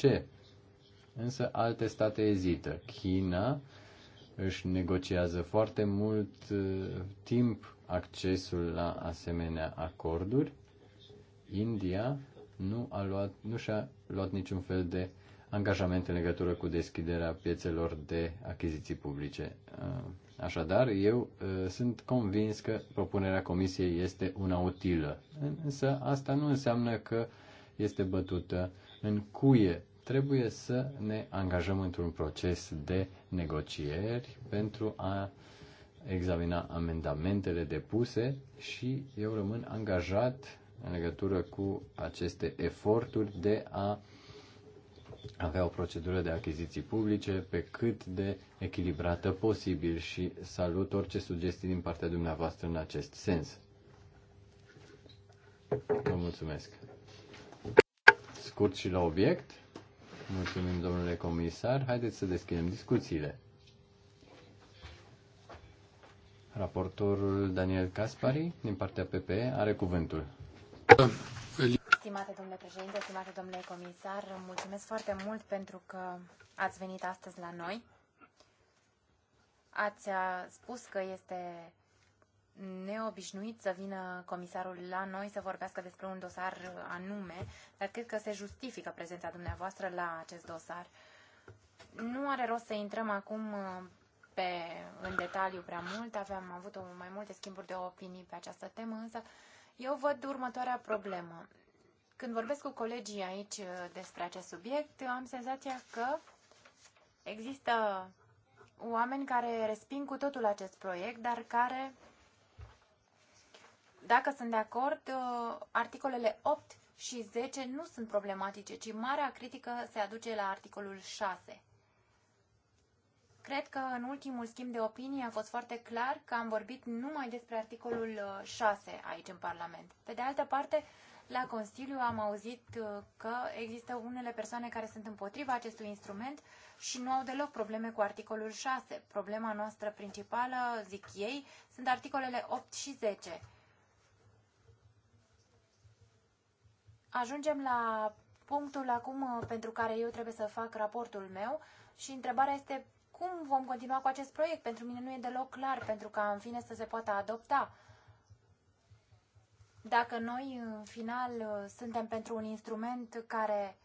însă alte state ezită. China își negociază foarte mult uh, timp accesul la asemenea acorduri. India nu, a luat, nu și-a luat niciun fel de angajament în legătură cu deschiderea piețelor de achiziții publice. Uh, așadar, eu uh, sunt convins că propunerea Comisiei este una utilă, însă asta nu înseamnă că este bătută în cuie trebuie să ne angajăm într-un proces de negocieri pentru a examina amendamentele depuse și eu rămân angajat în legătură cu aceste eforturi de a avea o procedură de achiziții publice pe cât de echilibrată posibil și salut orice sugestii din partea dumneavoastră în acest sens. Vă mulțumesc. Scurt și la obiect. Mulțumim, domnule comisar. Haideți să deschidem discuțiile. Raportorul Daniel Caspari, din partea PP, are cuvântul. Stimate domnule președinte, stimate domnule comisar, mulțumesc foarte mult pentru că ați venit astăzi la noi. Ați uh, spus că este neobișnuit să vină comisarul la noi să vorbească despre un dosar anume, dar cred că se justifică prezența dumneavoastră la acest dosar. Nu are rost să intrăm acum uh, pe, în detaliu prea mult, aveam avut o, mai multe schimburi de opinii pe această temă, însă eu văd următoarea problemă. Când vorbesc cu colegii aici uh, despre acest subiect, am senzația că există oameni care resping cu totul acest proiect, dar care dacă sunt de acord, uh, articolele 8 și 10 nu sunt problematice, ci marea critică se aduce la articolul 6. Cred că în ultimul schimb de opinie a fost foarte clar că am vorbit numai despre articolul 6 uh, aici în Parlament. Pe de altă parte, la Consiliu am auzit uh, că există unele persoane care sunt împotriva acestui instrument și nu au deloc probleme cu articolul 6. Problema noastră principală, zic ei, sunt articolele 8 și 10 Ajungem la punctul acum uh, pentru care eu trebuie să fac raportul meu și întrebarea este cum vom continua cu acest proiect. Pentru mine nu e deloc clar pentru ca în fine să se poată adopta. Dacă noi în final uh, suntem pentru un instrument care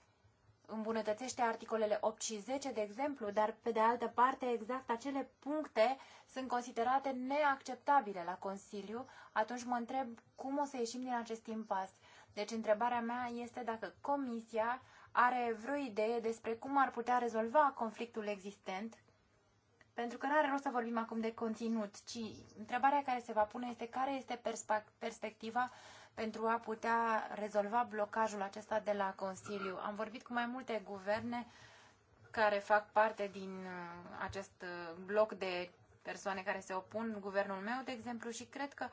îmbunătățește articolele 8 și 10, de exemplu, dar pe de altă parte exact acele puncte sunt considerate neacceptabile la Consiliu, atunci mă întreb cum o să ieșim din acest impas. Deci întrebarea mea este dacă Comisia are vreo idee despre cum ar putea rezolva conflictul existent, pentru că nu are rost să vorbim acum de conținut, ci întrebarea care se va pune este care este perspectiva pentru a putea rezolva blocajul acesta de la Consiliu. Am vorbit cu mai multe guverne care fac parte din uh, acest uh, bloc de persoane care se opun, guvernul meu, de exemplu, și cred că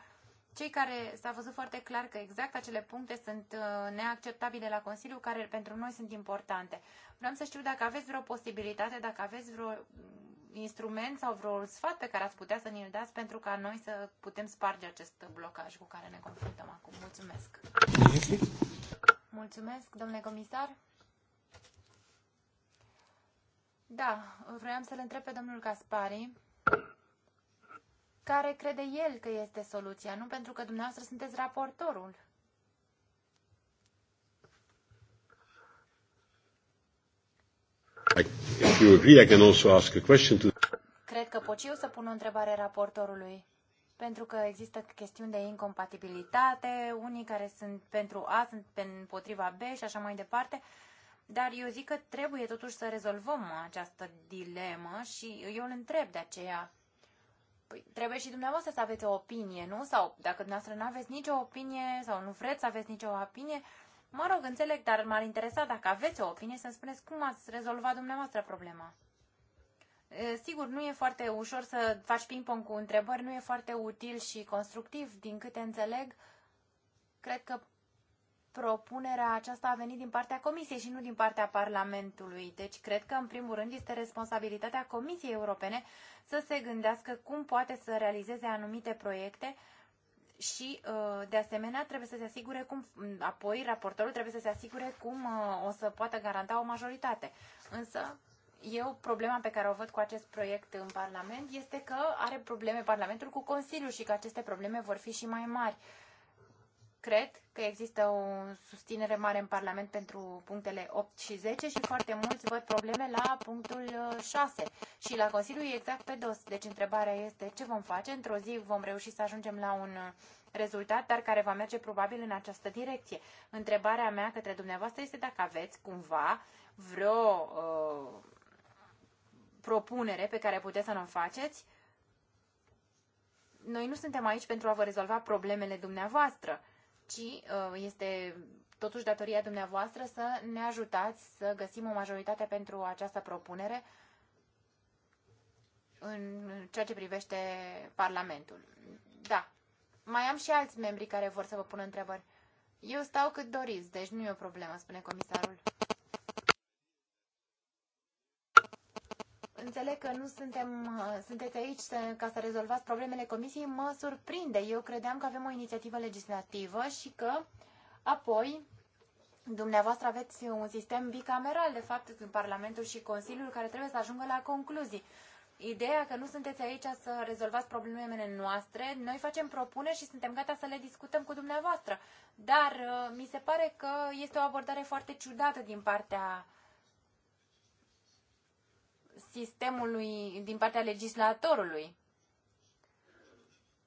cei care s-a văzut foarte clar că exact acele puncte sunt uh, neacceptabile la Consiliu, care pentru noi sunt importante. Vreau să știu dacă aveți vreo posibilitate, dacă aveți vreo mm, instrument sau vreo sfat pe care ați putea să ne-l dați pentru ca noi să putem sparge acest blocaj cu care ne confruntăm acum. Mulțumesc! Mulțumesc, domnule comisar! Da, vreau să-l întreb pe domnul Caspari care crede el că este soluția, nu pentru că dumneavoastră sunteți raportorul. Cred că pot și eu să pun o întrebare raportorului, pentru că există chestiuni de incompatibilitate, unii care sunt pentru A, sunt împotriva B și așa mai departe, dar eu zic că trebuie totuși să rezolvăm această dilemă și eu îl întreb de aceea Păi, trebuie și dumneavoastră să aveți o opinie, nu? Sau dacă dumneavoastră nu aveți nicio opinie sau nu vreți să aveți nicio opinie, mă rog, înțeleg, dar m-ar interesa dacă aveți o opinie să-mi spuneți cum ați rezolvat dumneavoastră problema. Sigur, nu e foarte ușor să faci ping-pong cu întrebări, nu e foarte util și constructiv, din câte înțeleg. Cred că propunerea aceasta a venit din partea Comisiei și nu din partea Parlamentului. Deci cred că, în primul rând, este responsabilitatea Comisiei Europene să se gândească cum poate să realizeze anumite proiecte și, uh, de asemenea, trebuie să se asigure cum, apoi, raportorul trebuie să se asigure cum uh, o să poată garanta o majoritate. Însă, eu, problema pe care o văd cu acest proiect în Parlament este că are probleme Parlamentul cu Consiliul și că aceste probleme vor fi și mai mari cred că există o susținere mare în Parlament pentru punctele 8 și 10 și foarte mulți văd probleme la punctul 6 uh, și la Consiliu exact pe dos. Deci întrebarea este ce vom face. Într-o zi vom reuși să ajungem la un uh, rezultat, dar care va merge probabil în această direcție. Întrebarea mea către dumneavoastră este dacă aveți cumva vreo uh, propunere pe care puteți să ne-o faceți. Noi nu suntem aici pentru a vă rezolva problemele dumneavoastră ci uh, este totuși datoria dumneavoastră să ne ajutați să găsim o majoritate pentru această propunere în ceea ce privește Parlamentul. Da, mai am și alți membri care vor să vă pună întrebări. Eu stau cât doriți, deci nu e o problemă, spune comisarul. Înțeleg că nu suntem, uh, sunteți aici ca să rezolvați problemele comisiei. Mă surprinde. Eu credeam că avem o inițiativă legislativă și că apoi dumneavoastră aveți un sistem bicameral, de fapt, în Parlamentul și Consiliul, care trebuie să ajungă la concluzii. Ideea că nu sunteți aici să rezolvați problemele noastre, noi facem propuneri și suntem gata să le discutăm cu dumneavoastră. Dar uh, mi se pare că este o abordare foarte ciudată din partea sistemului din partea legislatorului.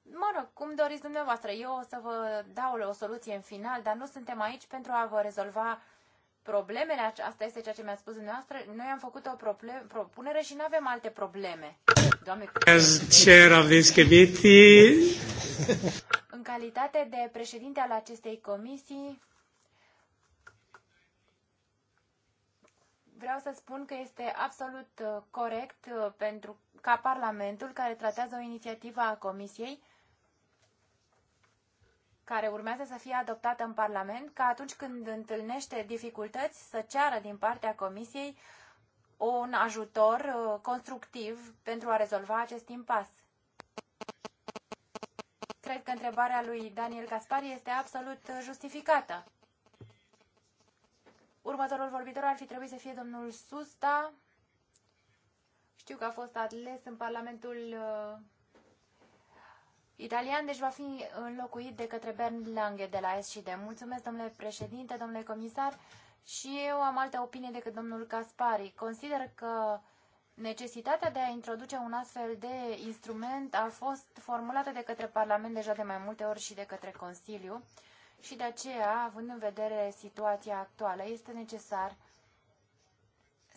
Mă rog, cum doriți dumneavoastră, eu o să vă dau o soluție în final, dar nu suntem aici pentru a vă rezolva problemele, asta este ceea ce mi-a spus dumneavoastră, noi am făcut o problem, propunere și nu avem alte probleme. Doamne, As chair of this committee. În calitate de președinte al acestei comisii, vreau să spun că este absolut uh, corect uh, pentru ca Parlamentul, care tratează o inițiativă a Comisiei, care urmează să fie adoptată în Parlament, ca atunci când întâlnește dificultăți să ceară din partea Comisiei un ajutor uh, constructiv pentru a rezolva acest impas. Cred că întrebarea lui Daniel Caspari este absolut justificată. Următorul vorbitor ar fi trebuit să fie domnul Susta. Știu că a fost ales în Parlamentul uh, italian, deci va fi înlocuit de către Bern Lange de la SCD. Mulțumesc, domnule președinte, domnule comisar. Și eu am altă opinie decât domnul Caspari. Consider că necesitatea de a introduce un astfel de instrument a fost formulată de către Parlament deja de mai multe ori și de către Consiliu. Uh, și de aceea, având în vedere situația actuală, este necesar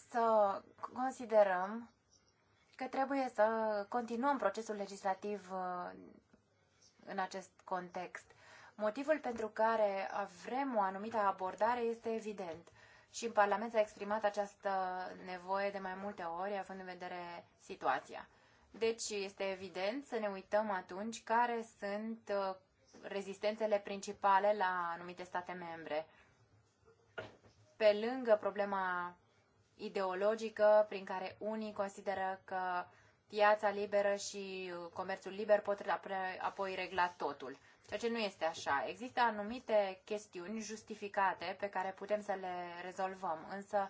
să considerăm că trebuie să continuăm procesul legislativ uh, în acest context. Motivul pentru care vrem o anumită abordare este evident și în Parlament s-a exprimat această nevoie de mai multe ori, având în vedere situația. Deci este evident să ne uităm atunci care sunt uh, rezistențele principale la anumite state membre. Pe lângă problema ideologică prin care unii consideră că piața liberă și comerțul liber pot apoi regla totul, ceea ce nu este așa. Există anumite chestiuni justificate pe care putem să le rezolvăm, însă,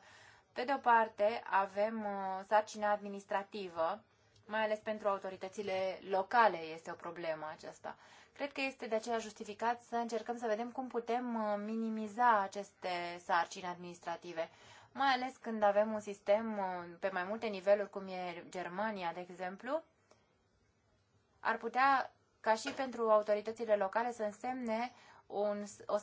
pe de o parte, avem uh, sarcina administrativă, mai ales pentru autoritățile locale este o problemă aceasta. Cred că este de aceea justificat să încercăm să vedem cum putem uh, minimiza aceste sarcini administrative, mai ales când avem un sistem uh, pe mai multe niveluri, cum e Germania, de exemplu, ar putea ca și pentru autoritățile locale să însemne un, o